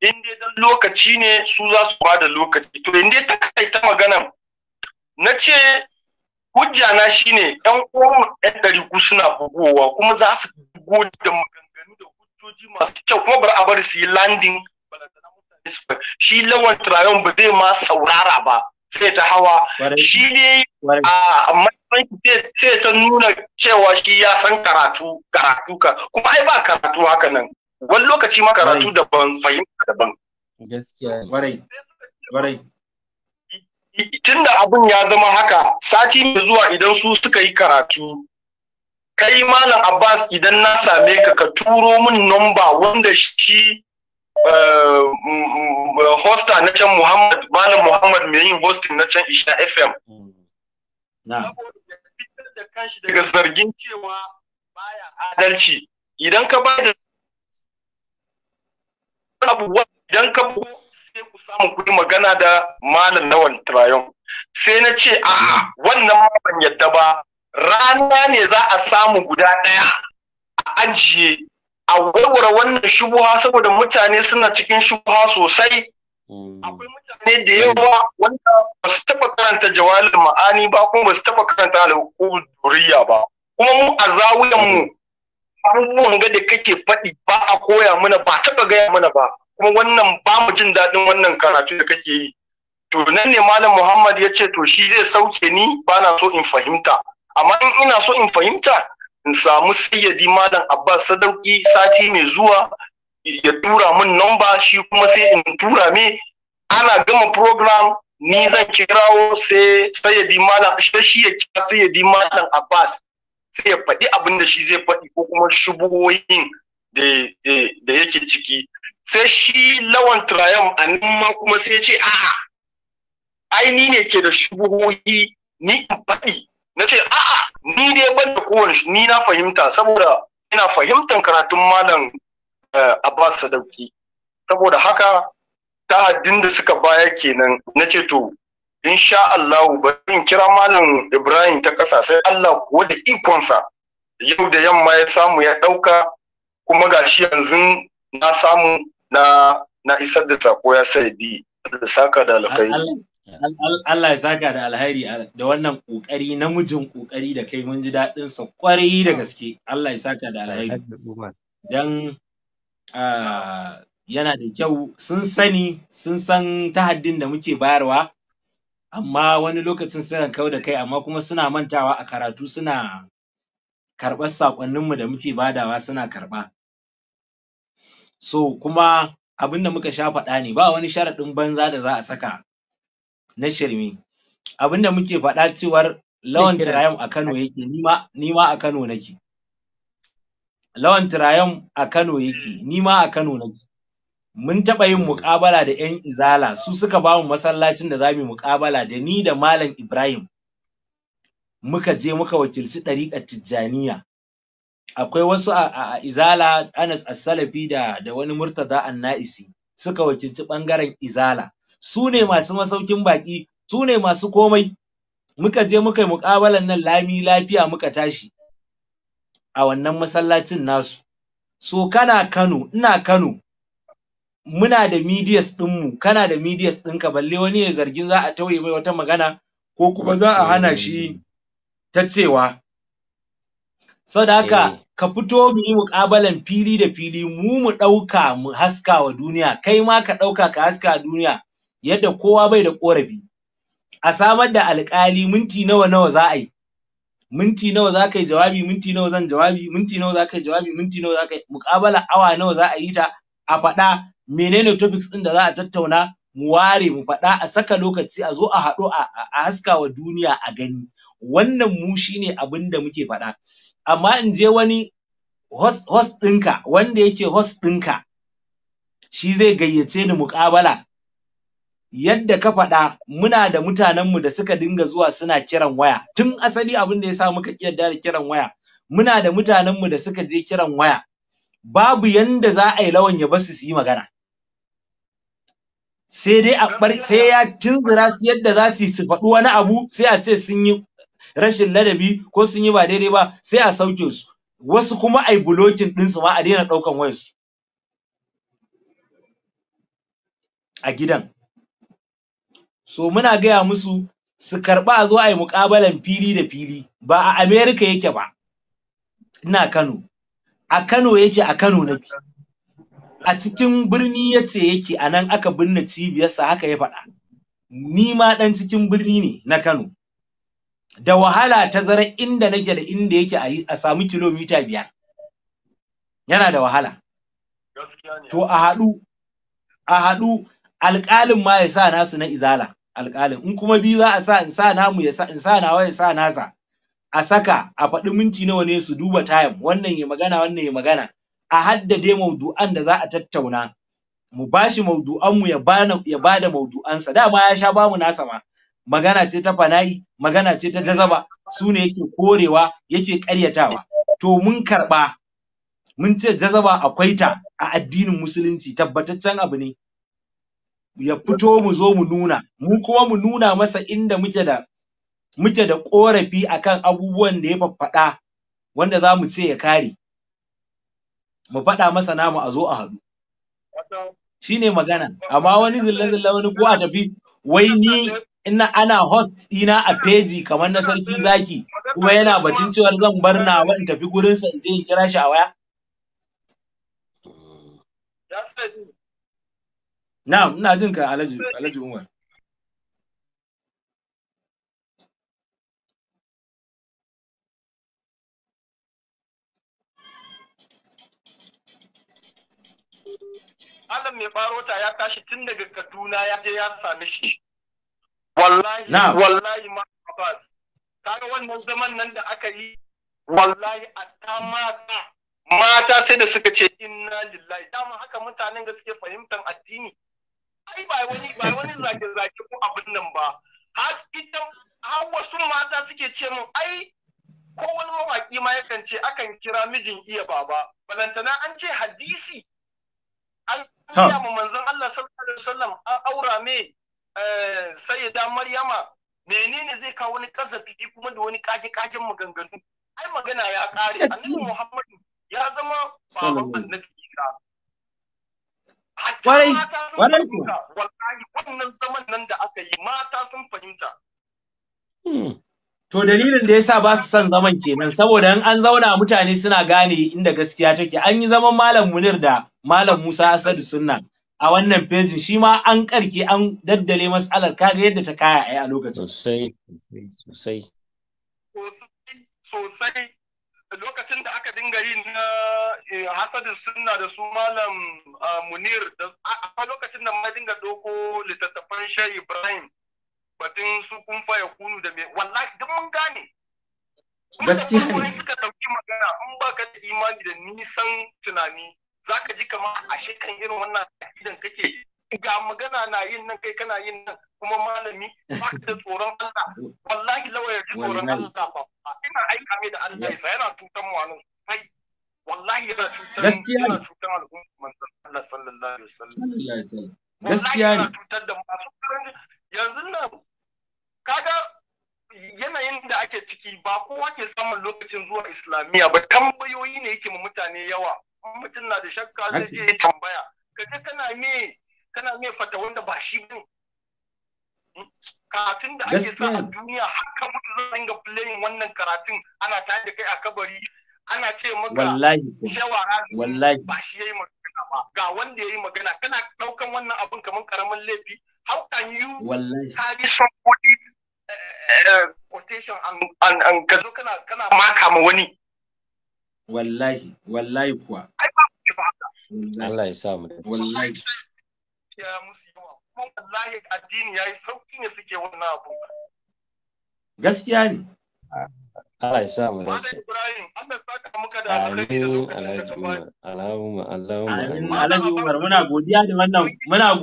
in dai dan lokaci ne su za su ba da lokaci to in dai ta kai ta maganan na ce hujja na shine ɗan uwan ɗan ku suna bugowa kuma za su bugo da maganganu da hujjoji masu kyau kuma bar a bar su yi landing shi lawan turayen ba zai ma saurara ba sai ta hawa shi ne a sai ta nuna cewa shi ya san karatu karatu ka kuma ai ba karatu haka nan wani lokaci ma karatu daban fahimta daban tun da abin tunda ya zama haka sati mai zuwa idan su suka yi karatu kai malam abbas idan na same ka ka turo min nomba wanda shi Eh, mm, mm, mm, eh, hosta na can Muhammad Malam Muhammad mai yin hosting na can Isha FM. da kanshi daga zargin cewa baya adalci idan ka ba da abubuwa idan ka sai ku samu kuɗi magana da malam lawan trayon sai na ce a wannan ma ban yadda ba rana ne za a samu guda ɗaya a ajiye a warware wannan shubuha saboda mutane suna cikin shubuha sosai hmm. akwai mutane da yawa wanda ba su taɓa karanta jawalin ma'ani ba kuma ba su taɓa karanta alhukumar duriya ba kuma mu a zawuyan mu abubuwan ga da kake faɗi ba a koya mana ba taba gaya mana ba kuma wannan ba mu jin daɗin wannan karatu da kake yi to nan ne malam muhammad ya ce to shi zai sauke ni ba na so in fahimta amma in ina so in fahimta in samu sayyadi malam abbas sadauki sati mai zuwa ya tura min namba shi kuma sai in tura me ana gama program ni zan kirawo sai sayyadi malam shi ya kira sayyadi malam abbas sai ya faɗi abinda da shi zai faɗi ko kuma shubuwoyin da yake ciki sai shi lawan triam a nan ma kuma sai ce a'a ai ni ne ke da shubuhoyi ni in faɗi na ce a'a ni dai ban da kowane ni na fahimta saboda ina fahimtar karatun malam eh, Abbas Sadauki saboda haka ta haddin da suka baya kenan na ce to insha Allah bari in kira malam Ibrahim ta ƙasa sai Allah kuwa da ikonsa yau da yamma ya samu ya ɗauka kuma ga shi yanzu na samu na isar da sako ya sai bi da saka da alfai Allah ya saka da alhairi da wannan kokari namijin kokari da kai mun ji daɗin sa kwarai da gaske Allah ya saka da alhairi dan yana da kyau sun sani sun san tahaddin da muke bayarwa amma wani lokacin suna kau da kai amma kuma suna mantawa a karatu suna karɓar saƙonninmu da muke badawa suna karɓa so kuma abin da muka sha faɗa ne ba wani sharaɗin banza da za a saka na shirme abinda muke faɗa cewar lawan tirayam a Kano yake ni ma a Kano nake lawan tirayam a Kano yake nima a Kano nake mun taɓa yin muƙabala da 'yan izala su suka ba mu masallacin da za mu muƙabala da ni da malam ibrahim muka je muka wakilci ɗariƙar tijjaniya akwai wasu a izala anas as-salafi da wani murtaza Na'isi suka wakilci ɓangaren izala su ne masu masaukin baƙi su ne masu komai muka je muka yi muƙabalan nan lami lafiya muka tashi a wannan masallacin nasu so kana kano ina kano muna da medias ɗinmu kana da medias ɗinka balle wani ya zargin za a tauye mai wata magana ko kuma za a hana shi ta cewa saboda haka eh. ka fito mu yi muƙabalan fili da fili mu mu ɗauka mu haska wa duniya kai ma ka ɗauka ka haska wa duniya yadda kowa bai da ƙorafi a samar da alƙali minti nawa nawa za a yi minti nawa za ka yi jawabi minti nawa zan jawabi minti nawa za ka yi jawabi minti nawa za ka yi muƙabala awa nawa za a yi ta a faɗa menene topics ɗin da za a tattauna mu ware mu faɗa a saka lokaci a zo a haɗu a haska wa duniya a gani wannan mu shine abin da muke faɗa amma in je wani host ɗinka wanda yake host ɗinka shi zai gayyace ni muƙabala yadda ka faɗa muna da mutanenmu da suka dinga zuwa suna kiran waya tun asali abin da ya sa muka yarda da kiran waya muna da mutanenmu da suka je kiran waya babu yanda za a yi lawan ya basu su yi magana sai dai a bar sai ya tunzura su yadda za su su faɗi wani abu sai a ce sun yi rashin ladabi ko sun yi ba daidai ba sai a sauke su wasu kuma ai bulokin ɗinsu ma a daina ɗaukan wayarsu a gidan so muna gaya musu su karɓa a zo a yi muƙabalan fili da fili ba a amerika yake ba ina kano a kano yake a kano na a cikin birni ya ce yake a nan aka binne cibiyarsa haka ya faɗa ni ma ɗan cikin birni ne na kano da wahala tazarar inda nake da inda yake a samu kilomita biyar yana da wahala to a haɗu a haɗu alƙalin ma ya sa nasu na izala alƙalin in kuma biyu za a sa in sa namu ya sa in sa nawa ya sa nasa a saka a faɗi minti nawa ne su duba time wannan ya magana wannan ya magana a haddade maudu'an da za a tattauna mu bashi maudu'an mu ya bana ya bada sa dama ya sha bamu nasa ma magana ce ta fana'i magana ce ta jazaba su ne yake korewa yake ƙaryatawa to mun karɓa mun ce jazaba akwai ta a addinin musulunci tabbataccen abu ne ya fito mu zo mu nuna mu kuma mu nuna masa inda muke da muke da korafi akan abubuwan da ya faɗa wanda za mu ce ya kare mu faɗa masa namu a zo a haɗu Shi ne magana amma wani zilla zilla wani ko a tafi wai ni ina ana host ina a peji kamar na sarki zaki kuma yana batun cewar zan bar nawa in tafi sa in je in kira shi a waya Na'am, ina jin ka Alhaji Alhaji Umar. Malam mai barota ya tashi tun daga Kaduna ya je ya same shi. Wallahi, wallahi ma Abbas. Kaga wannan zaman nan da aka yi wallahi a ta mata mata sai da suka ce inna lillahi dama haka mutanen da suke fahimtar addini ai ba wani ba wani zage zage ko abin nan ba har ita har wasu mata suke ce mun ai ko wani mawaki ma yakan ce akan kira mijin iya baba balantana an ce hadisi an kira mu manzon Allah sallallahu alaihi wasallam an aura me eh, sayyida maryama menene zai kawo wani kasafi kuma da wani kage kagen maganganu ai magana ya kare annabi Muhammadu ya zama baban annabi Warai, warai ku. Wallahi wannan zaman nan da aka yi mata sun fahimta. Hmm. To dalilin da yasa ba su son zaman kenan saboda in an zauna mutane suna gane inda gaskiya take an yi zaman Malam Munir da Malam Musa Asadu Sunna a wannan fejin shi ma an karke an daddale matsalar kaga yadda ta kaya a lokacin. Sosai, sosai. Sosai, sosai. lokacin da aka dinga yi na eh, hasadin sunna da su malam ah, munir a lokacin da ma dinga doko littattafan shan ibrahim batun su kun faya kunu da mai wallahi duk mun gane gaskiya ne suka ɗauki magana in ba ka da imani da nisan tunani za ka ji kamar a shekan irin wannan idan kake ga magana na yin nan kai kana yin nan kuma malami ba ka da tsoron Allah wallahi lawa ya ji tsoron Allah ba ina aika mai da Allah ya yana tutan mu anan sai wallahi yana tutan gaskiya yana tutan al'umma Allah sallallahu alaihi wasallam gaskiya ne tutar da masu yanzu nan kaga yanayin da ake ciki ba kowa ke samun lokacin zuwa islamiyya ba tambayoyi ne yake ma mutane yawa mutum na da shakka zai je tambaya Kaje kana me kana mai fata wanda ba shi ne? Hmm? karatun da ake sa a duniya haka mutu zan ga playing wannan karatun ana tare da kai a kabari ana ce maka wallahi shawara wallahi ba shi yayi magana ba ga wanda yayi magana kana daukan wannan abun kamar karamin laifi how can you wallahi carry somebody eh, eh, quotation an and ka zo kana kana maka ma wani wallahi wallahi kuwa ai ba Allah ya sa mu wallahi gaskiya musu yawa kuma wallahi addini yayi sauki ne suke wannan abu gaskiya ne Allah ya sa mu dace Ibrahim da alheri Amin, Alhaji Umar muna godiya da wannan muna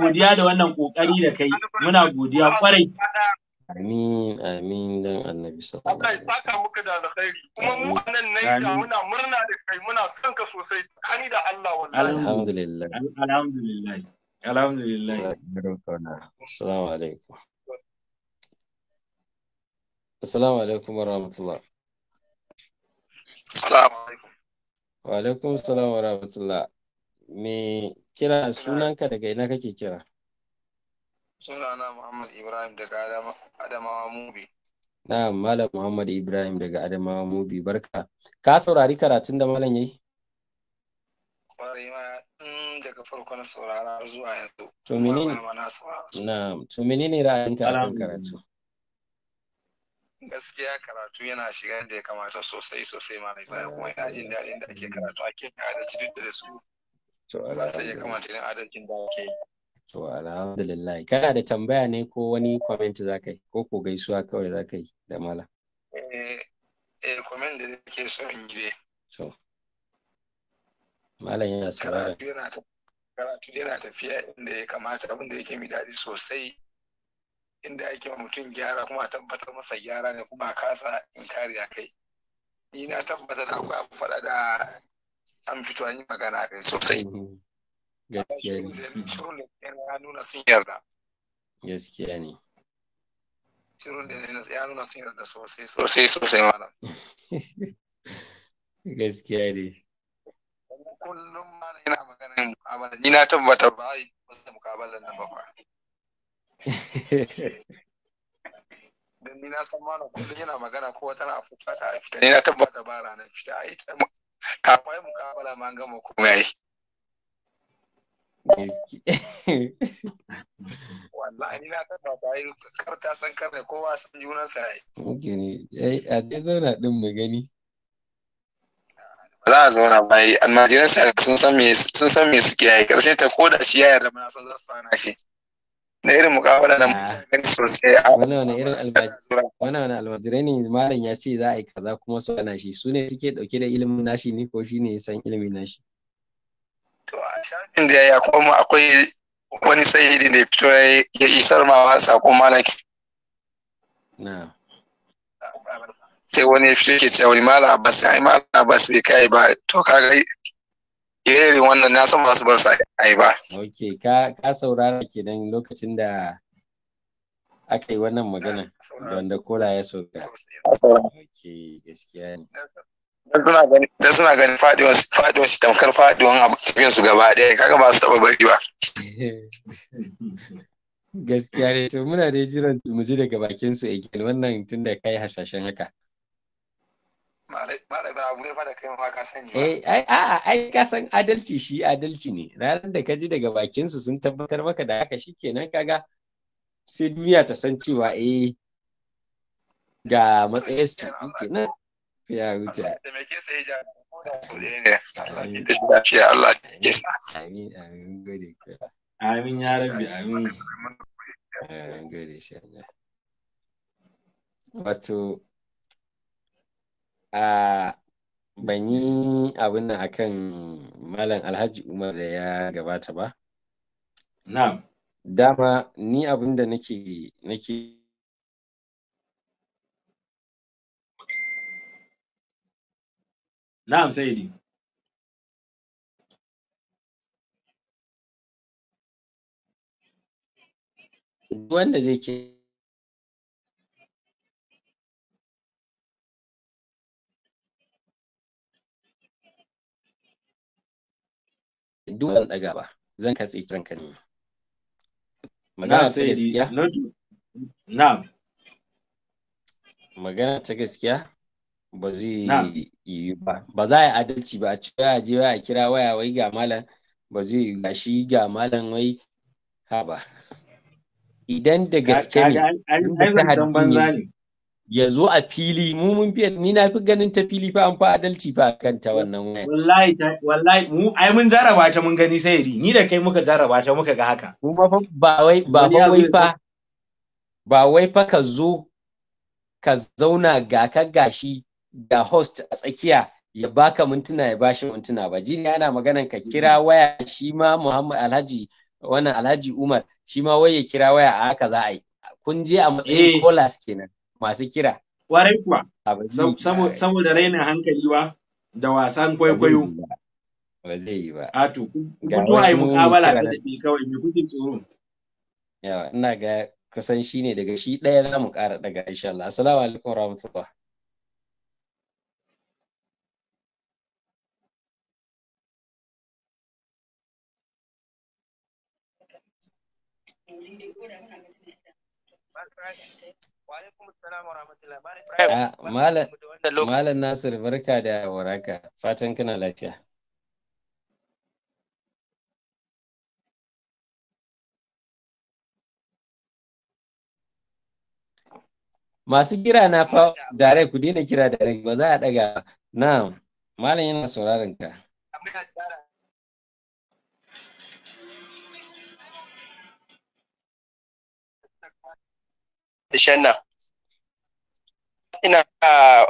da kai muna godiya kwarai Amin, amin don annabi sallallahu alaihi wasallam. saka muka da alkhairi. Kuma mu da muna murna da kai muna son ka sosai. Kani da Allah wallahi. Alhamdulillah. Alhamdulillah. Assalamu alaikum. Assalamu alaikum wa rahmatullah. Assalamu alaikum. Wa alaikum salam wa rahmatullah. Me kira sunanka daga ina kake kira? Sunana Muhammad Ibrahim daga Adamawa Mubi. Na'am, Malam Muhammad Ibrahim daga Adamawa Mubi, barka. Ka saurari karatun da Malam yayi? daga farko na saurara zuwa yanzu to menene na to menene ka akan karatu gaskiya karatu yana shiga da ya kamata sosai sosai ma da kuma ina jin daɗin da ake karatu ake adalci duk da su to sai ya kamata yin adalcin da ake to alhamdulillah kana da tambaya ne ko wani comment ka yi ko ko gaisuwa kawai ka yi da mala eh eh comment da nake so in yi dai to malam yana saurara karatu yana karatu yana tafiya inda ya kamata abinda yake mai daɗi sosai inda yake mutum gyara kuma tabbatar masa gyara ne kuma kasa in kare a kai ni na tabbata da akwai abu faɗa da an fito an yi magana kai sosai mm-hmm. gaskiya ne ya nuna sun yarda gaskiya ne shirin da ya nuna sun yarda sosai sosai sosai malam gaskiya ne kullum mana yana maganin mukabala ni na tabbata ba yi wata mukabala nan ba kwa. dan ni na san mana kullum yana magana ko wata na fuka ta a fita ni na tabbata ba ranar fita ai kafin yi mukabala ma gama kuma yi wallahi na tabbata yi kar ta san karne kowa san junansa yayi gani ai a dai zauna din mu gani za a zauna bayi yi almajiran sa sun san me sun san me suke yi karshe ta koda shi ya yarda mana san za su shi na irin mukawala na mutane ah. sosai a wani wani irin almajirai wani wani almajirai ne malam ya ce za a yi kaza kuma su hana shi su ne suke dauke da ilimin nashi ne ko shi ne ya san ilimin nashi to a shafin da ya koma akwai wani sayyidi da fito ya isar ma sakon malaki na'am sai wani ke ce wani mala abbas ai mala abbas bai kai ba to kaga irin wannan na san su bar sa ai ba okay ka ka saurara kenan lokacin da aka yi wannan magana ah, wanda kola ya saurara okay gaskiya ne da suna ganin faɗiwan faɗiwan shi tamkar a cikin su gaba ɗaya kaga ba su taɓa bari ba gaskiya ne to muna da jiran mu ji daga bakin su again wannan tunda kai hasashen haka Eh, ai ka san adalci shi adalci ne ranar da ka ji daga bakinsu sun tabbatar maka da haka shi kenan kaga sai duniya ta san cewa eh ga matsayin su kenan sai ya wuce amin amin gode amin ya rabbi amin gode wato a ban yi abin nan akan malam alhaji umar da ya gabata ba na'am dama ni abin da nake nake na'am ni. wanda zai ke duk zan daga ba zan katse kiranka ne magana ta gaskiya na'am magana ta gaskiya ba zai yi ba ba za a yi adalci ba a ci a je a kira waya wai ga malam ba zai yi ga shi ga malam wai ha ba idan da gaske ne ya zo a fili mu mun fiye ni na fi ganin ta fili fa an fa adalci fa kan ta wannan waya wallahi wallahi mu ai mun jaraba ta mun gani sai ni da kai muka jaraba ta muka ga haka mu ba ba wai ba ba wai fa ba wai fa ka zo ka zauna ga ka gashi ga host a tsakiya ya baka mintuna ya bashi mintuna ba jini ana maganan ka kira waya shi ma Muhammad Alhaji wannan Alhaji Umar shi ma wai ya kira waya a haka za a yi kun je a matsayin kolas eh. kenan masu kira. Warai kuwa, saboda raina hankali ba da wasan kwaikwayo. Ba zai yi ba. Ato, kutu a yi mukabala ta daɗe kawai, me kuke tsoro? Yawa, ina ga kusan shi ne daga shi ɗaya za mu ƙara daga insha Allah. Assalamu alaikum warahmatullah. Thank you. Malam Nasir barka da waraka fatan kana lafiya. Masu kira na fa dare ku daina kira dare ba za a daga na malam yana sauraron ka. ƙarshen ina uh,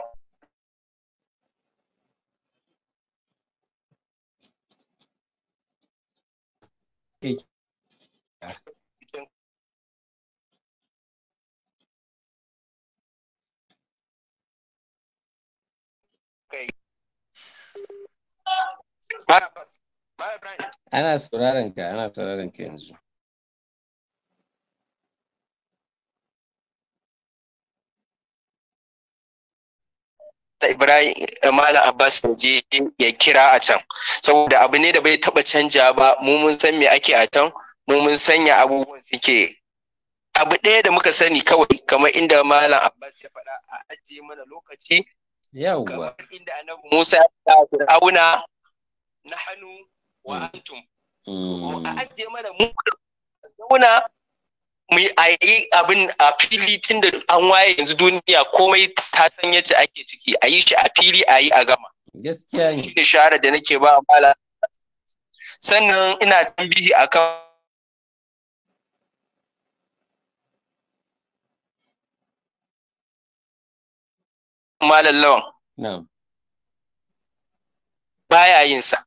Ana sauraron ka, ana sauraron ka yanzu. Ibrahim eh, Malam Abbas je ya kira a can saboda abu ne da bai taba canja ba mu mun san me ake a can mu mun sanya abubuwan suke abu ɗaya da muka sani kawai kamar inda Malam Abbas ya faɗa a ajiye mana lokaci yawwa inda Annabi Musa ya faɗa Fir'auna hannu wa mm. antum mm. a ajiye mana mu zauna mu yi abin a fili tun da an waye yanzu duniya komai ta san yace ake ciki a yi shi a fili a yi a gama gaskiya ne shine shahara da nake ba a mala sannan ina tambihi kan. malam lawan na'am baya yin sa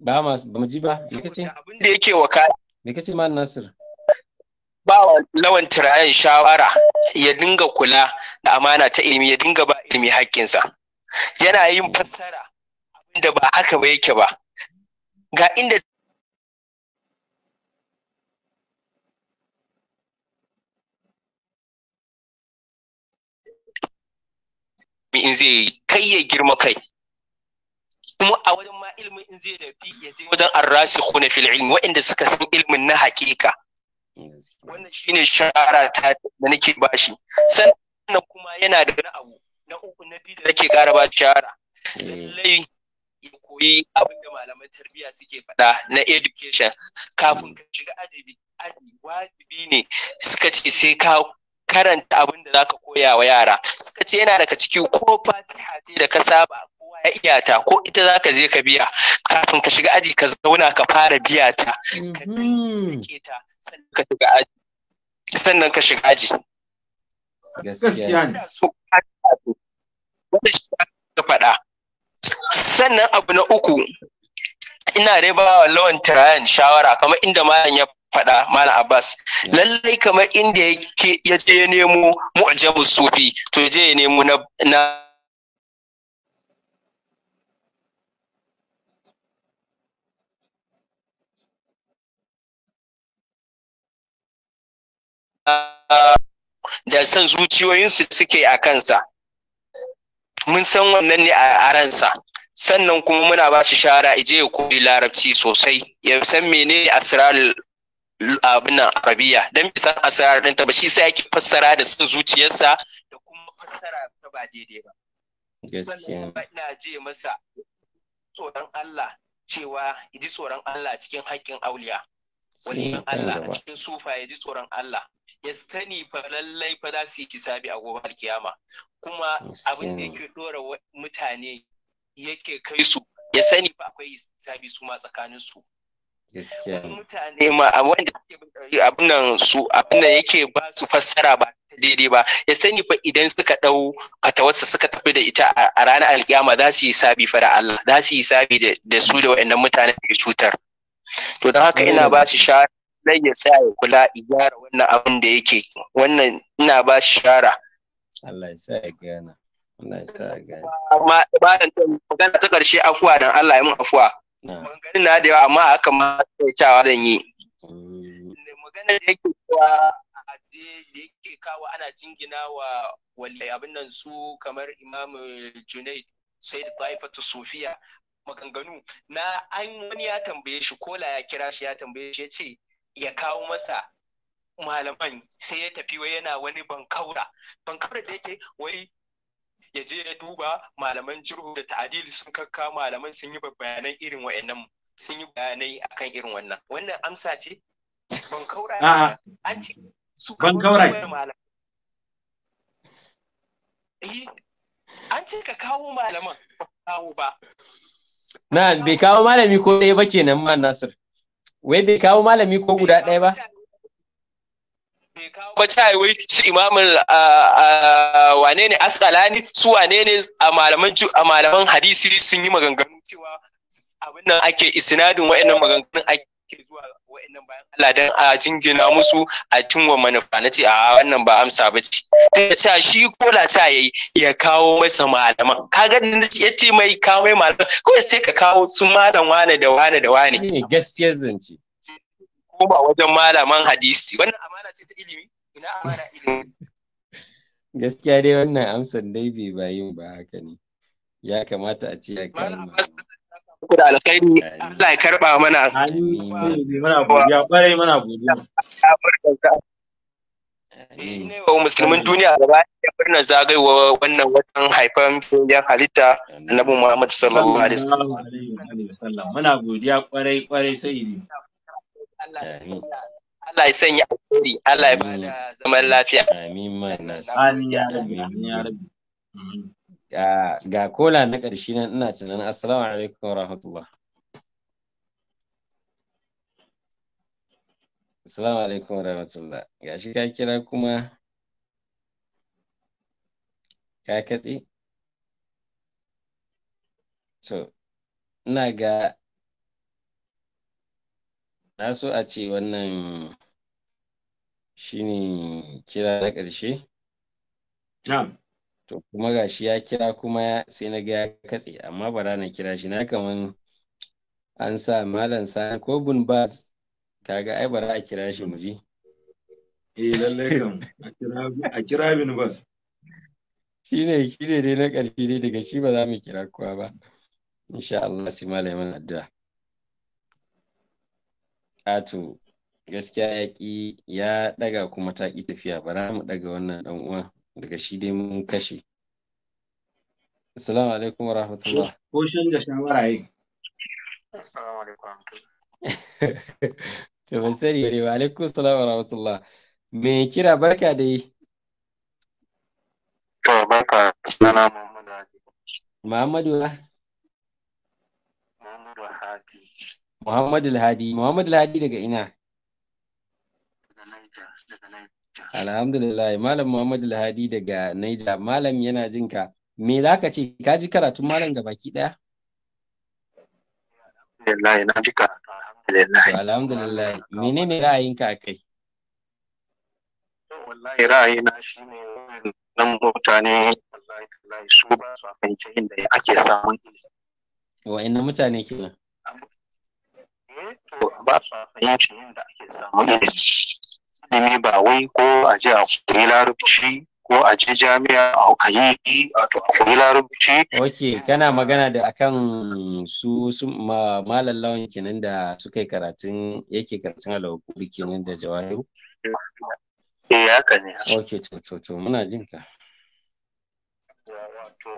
ba ma ba mu ji ba me kace abin da yake wakala me kace malam nasir ba wa lawan tirayen shawara ya dinga kula da amana ta ilimi ya dinga ba ilimi haƙƙinsa yana yin fassara abinda ba haka ba yake ba ga inda in zai kai ya girma kai kuma a wajen ma ilimin in zai tafi ya je wajen arrasi kuna fil ilmi waɗanda suka san ilimin na hakika wannan shi ne shara ta da nake bashi sannan kuma yana da wani abu na uku na biyu da nake kara ba shara lallai ya koyi abin da malaman tarbiyya suke faɗa na education kafin ka shiga ajibi aji wajibi ne suka ce sai ka karanta abin da zaka koya wa yara suka ce yana daga ciki ko fatiha ce da ka saba ya iya ta ko ita za ka je ka biya kafin ka shiga aji ka zauna ka fara biya ta mhm. sannan ka shiga aji ka faɗa sannan abu na uku ina dai ba wa lawan tirayen shawara kamar inda malam ya faɗa malam abbas lallai kamar inda ya je ya nemo mu'ajamu sufi to je ya nemo na da son zuciyoyinsu suke a kansa mun san wannan ne a ransa sannan kuma muna ba shi shara ije ya koyi larabci sosai ya san mene asirar abin arabiya don bai san asirar ɗinta ba shi sai ake fassara da son zuciyarsa da kuma fassara ta ba daidai ba sannan ina je masa tsoron Allah cewa ji tsoron Allah cikin haƙƙin auliya wani Allah a cikin sufa ya ji tsoron Allah ya sani fa lallai fa za su yi kisabi a gobe kiyama kuma abin da yake dora mutane yake kai su ya sani fa akwai kisabi su ma tsakanin su mutane ma wanda abin nan su abin nan yake ba su fassara ba daidai ba ya sani fa idan suka dau fatawarsa suka tafi da ita a ranar alkiyama za su yi sabi fa da Allah za su yi sabi da su da waɗannan mutane da cutar to don haka ina ba su shawara zai ya sa ya kula ya gyara wannan abin da yake wannan ina ba shi shara Allah ya sa ya gana Allah ya sa ya gana ma ba dan magana ta ƙarshe afuwa dan Allah ya mun afuwa Magana na da yawa amma haka ma sai cewa zan yi mm. magana da yake kuwa a da yake kawo ana jingina wa wallai abin nan su kamar imam junaid sai da taifatu sufiya maganganu na an wani ya tambaye shi kola ya kira shi ya tambaye shi ya ce ya kawo masa malaman sai ya tafi wai yana wani bankaura bankaura da yake wai ya je ya duba malaman jirgin da ta'adili sun kakka malaman sun yi bayanan irin wa'annan sun yi bayanai akan irin wannan wannan amsa ce bankaura an ce su bankaura eh, an ce ka kawo malaman ba kawo ba na bai kawo malami ko ɗaya ba kenan ma nasir Wai bai kawo malami ko guda ɗaya ba? Bai kawo ba ta wai su imamin wane ne Asalani? su wane ne a malaman hadisi sun yi maganganu cewa abin nan ake isnadin waɗannan maganganun ake zuwa wa'annan bayan Allah dan a jingina musu a tunwa manufa na ce a wannan ba amsa ba ce ta ce shi ko la ta yayi ya kawo masa malaman kaga da ya ce mai kawo mai malaman kawai sai ka kawo su malam wane da wane da wane ne gaskiyar zance ko ba wajen malaman hadisi wannan amana ce ta ilimi ina amana ilimi gaskiya dai wannan amsar dai bai bayin ba haka ne ya kamata a ce ya kai ku da alkhairi Allah ya karba mana mana godiya bare mana godiya ne wa musulmin duniya da gaba ya birnin zagaiwa wannan watan haifan fiyan halitta annabi Muhammad sallallahu alaihi wasallam muna godiya kwarai kwarai sai Allah ya sanya alheri Allah ya bada zaman lafiya amin ya rabbi amin ya rabbi ga kola na ƙarshe nan ina tunanin assalamu alaikum wa rahmatullah assalamu alaikum wa rahmatullah ga shi ka kira kuma ka katse so ina ga na so a ce wannan shine kira na ƙarshe yeah. to kuma ga shi ya kira kuma sai na ga ya katse amma bara na kira shi na kaman an sa malam sani ko bun bas kaga ai bara a kira shi mu eh lallai kam a kira bin bas shine shine dai na ƙarfi dai daga shi ba za mu kira kowa ba insha Allah sai malamin addu'a ato gaskiya ya ya ɗaga kuma ta ƙi tafiya bara mu ɗaga wannan dan uwan daga shi dai mun kashe assalamu alaikum wa rahmatullah ko canza shawara yi assalamu alaikum to ban sani ne wa alaikum assalamu wa rahmatullah me kira barka da yi? to barka sunana muhammadu hadi muhammadu muhammadu hadi muhammadu hadi muhammadu hadi daga ina Alhamdulillah, Malam Muhammad Alhadi daga Naija. Malam yana jinka. Me za ka ce, ka ji karatun malam ga baki ɗaya? Alhamdulillah, na ji karatu, alhamdulillah. Alhamdulillah, menene ra'ayinka a kai? Wallahi ra'ayina shi ne nan mutane wallahi tallahi su ba su fahimci inda ake samun ilimi. inna mutane kenan. Eh, ba su fahimci inda ake samun ilimi. ilimi ba wai ko a je a koyi larabci ko a je jami'a a yi a koyi larabci. Ok, kana magana da akan su su malam lawan kenan da suka yi karatun yake karatun alawakuri kenan da jawahiru? Eh, haka ne. Ok, to to to muna jin ka. Wato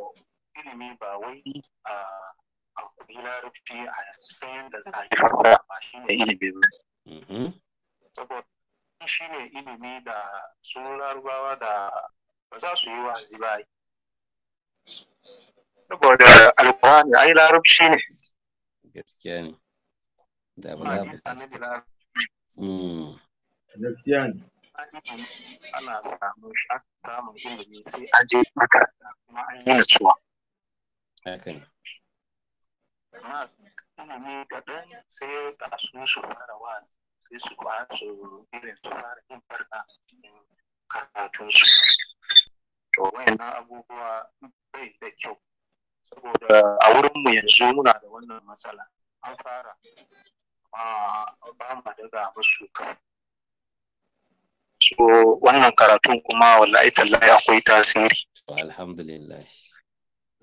ilimi ba wai a koyi larabci a sayan da za a yi ba shi ne ilimi ba. Mm-hmm. Saboda ne ilimi da sun larabawa da ba za su yi wa'azi ba saboda alkurani ai larabci ne gaskiya ne da ba za hmm. gaskiya ne ana samun shakka mai ilimi sai an je makaranta kuma an yi nutsuwa haka ne ilimi kaɗan sai ga su su fara wa'azi sai su ba su irin su fara yin barna cikin su. to wayannan abubuwa bai da kyau saboda a wurinmu yanzu muna da wannan matsala an fara ba mu daga musu kawai so wannan karatun kuma wallahi tallahi akwai tasiri alhamdulillah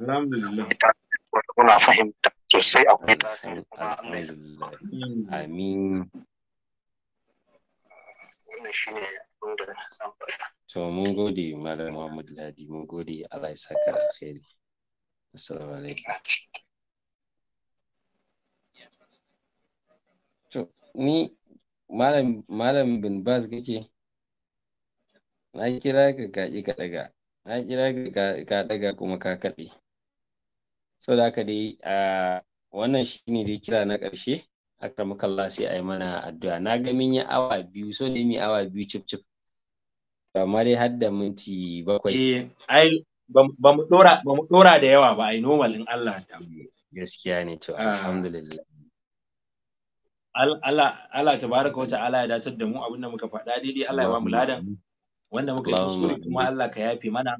alhamdulillah muna fahimta sosai akwai tasiri kuma alhamdulillah amin wannan shine abinda to mun gode malam Muhammad Ladi mun gode Allah ya saka alkhairi assalamu alaikum to ni malam malam bin Baz kake na kira ka gaƙi ka daga na kira ka ka daga kuma ka katse so da haka dai a ah, wannan shine dai kira na ƙarshe Allah sai a yi mana addu'a na ga min yi awa biyu so ne mi awa biyu cif cif amma dai har da minti bakwai eh ai ba mu dora ba mu dora da yawa ba ai normal in Allah ta gaskiya ne to ah. alhamdulillah Allah Allah tabaraka wa ta'ala ya datar da mu abin da muka faɗa daidai Allah ya ba mu ladan wanda muka yi kuskure kuma Allah ka yafe mana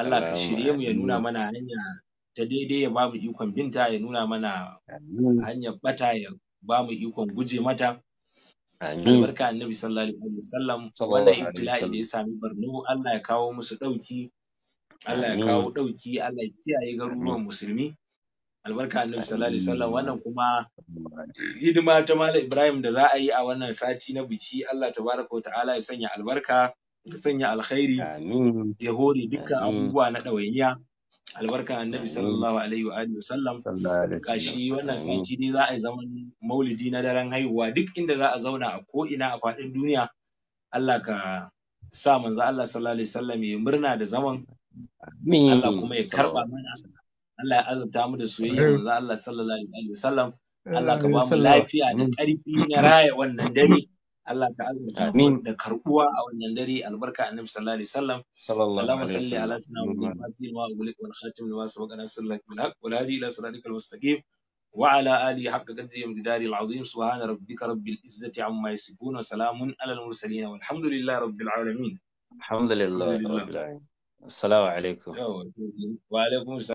Allah ka shirye mu ya nuna mana hanya ta daidai ya bamu ikon binta ya nuna mana hanyar bata ya bamu ikon guje mata albarka annabi sallallahu alaihi wasallam wannan ibtila'i da ya sami barno Allah ya kawo musu dauki Allah ya kawo dauki Allah ya kiyaye garuruwan musulmi albarka annabi sallallahu alaihi wasallam wannan kuma hidima ta malam Ibrahim da za a yi a wannan sati na biki Allah tabaraka wa ta'ala ya sanya albarka ya sanya alkhairi ya hore dukkan abubuwa na ɗawainiya albarka annabi sallallahu alaihi wa alihi wasallam kashi wannan tsinci ne za a yi zaman maulidi na daren haihuwa duk inda za a zauna a ko ina a faɗin duniya Allah ka sa manzo Allah sallallahu alaihi wasallam ya murna da zaman Allah kuma ya karba mana Allah ya azurta mu da soyayya manzo Allah sallallahu alaihi wasallam Allah ka ba mu lafiya da ƙarfi na raya wannan dare Allah ka azurta da karbuwa a wannan dare albarka annabi sallallahu alaihi wasallam Allahumma salli ala sayyidina Muhammadin wa wa khatim wa sabaqana sallallahu wa ila mustaqim wa ala haqqa subhana rabbika rabbil izzati amma yasifun wa salamun mursalin walhamdulillahi rabbil alamin alhamdulillahi rabbil alamin